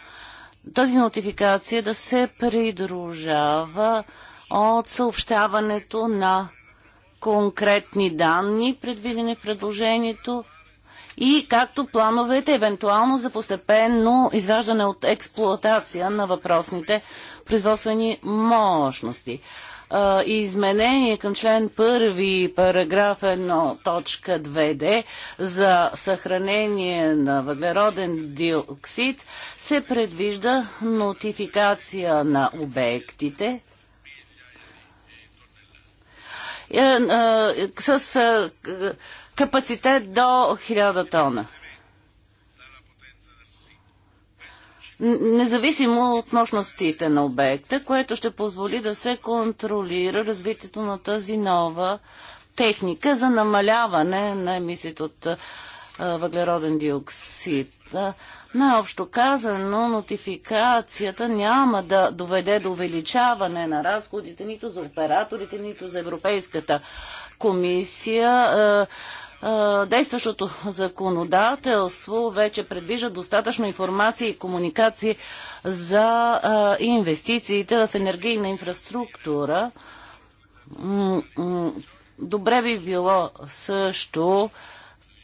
тази нотификация да се придружава от съобщаването на конкретни данни, предвидени в предложението, и както плановете евентуално за постепенно изваждане от експлоатация на въпросните производствени мощности. изменение към член 1, параграф 1, точка 2d за съхранение на въглероден диоксид се предвижда нотификация на обектите, е, с капацитет до 1000 тона. независимо от мощностите на обекта, което ще позволи да се контролира развитието на тази нова техника за намаляване на емисията от въглероден диоксид. Най-общо казано, нотификацията няма да доведе до увеличаване на разходите нито за операторите, нито за Европейската комисия действащото законодателство вече предвижда достатъчно информация и комуникации за инвестициите в енергийна инфраструктура. Добре би било също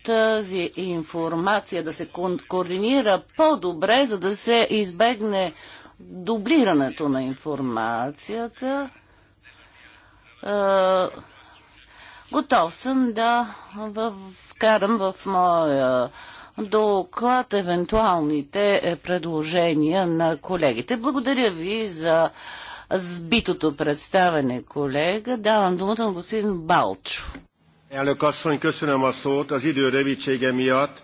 тази информация да се координира по-добре, за да се избегне дублирането на информацията Готов съм да вкарам в моя доклад евентуалните е, предложения на колегите. Благодаря ви за сбитото представене, колега. Давам думата на господин Балчо. Elnök asszony, köszönöm a szót. Az idő rövidsége miatt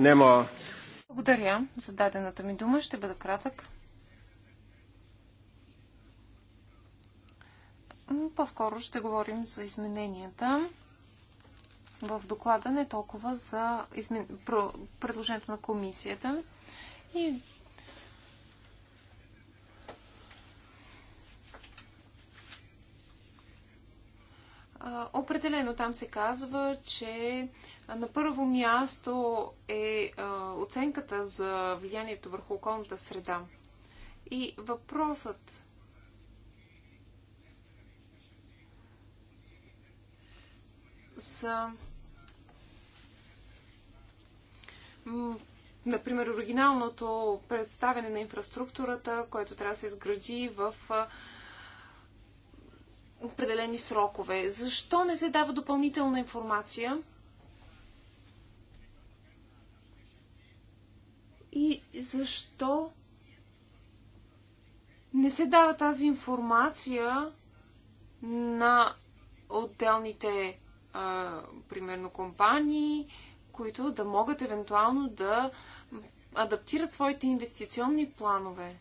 nem a...
Благодаря за дадената ми дума. Ще бъда кратък. По-скоро ще говорим за измененията в доклада, не толкова за измен... предложението на комисията. И Определено там се казва, че на първо място е оценката за влиянието върху околната среда. И въпросът са например, оригиналното представяне на инфраструктурата, което трябва да се изгради в определени срокове. Защо не се дава допълнителна информация? И защо не се дава тази информация на отделните а, примерно компании, които да могат евентуално да адаптират своите инвестиционни планове.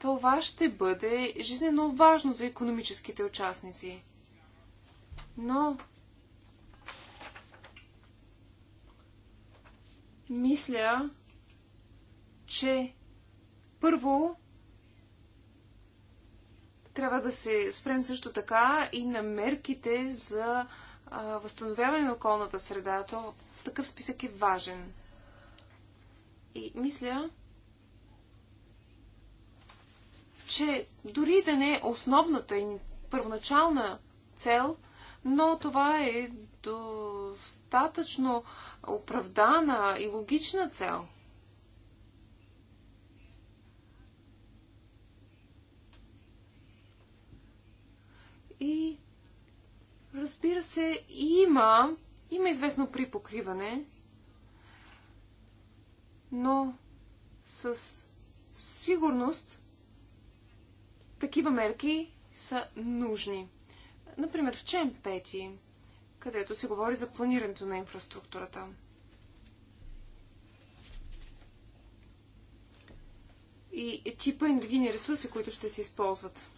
Това ще бъде жизненно важно за економическите участници. Но мисля, че първо трябва да се спрем също така и на мерките за а, възстановяване на околната среда. То такъв списък е важен. И мисля, че дори да не е основната и първоначална цел, но това е достатъчно оправдана и логична цел – И разбира се, има, има известно припокриване, но с сигурност такива мерки са нужни. Например, в чем 5, където се говори за планирането на инфраструктурата. И типа енергийни ресурси, които ще се използват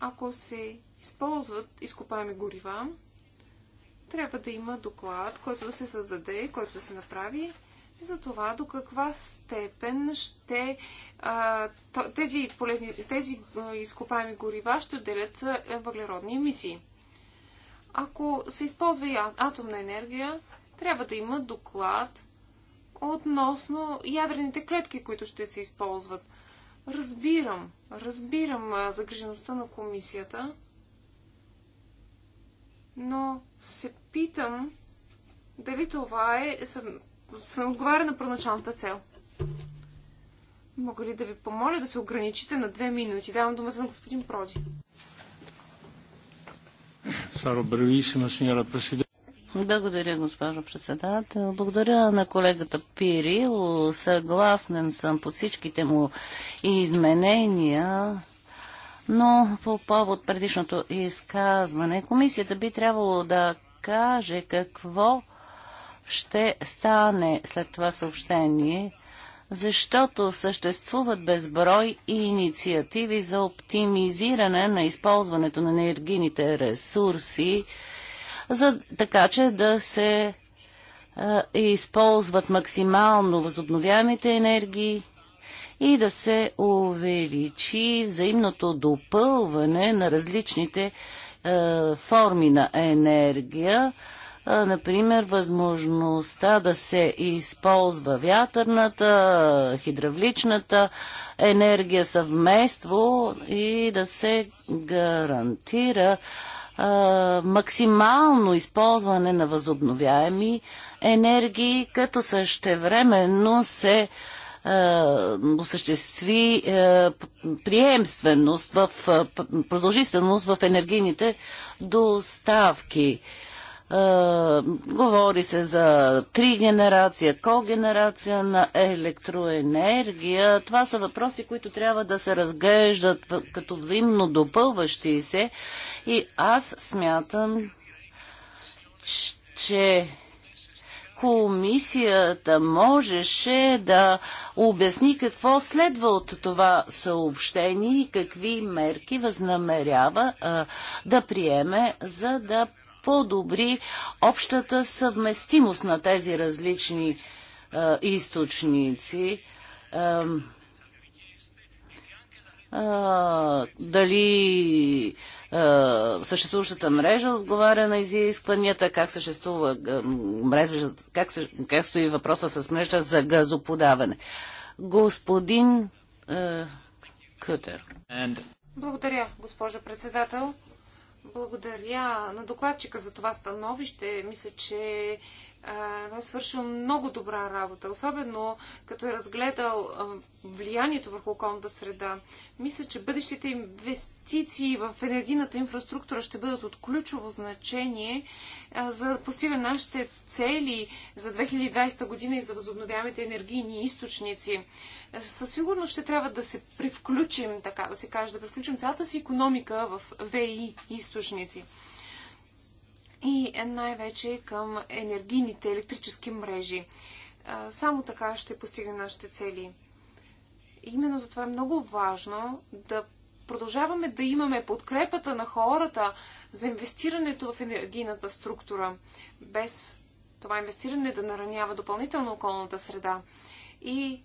ако се използват изкопаеми горива, трябва да има доклад, който да се създаде, който да се направи за това до каква степен ще а, тези, полезни, тези изкопаеми горива ще отделят въглеродни емисии. Ако се използва и атомна енергия, трябва да има доклад относно ядрените клетки, които ще се използват – Разбирам, разбирам загрижеността на комисията, но се питам дали това е, съм, съм отговаря на първоначалната цел. Мога ли да ви помоля да се ограничите на две минути? Давам думата на господин Проди.
Саро на сеньора президент.
Благодаря, госпожо председател. Благодаря на колегата Пирил. Съгласен съм по всичките му изменения, но по повод предишното изказване, комисията би трябвало да каже какво ще стане след това съобщение, защото съществуват безброй и инициативи за оптимизиране на използването на енергийните ресурси, за така че да се а, използват максимално възобновяемите енергии и да се увеличи взаимното допълване на различните а, форми на енергия, а, например възможността да се използва вятърната, хидравличната енергия съвместно и да се гарантира а, максимално използване на възобновяеми енергии, като същевременно се осъществи приемственост в продължителност в енергийните доставки. Е, говори се за три генерация, когенерация на електроенергия. Това са въпроси, които трябва да се разглеждат като взаимно допълващи се. И аз смятам, че комисията можеше да обясни какво следва от това съобщение и какви мерки възнамерява а, е, да приеме, за да подобри общата съвместимост на тези различни е, източници. Е, е, дали е, съществуващата мрежа отговаря на изискванията, как съществува е, мрежа, как, как стои въпроса с мрежа за газоподаване. Господин е, Кътер.
Благодаря, госпожо председател. Благодаря на докладчика за това становище. Мисля, че а, свършил много добра работа, особено като е разгледал а, влиянието върху околната среда. Мисля, че бъдещите инвестиции в енергийната инфраструктура ще бъдат от ключово значение а, за да постигане нашите цели за 2020 година и за възобновяемите енергийни източници. Със сигурност ще трябва да се превключим, така да се каже, да превключим цялата си економика в ВИ източници и най-вече към енергийните електрически мрежи. Само така ще постигнем нашите цели. Именно затова е много важно да продължаваме да имаме подкрепата на хората за инвестирането в енергийната структура, без това инвестиране да наранява допълнително околната среда. И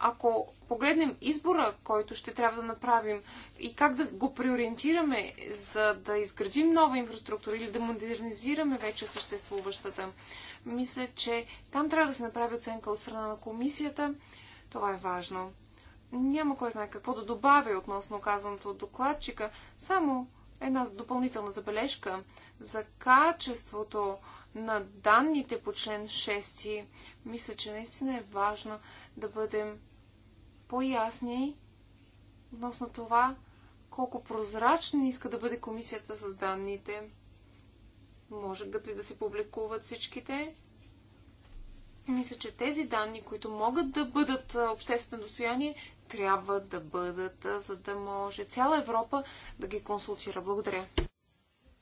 ако погледнем избора, който ще трябва да направим и как да го преориентираме, за да изградим нова инфраструктура или да модернизираме вече съществуващата, мисля, че там трябва да се направи оценка от страна на комисията. Това е важно. Няма кой знае какво да добавя относно казаното от докладчика, само една допълнителна забележка за качеството на данните по член 6. Мисля, че наистина е важно да бъдем по-ясни относно това, колко прозрачна иска да бъде комисията с данните. Може ли да се публикуват всичките? Мисля, че тези данни, които могат да бъдат обществено достояние, трябва да бъдат, за да може цяла Европа да ги консултира. Благодаря.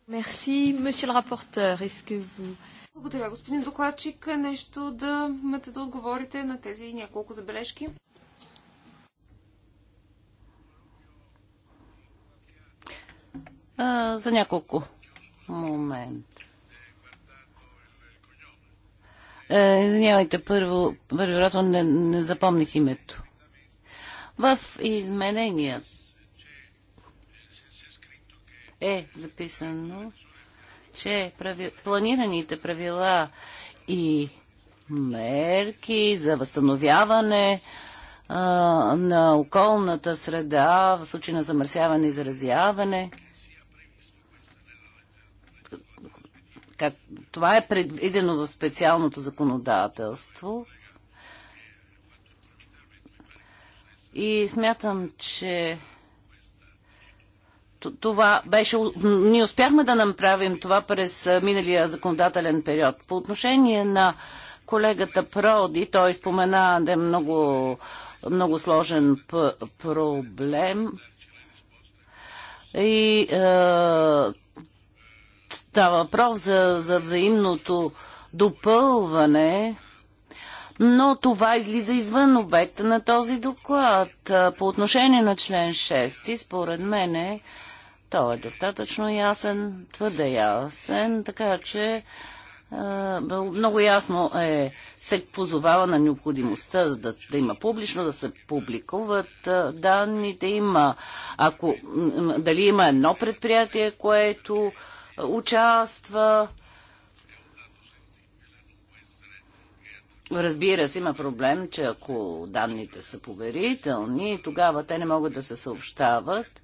Мерси, que vous... Благодаря, господин докладчик. Нещо да имате да отговорите на тези няколко забележки.
а, за няколко момент. Е, извинявайте, първо, вероятно не, не запомних името. В изменения е записано, че прави, планираните правила и мерки за възстановяване а, на околната среда в случай на замърсяване и заразяване – как, това е предвидено в специалното законодателство. И смятам, че това беше... Ние успяхме да направим това през миналия законодателен период. По отношение на колегата Проди, той спомена да е много, много сложен проблем. И е, Става въпрос за, за взаимното допълване, но това излиза извън обекта на този доклад. По отношение на член 6, според мене, то е достатъчно ясен, твърде ясен, така че много ясно е, се позовава на необходимостта да, да има публично, да се публикуват данните. Има, ако, дали има едно предприятие, което участва. Разбира се, има проблем, че ако данните са поверителни, тогава те не могат да се съобщават.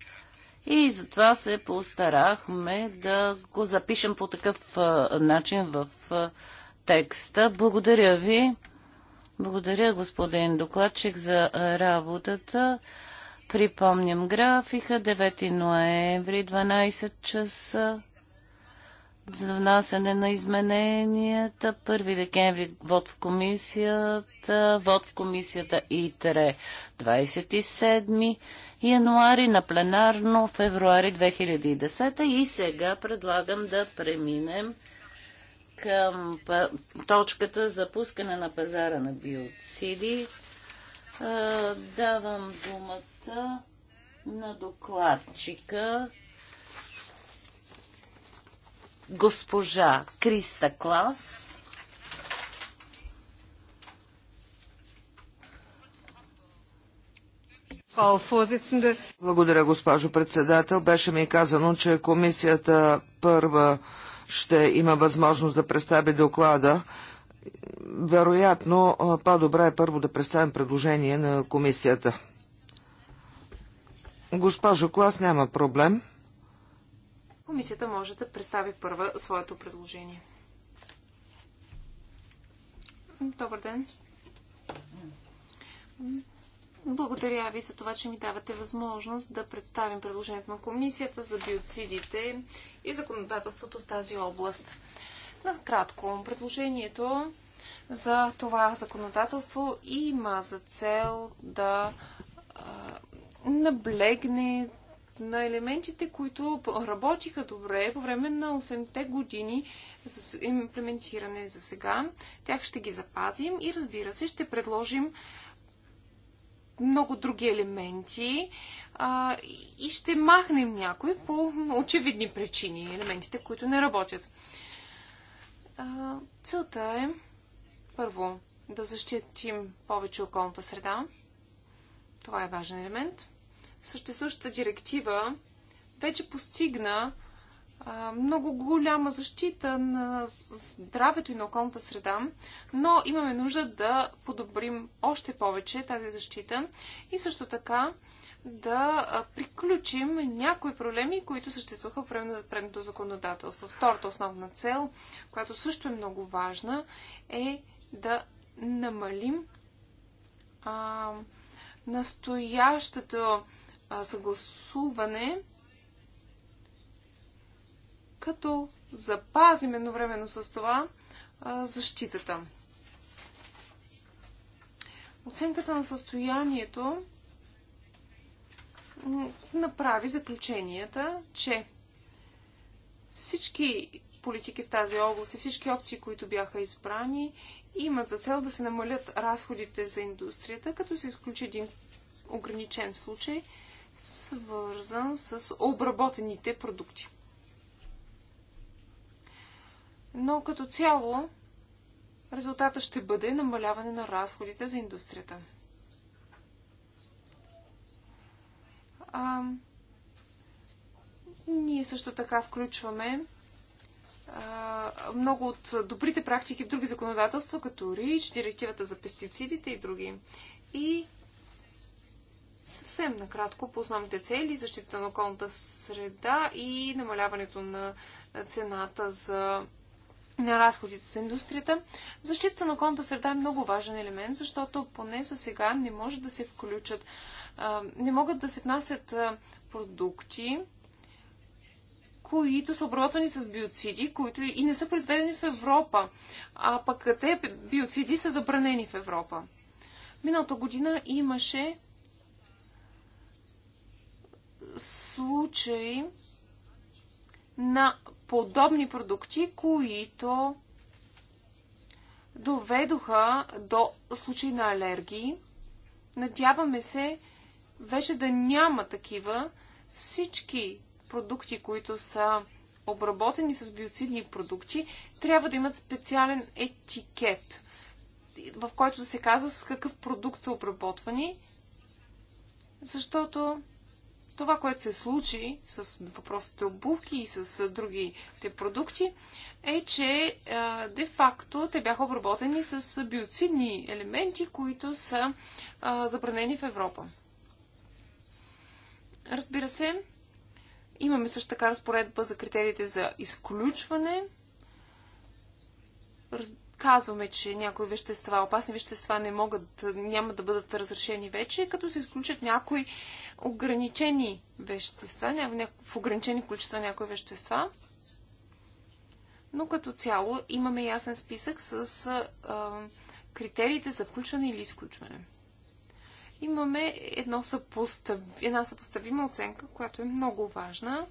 И затова се постарахме да го запишем по такъв начин в текста. Благодаря ви. Благодаря, господин докладчик, за работата. Припомням графика 9 ноември 12 часа за внасяне на измененията. 1 декември вод в комисията, вод в комисията ИТРЕ 27 януари на пленарно февруари 2010 и сега предлагам да преминем към точката за пускане на пазара на биоциди. Давам думата на докладчика госпожа Криста Клас.
Благодаря, госпожо председател. Беше ми казано, че комисията първа ще има възможност да представи доклада. Вероятно, по-добре е първо да представим предложение на комисията. Госпожо Клас, няма проблем
комисията може да представи първа своето предложение. Добър ден! Благодаря ви за това, че ми давате възможност да представим предложението на комисията за биоцидите и законодателството в тази област. Накратко, предложението за това законодателство има за цел да наблегне на елементите, които работиха добре по време на 8-те години с имплементиране за сега. Тях ще ги запазим и разбира се ще предложим много други елементи а, и ще махнем някои по очевидни причини, елементите, които не работят. А, целта е първо да защитим повече околната среда. Това е важен елемент съществуващата директива вече постигна много голяма защита на здравето и на околната среда, но имаме нужда да подобрим още повече тази защита и също така да приключим някои проблеми, които съществуваха в време на предното законодателство. Втората основна цел, която също е много важна, е да намалим а, настоящото съгласуване, като запазим едновременно с това защитата. Оценката на състоянието направи заключенията, че всички политики в тази област и всички опции, които бяха избрани, имат за цел да се намалят разходите за индустрията, като се изключи един ограничен случай – свързан с обработените продукти. Но като цяло резултата ще бъде намаляване на разходите за индустрията. А, ние също така включваме а, много от добрите практики в други законодателства, като РИЧ, директивата за пестицидите и други. И Съвсем накратко по основните цели защита на околната среда и намаляването на цената за на разходите за индустрията. Защита на околната среда е много важен елемент, защото поне за сега не може да се включат, не могат да се внасят продукти, които са обработвани с биоциди, които и не са произведени в Европа, а пък те биоциди са забранени в Европа. Миналата година имаше Случай на подобни продукти, които доведоха до случай на алергии. Надяваме се вече да няма такива. Всички продукти, които са обработени с биоцидни продукти, трябва да имат специален етикет, в който да се казва с какъв продукт са обработвани, защото това, което се случи с въпросите обувки и с другите продукти, е, че де-факто те бяха обработени с биоцидни елементи, които са забранени в Европа. Разбира се, имаме също така разпоредба за критериите за изключване. Раз казваме, че някои вещества, опасни вещества не могат, няма да бъдат разрешени вече, като се изключат някои ограничени вещества, в ограничени количества някои вещества. Но като цяло имаме ясен списък с а, критериите за включване или изключване. Имаме едно съпостав... една съпоставима оценка, която е много важна,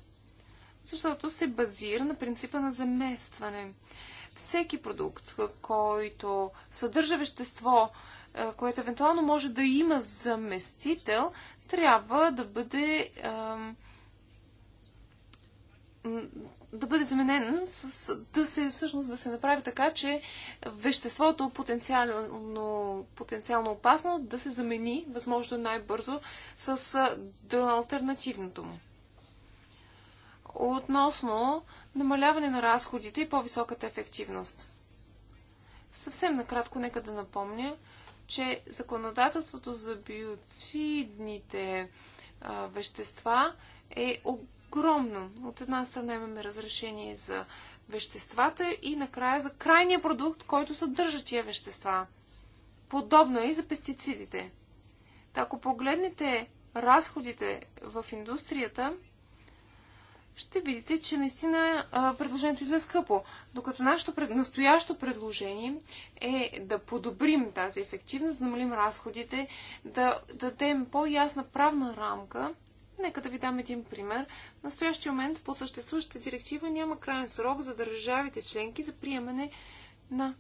защото се базира на принципа на заместване всеки продукт, който съдържа вещество, е, което евентуално може да има заместител, трябва да бъде да бъде заменен с, да се, всъщност да се направи така, че веществото потенциално, потенциално опасно да се замени възможно най-бързо с альтернативното му. Относно намаляване на разходите и по-високата ефективност. Съвсем накратко нека да напомня, че законодателството за биоцидните а, вещества е огромно. От една страна имаме разрешение за веществата и накрая за крайния продукт, който съдържа тия вещества. Подобно е и за пестицидите. Та, ако погледнете разходите в индустрията, ще видите, че наистина предложението излезе скъпо. Докато нашето пред... настоящо предложение е да подобрим тази ефективност, да намалим разходите, да дадем по-ясна правна рамка. Нека да ви дам един пример. В настоящия момент по съществуващата директива няма крайен срок за държавите членки за приемане на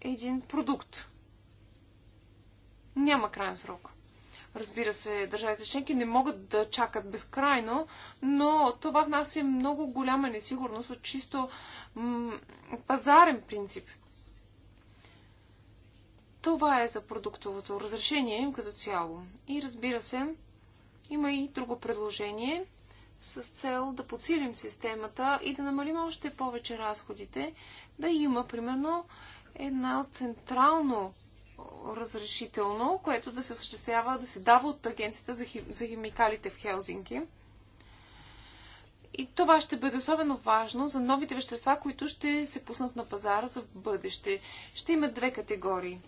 един продукт. Няма крайен срок. Разбира се, държавите членки не могат да чакат безкрайно, но това в нас е много голяма несигурност от чисто пазарен принцип. Това е за продуктовото разрешение им като цяло. И разбира се, има и друго предложение с цел да подсилим системата и да намалим още повече разходите, да има, примерно, една централно разрешително, което да се осъществява, да се дава от Агенцията за, хим, за химикалите в Хелзинки. И това ще бъде особено важно за новите вещества, които ще се пуснат на пазара за бъдеще. Ще има две категории.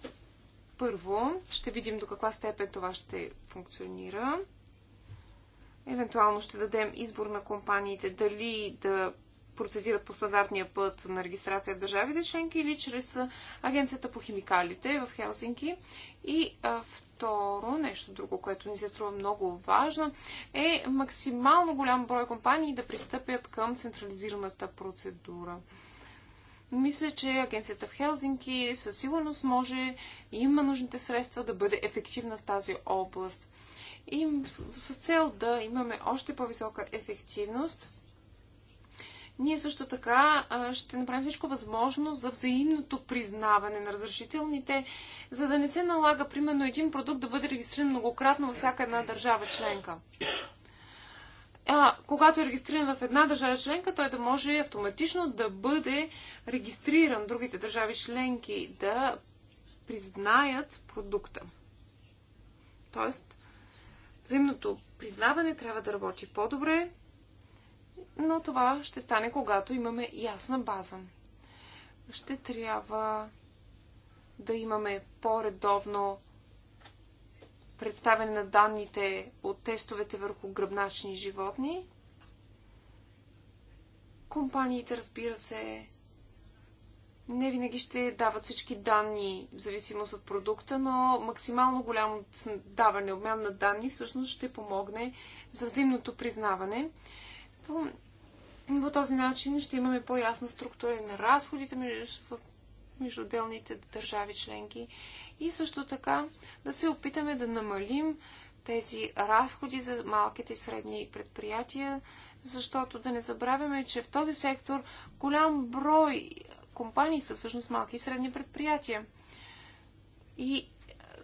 Първо, ще видим до каква степен това ще функционира. Евентуално ще дадем избор на компаниите дали да процедират по стандартния път на регистрация в държавите членки или чрез Агенцията по химикалите в Хелсинки. И а, второ, нещо друго, което ни се струва много важно, е максимално голям брой компании да пристъпят към централизираната процедура. Мисля, че агенцията в Хелзинки със сигурност може и има нужните средства да бъде ефективна в тази област. И с, с цел да имаме още по-висока ефективност, ние също така ще направим всичко възможно за взаимното признаване на разрешителните, за да не се налага, примерно, един продукт да бъде регистриран многократно във всяка една държава членка. А, когато е регистриран в една държава членка, той да може автоматично да бъде регистриран другите държави членки да признаят продукта. Тоест, взаимното признаване трябва да работи по-добре, но това ще стане, когато имаме ясна база. Ще трябва да имаме по-редовно представяне на данните от тестовете върху гръбначни животни. Компаниите, разбира се, не винаги ще дават всички данни в зависимост от продукта, но максимално голямо даване, обмян на данни всъщност ще помогне за взаимното признаване. По, по този начин ще имаме по-ясна структура на разходите между, между отделните държави членки и също така да се опитаме да намалим тези разходи за малките и средни предприятия, защото да не забравяме, че в този сектор голям брой компании са всъщност малки и средни предприятия. И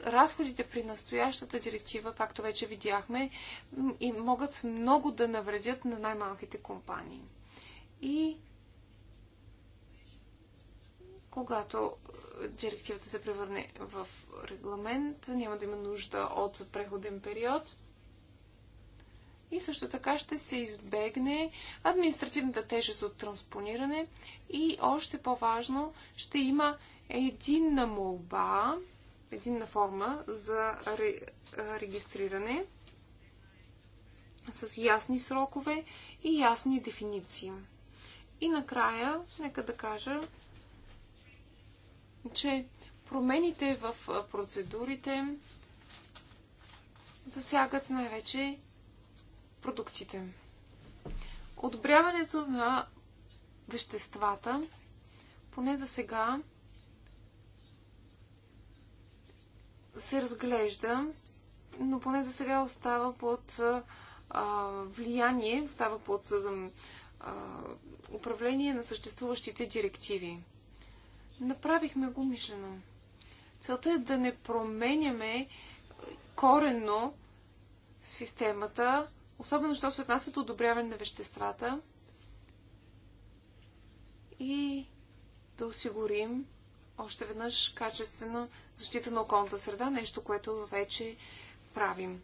разходите при настоящата директива, както вече видяхме, и могат много да навредят на най-малките компании. И когато е, директивата се превърне в регламент, няма да има нужда от преходен период. И също така ще се избегне административната тежест от транспониране и още по-важно ще има единна молба единна форма за ре, регистриране с ясни срокове и ясни дефиниции. И накрая, нека да кажа, че промените в процедурите засягат най-вече продуктите. Отбряването на веществата, поне за сега, се разглежда, но поне за сега остава под а, влияние, остава под а, управление на съществуващите директиви. Направихме го мишлено. Целта е да не променяме коренно системата, особено що се отнася до одобряване на веществата и да осигурим още веднъж качествена защита на околната среда, нещо, което вече правим.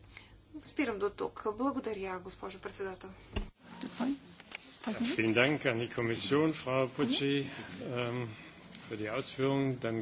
Спирам до тук. Благодаря, госпожо председател. Благодаря.
Dank an die Kommission, Frau Pucci, ähm,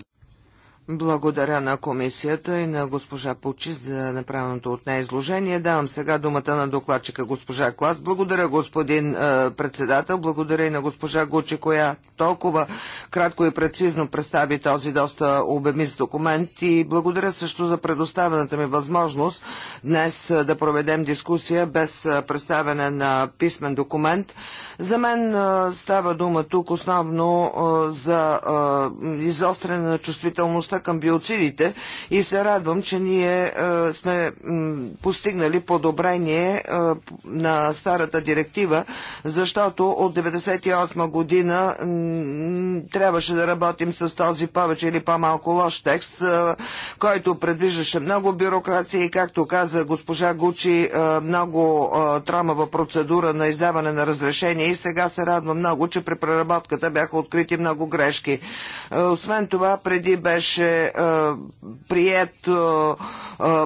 благодаря на комисията и на госпожа Пучи за направеното от нея изложение. Давам сега думата на докладчика госпожа Клас. Благодаря господин е, председател, благодаря и на госпожа Гучи, коя толкова кратко и прецизно представи този доста обемист документ и благодаря също за предоставената ми възможност днес е, да проведем дискусия без е, представяне на писмен документ. За мен става дума тук основно за изостряне на чувствителността към биоцидите и се радвам, че ние сме постигнали подобрение на старата директива, защото от 1998 година трябваше да работим с този повече или по-малко лош текст, който предвиждаше много бюрокрация и, както каза госпожа Гучи, много тромава процедура на издаване на разрешение и сега се радва много, че при преработката бяха открити много грешки. Е, освен това, преди беше е, прият е,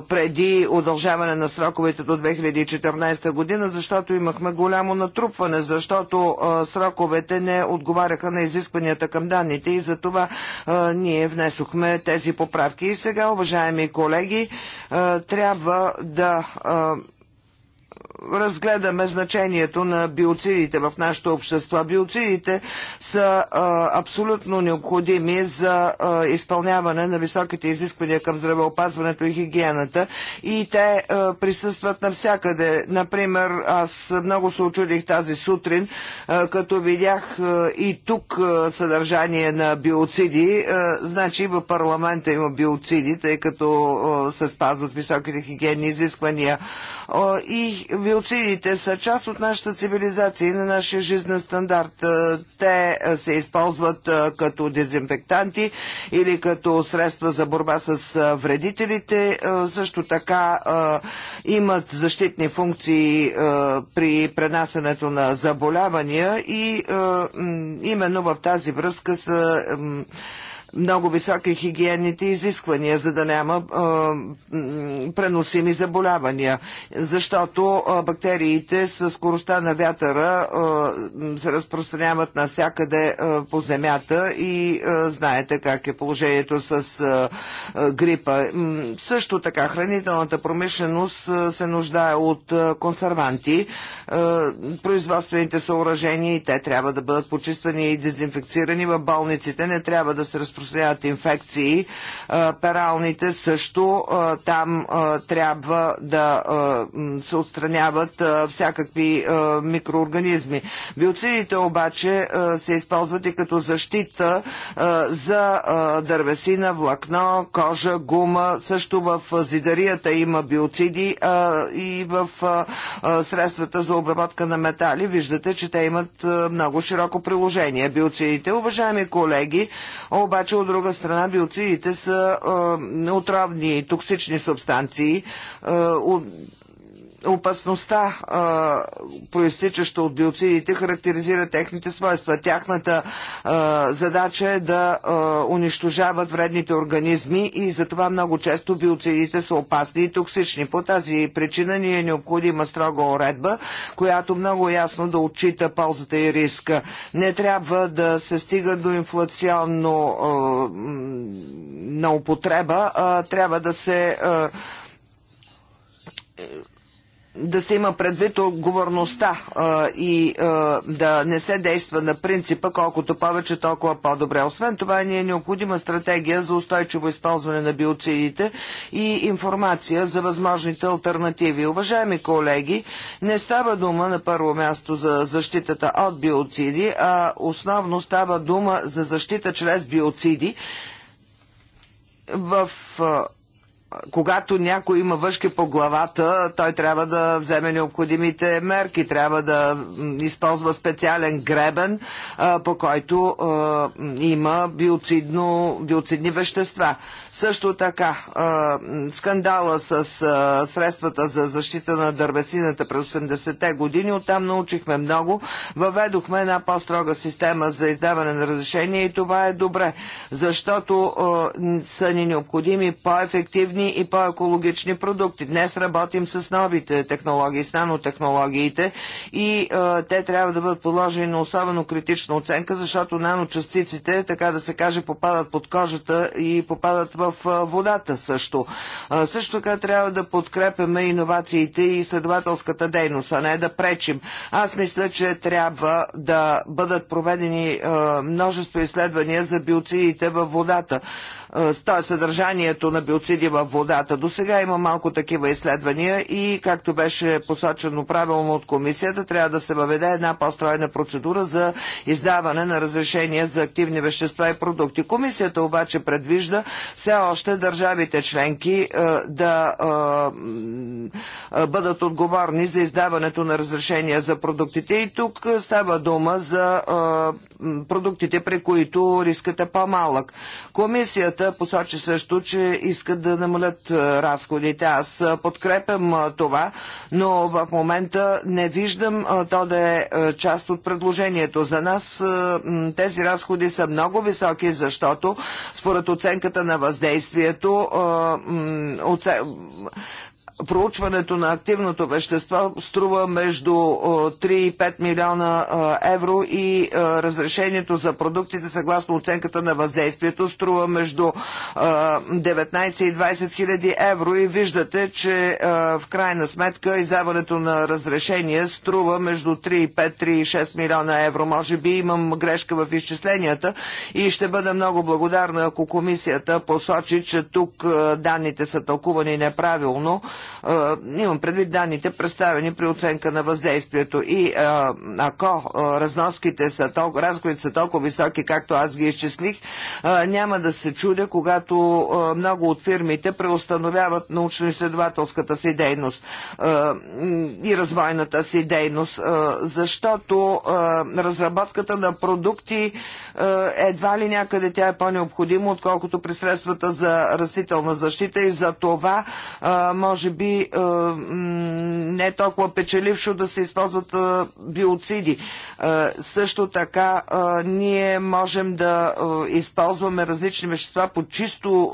преди удължаване на сроковете до 2014 година, защото имахме голямо натрупване, защото сроковете не отговаряха на изискванията към данните и за това ние внесохме тези поправки. И сега, уважаеми колеги, трябва да разгледаме значението на биоцидите в нашето общество. Биоцидите са а, абсолютно необходими за а, изпълняване на високите изисквания към здравеопазването и хигиената и те а, присъстват навсякъде. Например, аз много се очудих тази сутрин, а, като видях а, и тук а, съдържание на биоциди. А, значи в парламента има биоциди, тъй като а, се спазват високите хигиенни изисквания. А, и Биоцидите са част от нашата цивилизация и на нашия жизнен стандарт. Е, Те е, се използват е, като дезинфектанти или като средства за борба с вредителите. Също така имат защитни функции при пренасенето на заболявания и именно в тази връзка са много високи хигиенните изисквания, за да няма преносими заболявания, защото бактериите с скоростта на вятъра се разпространяват навсякъде по земята и знаете как е положението с грипа. Също така хранителната промишленост се нуждае от консерванти, производствените съоръжения и те трябва да бъдат почиствани и дезинфекцирани в болниците, не трябва да се разпространяват разпространяват инфекции. Пералните също там трябва да се отстраняват всякакви микроорганизми. Биоцидите обаче се използват и като защита за дървесина, влакно, кожа, гума. Също в зидарията има биоциди и в средствата за обработка на метали. Виждате, че те имат много широко приложение. Биоцидите, уважаеми колеги, обаче обаче от друга страна биоцидите са отравни токсични субстанции, опасността, а, проистичаща от биоцидите, характеризира техните свойства. Тяхната а, задача е да а, унищожават вредните организми и затова много често биоцидите са опасни и токсични. По тази причина ни е необходима строга уредба, която много ясно да отчита ползата и риска. Не трябва да се стига до инфлационно а, на употреба, а, трябва да се а, да се има предвид отговорността а, и а, да не се действа на принципа колкото повече, толкова по-добре. Освен това ни е необходима стратегия за устойчиво използване на биоцидите и информация за възможните альтернативи. Уважаеми колеги, не става дума на първо място за защитата от биоциди, а основно става дума за защита чрез биоциди в а, когато някой има въшки по главата, той трябва да вземе необходимите мерки, трябва да използва специален гребен, по който има биоцидно, биоцидни вещества. Също така, скандала с средствата за защита на дървесината през 80-те години, оттам научихме много. Въведохме една по-строга система за издаване на разрешение и това е добре, защото са ни необходими по-ефективни и по-екологични продукти. Днес работим с новите технологии, с нанотехнологиите и те трябва да бъдат положени на особено критична оценка, защото наночастиците, така да се каже, попадат под кожата и попадат в в водата също. Също така трябва да подкрепяме иновациите и изследователската дейност, а не да пречим. Аз мисля, че трябва да бъдат проведени множество изследвания за биоцидите във водата е, съдържанието на биоциди във водата. До сега има малко такива изследвания и, както беше посочено правилно от комисията, трябва да се въведе една по-стройна процедура за издаване на разрешение за активни вещества и продукти. Комисията обаче предвижда все още държавите членки да бъдат отговорни за издаването на разрешения за продуктите. И тук става дума за продуктите, при които рискът е по-малък. Комисията комисията посочи също, че искат да намалят разходите. Аз подкрепям това, но в момента не виждам то да е част от предложението. За нас тези разходи са много високи, защото според оценката на въздействието проучването на активното вещество струва между 3 и 5 милиона евро и разрешението за продуктите съгласно оценката на въздействието струва между 19 и 20 хиляди евро и виждате, че в крайна сметка издаването на разрешение струва между 3 и 5, 3 и 6 милиона евро. Може би имам грешка в изчисленията и ще бъда много благодарна, ако комисията посочи, че тук данните са тълкувани неправилно Имам предвид данните, представени при оценка на въздействието. И ако разноските са толкова, разходите са толкова високи, както аз ги изчислих, няма да се чудя, когато много от фирмите преустановяват научно-изследователската си дейност и развойната си дейност, защото разработката на продукти едва ли някъде тя е по-необходима, отколкото при средствата за растителна защита и за това може би не е толкова печелившо да се използват биоциди. Също така ние можем да използваме различни вещества по чисто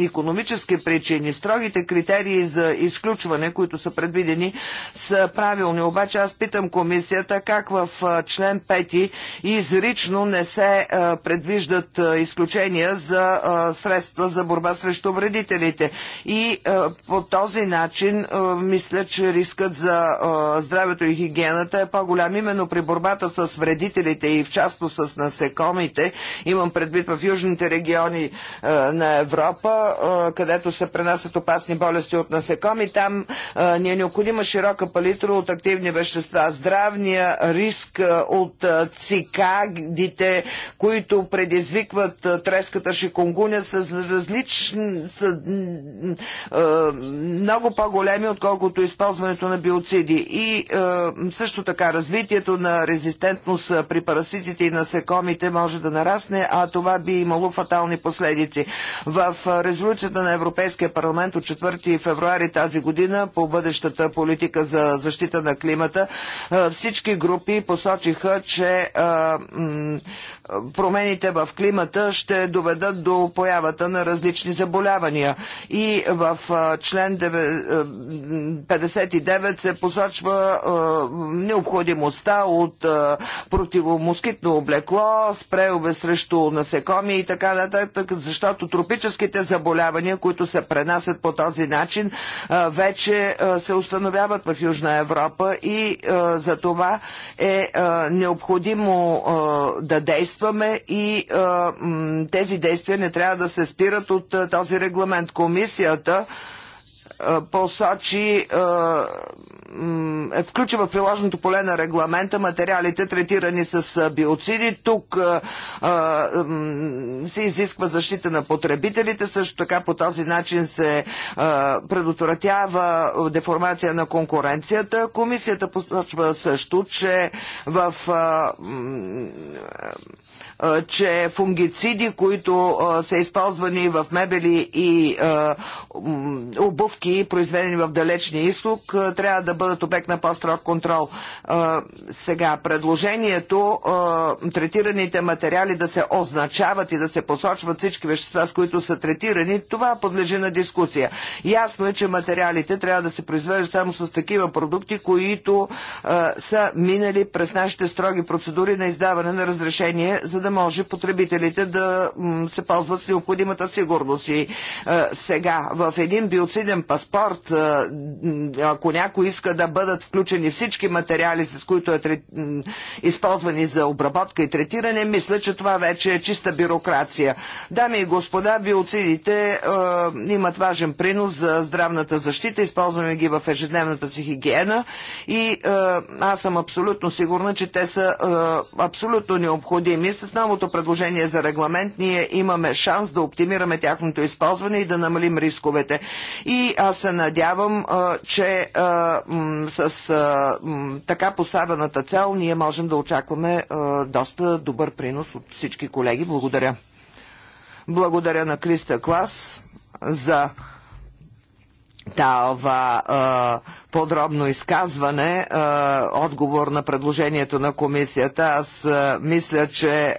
економически причини. Строгите критерии за изключване, които са предвидени, са правилни. Обаче аз питам комисията как в член 5 изрично не се предвиждат изключения за средства за борба срещу вредителите. И по този начин начин мисля, че рискът за здравето и хигиената е по-голям. Именно при борбата с вредителите и в частност с насекомите, имам предвид в южните региони на Европа, където се пренасят опасни болести от насекоми, там ни е необходима широка палитра от активни вещества. Здравния риск от цикадите, които предизвикват треската шиконгуня, с различни много по-големи, отколкото използването на биоциди. И е, също така развитието на резистентност е, при параситите и насекомите може да нарасне, а това би имало фатални последици. В е, резолюцията на Европейския парламент от 4 февруари тази година по бъдещата политика за защита на климата е, всички групи посочиха, че е, промените в климата ще доведат до появата на различни заболявания. И в член 59 се посочва необходимостта от противомоскитно облекло, спреове срещу насекоми и така нататък, защото тропическите заболявания, които се пренасят по този начин, вече се установяват в Южна Европа и за това е необходимо да действа действаме и тези действия не трябва да се спират от този регламент. Комисията посочи, е включва в приложното поле на регламента материалите, третирани с биоциди. Тук се изисква защита на потребителите, също така по този начин се предотвратява деформация на конкуренцията. Комисията посочва също, че в че фунгициди, които са използвани в мебели и обувки, произведени в далечния изток, трябва да бъдат обект на по-строг контрол. Сега, предложението третираните материали да се означават и да се посочват всички вещества, с които са третирани, това подлежи на дискусия. Ясно е, че материалите трябва да се произвеждат само с такива продукти, които са минали през нашите строги процедури на издаване на разрешение за да може потребителите да се ползват с необходимата сигурност. И е, сега в един биоциден паспорт, е, ако някой иска да бъдат включени всички материали, с които е използвани за обработка и третиране, мисля, че това вече е чиста бюрокрация. Дами и господа, биоцидите е, имат важен принос за здравната защита, използваме ги в ежедневната си хигиена и аз съм абсолютно сигурна, че те са абсолютно необходими с с новото предложение за регламент ние имаме шанс да оптимираме тяхното използване и да намалим рисковете. И аз се надявам, че с така поставената цел ние можем да очакваме доста добър принос от всички колеги. Благодаря. Благодаря на Криста Клас за това подробно изказване, отговор на предложението на комисията. Аз мисля, че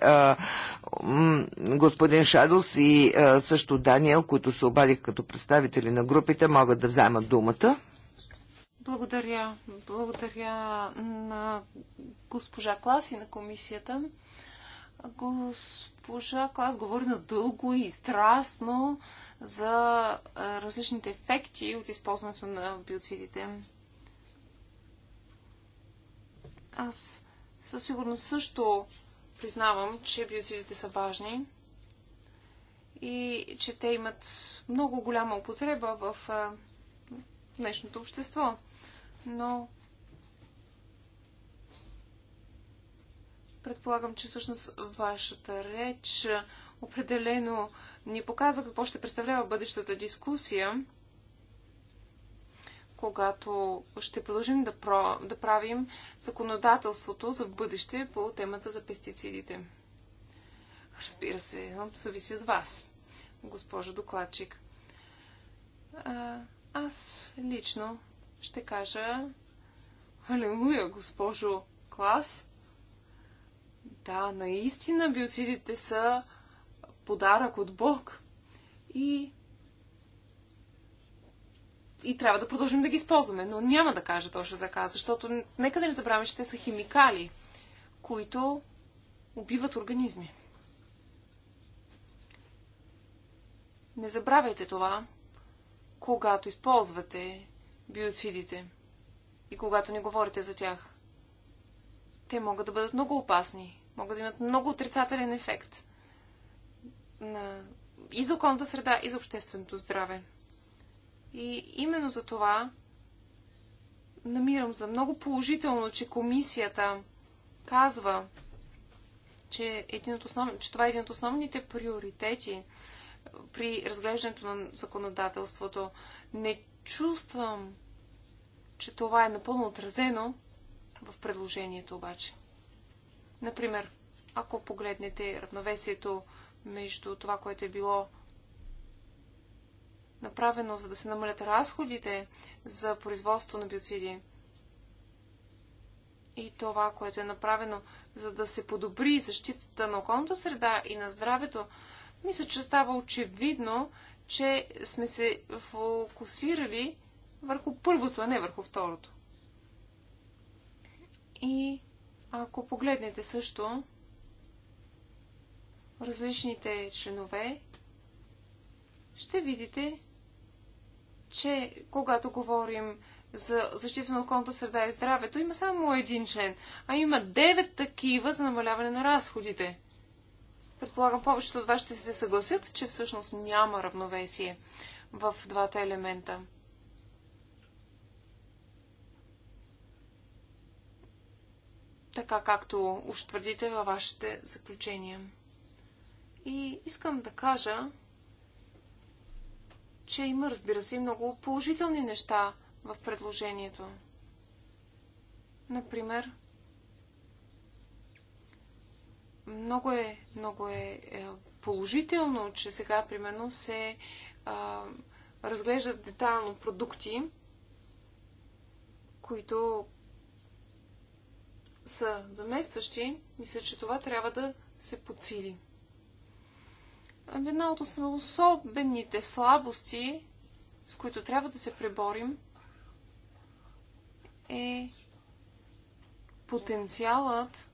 господин Шадос и също Даниел, които се обадих като представители на групите, могат да вземат думата.
Благодаря. Благодаря на госпожа Клас и на комисията. Госпожа Клас говори на дълго и страстно за различните ефекти от използването на биоцидите. Аз със сигурност също признавам, че биоцидите са важни и че те имат много голяма употреба в днешното общество. Но предполагам, че всъщност вашата реч определено ни показва какво ще представлява бъдещата дискусия, когато ще продължим да, про, да правим законодателството за бъдеще по темата за пестицидите. Разбира се, зависи от вас, госпожо докладчик. А, аз лично ще кажа Алелуя, госпожо Клас. Да, наистина биоцидите са подарък от Бог и и трябва да продължим да ги използваме. Но няма да кажа точно така, защото нека да не забравяме, че те са химикали, които убиват организми. Не забравяйте това, когато използвате биоцидите и когато не говорите за тях. Те могат да бъдат много опасни, могат да имат много отрицателен ефект – на, и за околната среда, и за общественото здраве. И именно за това намирам за много положително, че комисията казва, че, един от основ... че това е един от основните приоритети при разглеждането на законодателството. Не чувствам, че това е напълно отразено в предложението обаче. Например, ако погледнете равновесието между това, което е било направено, за да се намалят разходите за производство на биоциди и това, което е направено, за да се подобри защитата на околната среда и на здравето, мисля, че става очевидно, че сме се фокусирали върху първото, а не върху второто. И ако погледнете също различните членове, ще видите, че когато говорим за защита на околната среда и здравето, има само един член, а има девет такива за намаляване на разходите. Предполагам, повечето от вас ще се съгласят, че всъщност няма равновесие в двата елемента. Така както уж твърдите във вашите заключения. И искам да кажа, че има, разбира се, и много положителни неща в предложението. Например, много е, много е, е положително, че сега, примерно, се а, разглеждат детайлно продукти, които са заместващи. Мисля, че това трябва да се подсили една от особените слабости, с които трябва да се преборим, е потенциалът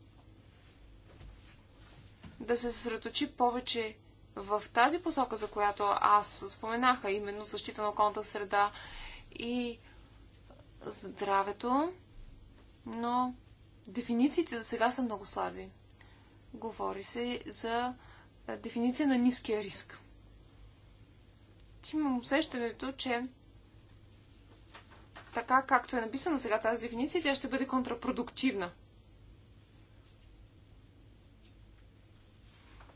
да се съсредоточи повече в тази посока, за която аз споменаха, именно защита на околната среда и здравето, но дефинициите за сега са много слаби. Говори се за дефиниция на ниския риск. Имам усещането, че така както е написана сега тази дефиниция, тя ще бъде контрапродуктивна.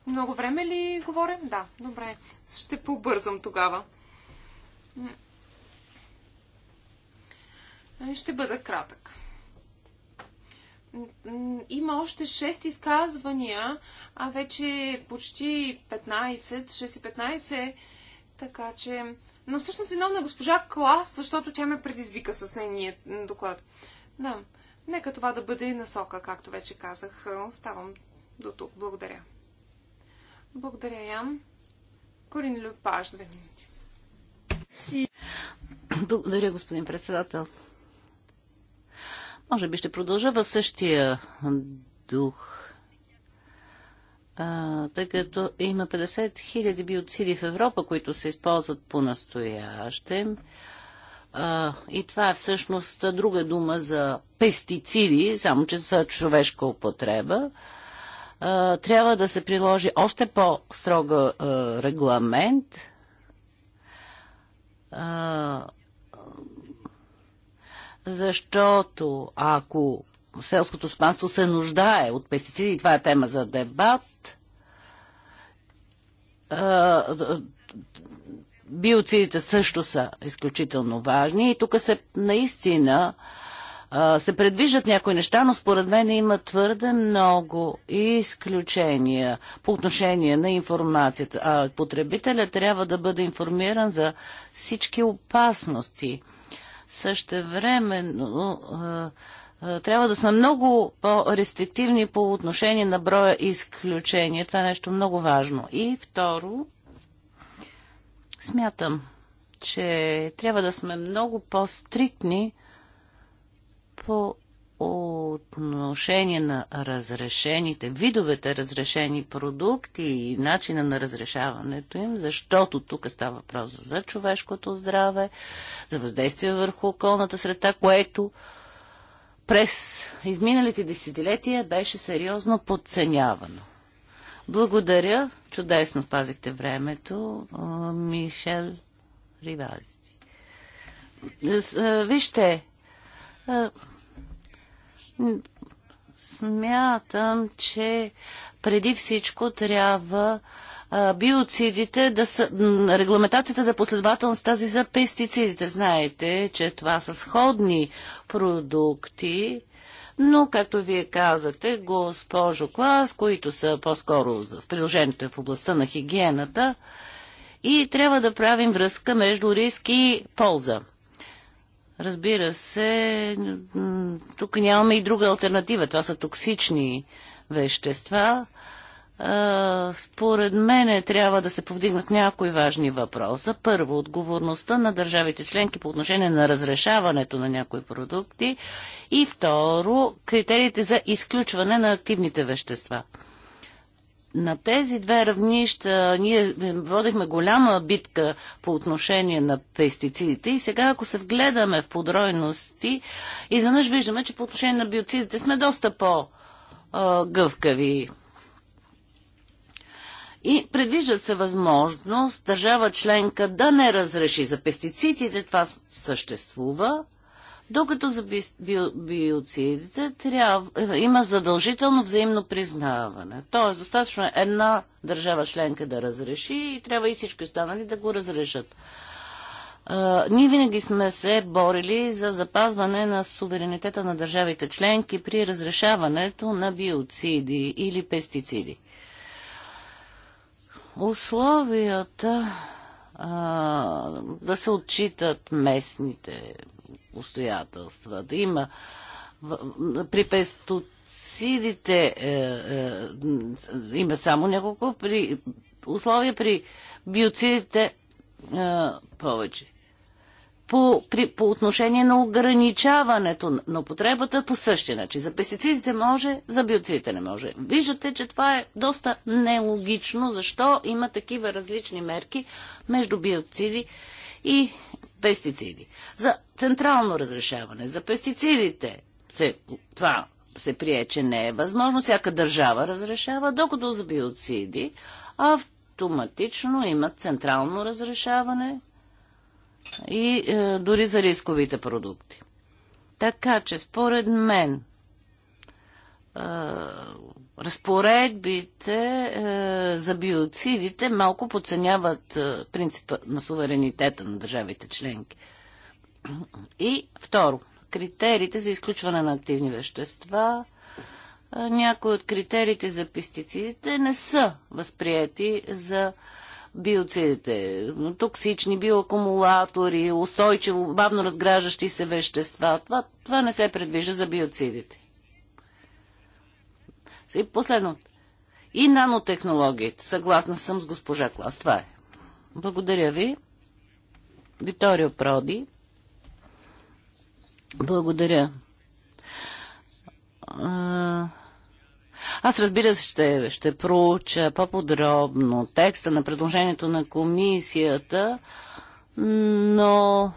Много време ли говорим? Да, добре. Ще побързам тогава. Ще бъда кратък. Има още 6 изказвания а вече почти 15, 6-15, така че... Но всъщност виновна е госпожа Клас, защото тя ме предизвика с нейния доклад. Да, нека това да бъде насока, както вече казах. Оставам до тук. Благодаря. Благодаря, Ян. Корин Люпаш, две минути. Си.
Благодаря, господин председател. Може би ще продължа в същия дух тъй като има 50 000 биоциди в Европа, които се използват по настояще. И това е всъщност друга дума за пестициди, само че са човешка употреба. трябва да се приложи още по строг регламент. защото ако селското спанство се нуждае от пестициди. Това е тема за дебат. Биоцидите също са изключително важни и тук се наистина се предвиждат някои неща, но според мен има твърде много изключения по отношение на информацията. А потребителя трябва да бъде информиран за всички опасности. Същевременно е, трябва да сме много по-рестриктивни по отношение на броя изключения. Това е нещо много важно. И второ, смятам, че трябва да сме много по-стриктни по отношение на разрешените, видовете разрешени продукти и начина на разрешаването им, защото тук става въпрос за човешкото здраве, за въздействие върху околната среда, което през изминалите десетилетия беше сериозно подценявано. Благодаря. Чудесно пазихте времето. Мишел Ривази. Вижте, смятам, че преди всичко трябва биоцидите, да са, регламентацията да е последователна с тази за пестицидите. Знаете, че това са сходни продукти, но, както вие казахте, госпожо Клас, които са по-скоро за приложението в областта на хигиената, и трябва да правим връзка между риск и полза. Разбира се, тук нямаме и друга альтернатива. Това са токсични вещества според мен трябва да се повдигнат някои важни въпроса. Първо, отговорността на държавите членки по отношение на разрешаването на някои продукти. И второ, критериите за изключване на активните вещества. На тези две равнища ние водихме голяма битка по отношение на пестицидите и сега ако се вгледаме в подройности, изведнъж виждаме, че по отношение на биоцидите сме доста по-гъвкави. И предвижда се възможност държава членка да не разреши за пестицидите, това съществува, докато за би, би, биоцидите трябва, е, има задължително взаимно признаване. Тоест, достатъчно е една държава членка да разреши и трябва и всички останали да го разрешат. ние винаги сме се борили за запазване на суверенитета на държавите членки при разрешаването на биоциди или пестициди условията а, да се отчитат местните обстоятелства, да има при пестоцидите е, е, има само няколко при условия при биоцидите е, повече по, при, по отношение на ограничаването на употребата по същия начин. За пестицидите може, за биоцидите не може. Виждате, че това е доста нелогично, защо има такива различни мерки между биоциди и пестициди. За централно разрешаване, за пестицидите се, това се прие, че не е възможно. Всяка държава разрешава, докато за биоциди автоматично имат централно разрешаване, и е, дори за рисковите продукти. Така че, според мен, е, разпоредбите е, за биоцидите малко подценяват е, принципа на суверенитета на държавите членки. И второ, критериите за изключване на активни вещества, е, някои от критериите за пестицидите не са възприяти за е, биоцидите, токсични биоакумулатори, устойчиво, бавно разграждащи се вещества. Това, това не се предвижда за биоцидите. И последно. И нанотехнологиите. Съгласна съм с госпожа Клас. Това е. Благодаря ви. Виторио Проди. Благодаря. Аз разбира се ще, ще проуча по-подробно текста на предложението на комисията, но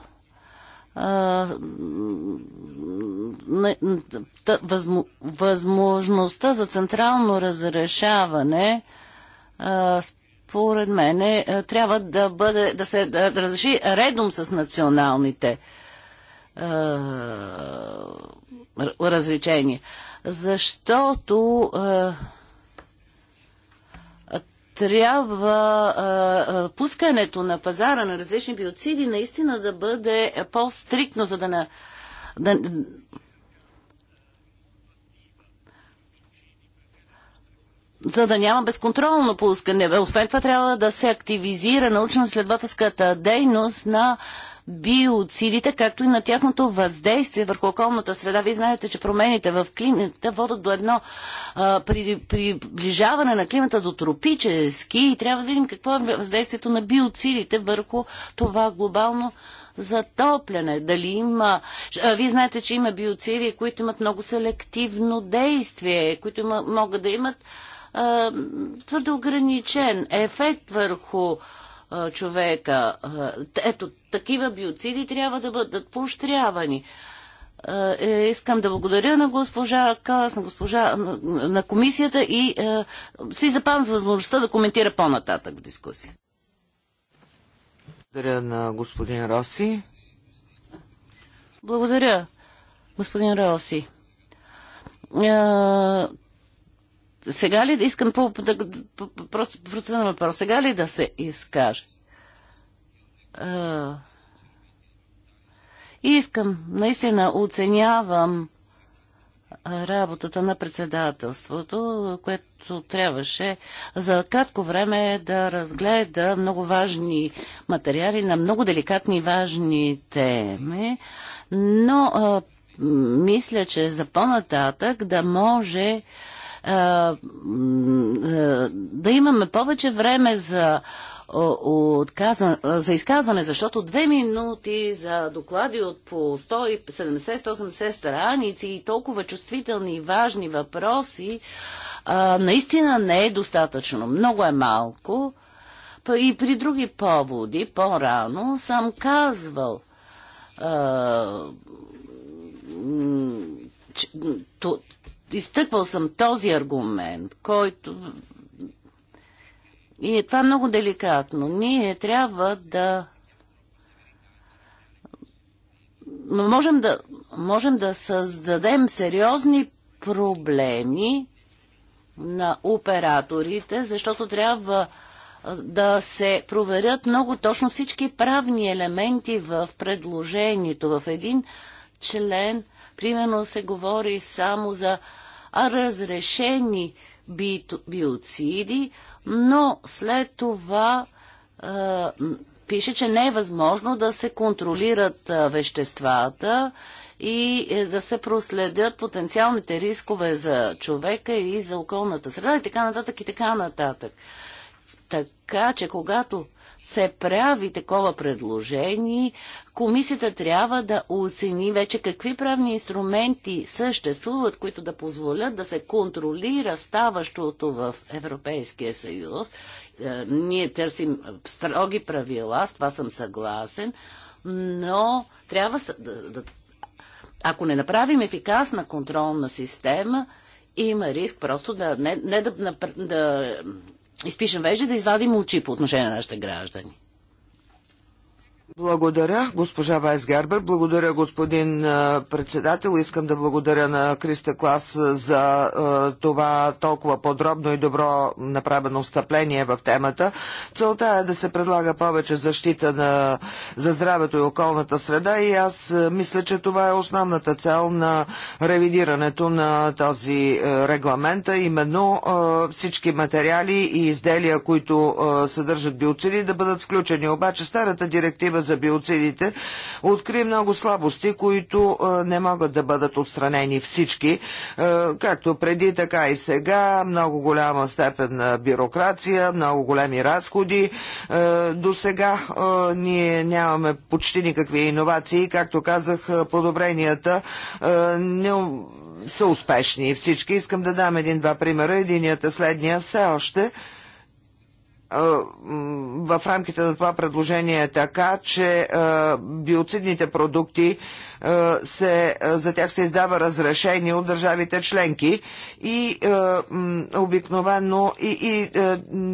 възможността за централно разрешаване според мен е, трябва да бъде да се да разреши редом с националните разрешения защото е, трябва а, е, е, пускането на пазара на различни биоциди наистина да бъде по-стриктно, за да не. Да, за да няма безконтролно пускане. Освен това трябва да се активизира научно-следователската дейност на биоцидите, както и на тяхното въздействие върху околната среда. Вие знаете, че промените в климата водят до едно а, при, приближаване на климата до тропически и трябва да видим какво е въздействието на биоцидите върху това глобално затопляне, дали има... Вие знаете, че има биоцири, които имат много селективно действие, които има, могат да имат а, твърде ограничен ефект върху човека. Ето, такива биоциди трябва да бъдат поощрявани. Е, искам да благодаря на госпожа Калас, на, госпожа, на, на комисията и е, си запам с възможността да коментира
по-нататък в дискусия. Благодаря на господин Роси.
Благодаря, господин Роси сега ли да искам по, да, по, по, въпрос? Сега ли да се изкаже? Uh, и искам, наистина оценявам работата на председателството, което трябваше за кратко време да разгледа много важни материали на много деликатни и важни теми, но а, мисля, че за по-нататък да може да имаме повече време за за изказване, защото две минути за доклади от по 170-180 страници и толкова чувствителни и важни въпроси а, наистина не е достатъчно. Много е малко. И при други поводи, по-рано, съм казвал а, че, изтъквал съм този аргумент, който... И е това много деликатно. Ние трябва да... Можем да, можем да създадем сериозни проблеми на операторите, защото трябва да се проверят много точно всички правни елементи в предложението, в един член – Примерно се говори само за разрешени биоциди, но след това е, пише, че не е възможно да се контролират е, веществата и е, да се проследят потенциалните рискове за човека и за околната среда и така нататък и така нататък. Така че когато се прави такова предложение, комисията трябва да оцени вече какви правни инструменти съществуват, които да позволят да се контролира ставащото в Европейския съюз. Е, ние търсим строги правила, с това съм съгласен, но трябва да, да ако не направим ефикасна контролна система, има риск просто да не, не да, да изпишем вежди да извадим очи по отношение на нашите граждани.
Благодаря, госпожа Вайс Гербер. Благодаря, господин председател. Искам да благодаря на Криста Клас за това толкова подробно и добро направено встъпление в темата. Целта е да се предлага повече защита на, за здравето и околната среда и аз мисля, че това е основната цел на ревидирането на този регламент, именно всички материали и изделия, които съдържат биоциди, да бъдат включени. Обаче старата директива за биоцидите откри много слабости, които не могат да бъдат отстранени всички, както преди, така и сега. Много голяма степен на бюрокрация, много големи разходи. До сега ние нямаме почти никакви иновации. Както казах, подобренията не са успешни. Всички искам да дам един-два примера. Единият е следния. Все още в рамките на това предложение е така, че биоцидните продукти е, се, е, за тях се издава разрешение от държавите членки и е, обикновено и, и,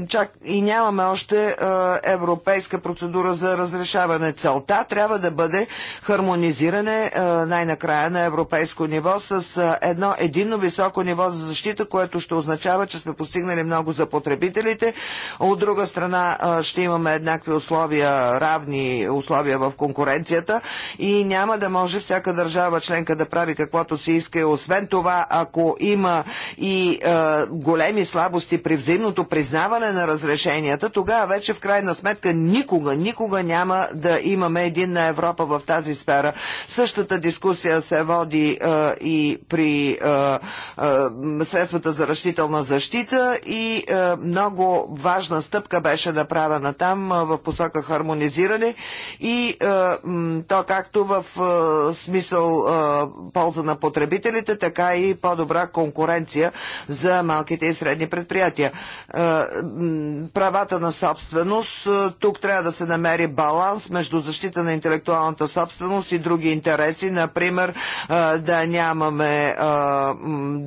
чак, и нямаме още европейска процедура за разрешаване. Целта трябва да бъде хармонизиране най-накрая на европейско ниво с едно едино високо ниво за защита, което ще означава, че сме постигнали много за потребителите. От друга страна ще имаме еднакви условия, равни условия в конкуренцията и няма да може може всяка държава членка да прави каквото си иска. И освен това, ако има и е, големи слабости при взаимното признаване на разрешенията, тогава вече в крайна сметка никога, никога няма да имаме единна Европа в тази сфера. Същата дискусия се води е, и при е, е, средствата за растителна защита и е, много важна стъпка беше направена там е, в посока хармонизиране и е, то както в е, смисъл полза на потребителите, така и по-добра конкуренция за малките и средни предприятия. Правата на собственост. Тук трябва да се намери баланс между защита на интелектуалната собственост и други интереси. Например, да нямаме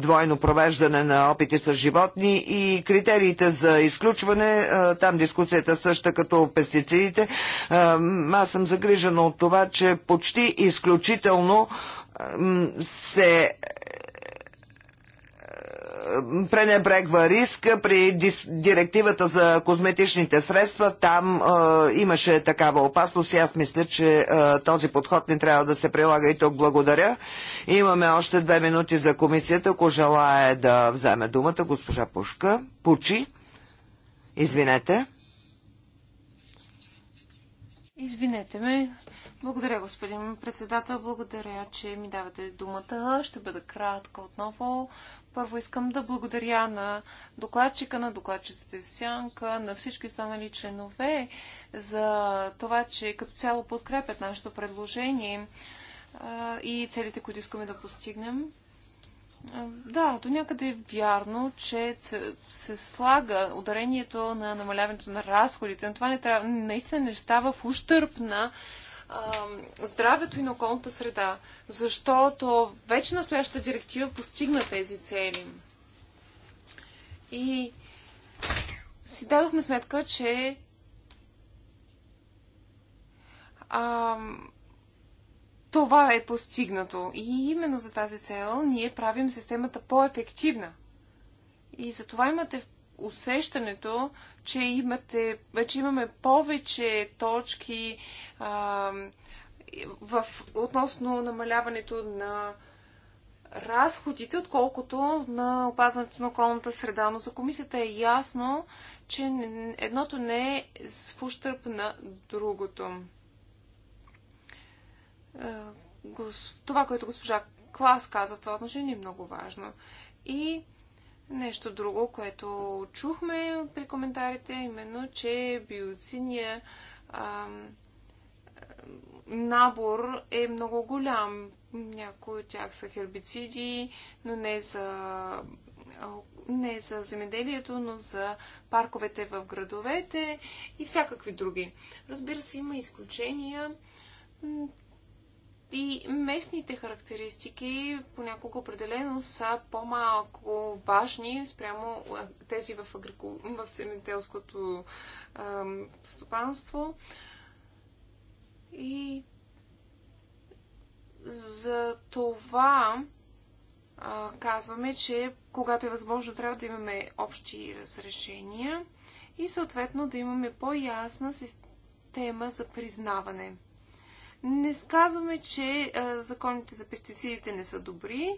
двойно провеждане на опити с животни и критериите за изключване. Там дискусията е също като пестицидите. Аз съм загрижена от това, че почти изключително значително се пренебрегва риска. При директивата за козметичните средства там е, имаше такава опасност и аз мисля, че е, този подход не трябва да се прилага и тук. Благодаря. Имаме още две минути за комисията. Ако желая да вземе думата, госпожа Пушка. Пучи. Извинете.
Извинете ме. Благодаря, господин председател. Благодаря, че ми давате думата. Ще бъда кратка отново. Първо искам да благодаря на докладчика, на докладчицата Сянка, на всички останали членове за това, че като цяло подкрепят нашето предложение и целите, които искаме да постигнем. Да, до някъде е вярно, че се слага ударението на намаляването на разходите, но това не трябва, наистина не става в ущърп на а, здравето и на околната среда, защото вече настоящата директива постигна тези цели. И си дадохме сметка, че а, това е постигнато. И именно за тази цел ние правим системата по-ефективна. И затова имате усещането, че, имате, че имаме повече точки а, в, относно намаляването на разходите, отколкото на опазването на околната среда. Но за комисията е ясно, че едното не е в ущърп на другото. Е, това, което госпожа Клас каза в това отношение е много важно. И нещо друго, което чухме при коментарите, е именно, че биоциния набор е много голям. Някои от тях са хербициди, но не за, не за земеделието, но за парковете в градовете и всякакви други. Разбира се, има изключения. И местните характеристики понякога определено са по-малко важни спрямо тези в, агрику... в семетелското стопанство. И за това а, казваме, че когато е възможно, трябва да имаме общи разрешения и съответно да имаме по-ясна система за признаване. Не сказваме, че законите за пестицидите не са добри,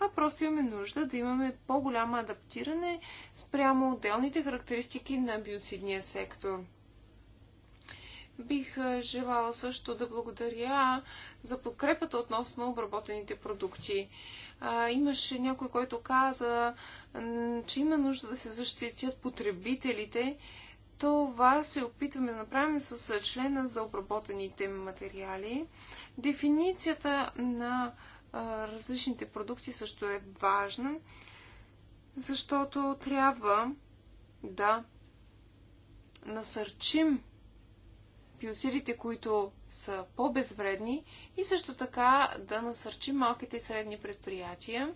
а просто имаме нужда да имаме по-голямо адаптиране спрямо отделните характеристики на биоцидния сектор. Бих желала също да благодаря за подкрепата относно обработените продукти. А, имаше някой, който каза, че има нужда да се защитят потребителите това се опитваме да направим с члена за обработените материали. Дефиницията на различните продукти също е важна, защото трябва да насърчим биоцидите, които са по-безвредни и също така да насърчим малките и средни предприятия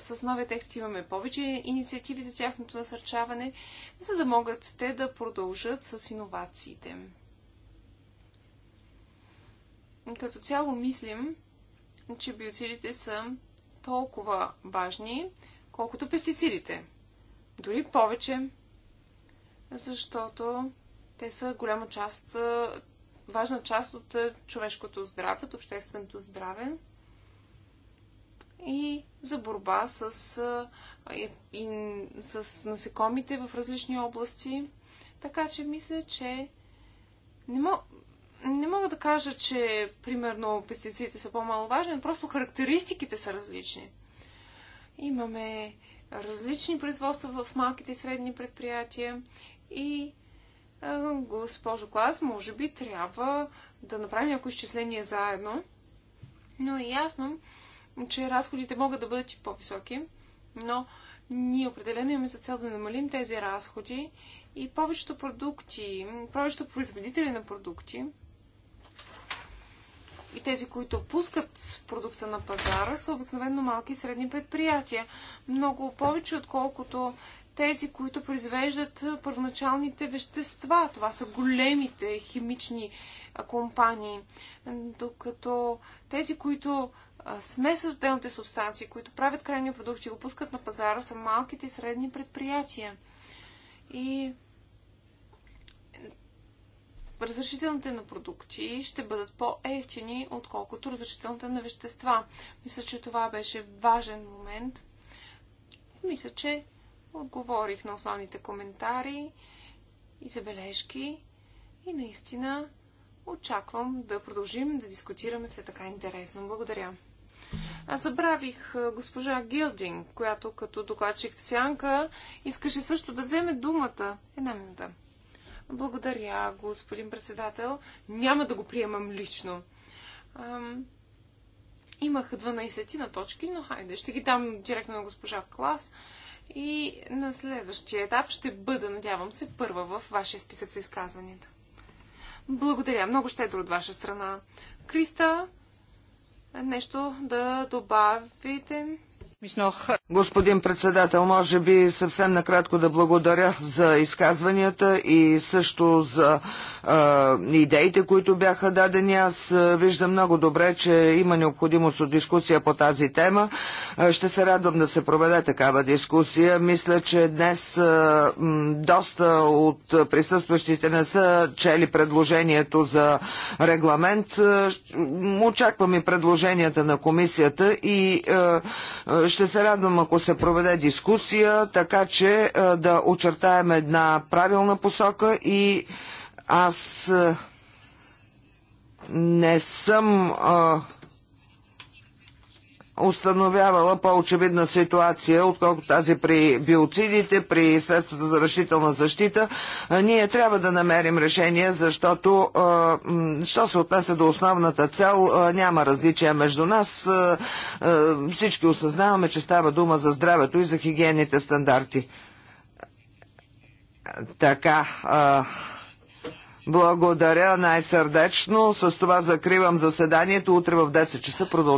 с новия текст имаме повече инициативи за тяхното насърчаване, за да могат те да продължат с иновациите. Като цяло мислим, че биоцидите са толкова важни, колкото пестицидите. Дори повече, защото те са голяма част, важна част от е, човешкото здраве, от общественото здраве и за борба с, и, и, с насекомите в различни области. Така че мисля, че не, мог, не мога да кажа, че примерно пестицидите са по-маловажни, но просто характеристиките са различни. Имаме различни производства в малките и средни предприятия и госпожо Клас, може би трябва да направим някои изчисления заедно, но е ясно, че разходите могат да бъдат и по-високи, но ние определено имаме за цел да намалим тези разходи и повечето продукти, повечето производители на продукти и тези, които пускат продукта на пазара, са обикновено малки и средни предприятия. Много повече, отколкото тези, които произвеждат първоначалните вещества. Това са големите химични компании. Докато тези, които от отделните субстанции, които правят крайни продукти, и го пускат на пазара, са малките и средни предприятия. И разрешителните на продукти ще бъдат по-ефтини, отколкото разрешителните на вещества. Мисля, че това беше важен момент. Мисля, че отговорих на основните коментари и забележки и наистина очаквам да продължим да дискутираме все така интересно. Благодаря. Аз забравих госпожа Гилдинг, която като докладчик Сянка искаше също да вземе думата. Една минута. Благодаря, господин председател. Няма да го приемам лично. Ам... Имах 12 на точки, но хайде, ще ги дам директно на госпожа в клас. И на следващия етап ще бъда, надявам се, първа в вашия списък за изказванията. Благодаря. Много щедро от ваша страна. Криста, нещо да добавите?
Господин председател, може би съвсем накратко да благодаря за изказванията и също за е, идеите, които бяха дадени. Аз виждам много добре, че има необходимост от дискусия по тази тема. Ще се радвам да се проведе такава дискусия. Мисля, че днес е, доста от присъстващите не са чели предложението за регламент. Очаквам и предложенията на комисията и е, ще се радвам ако се проведе дискусия, така че е, да очертаем една правилна посока и аз е, не съм е, установявала по-очевидна ситуация, отколкото тази при биоцидите, при средствата за решителна защита. Ние трябва да намерим решение, защото що се отнася до основната цел, няма различия между нас. Всички осъзнаваме, че става дума за здравето и за хигиените стандарти. Така. Благодаря най-сърдечно. С това закривам заседанието. Утре в 10 часа продължаваме.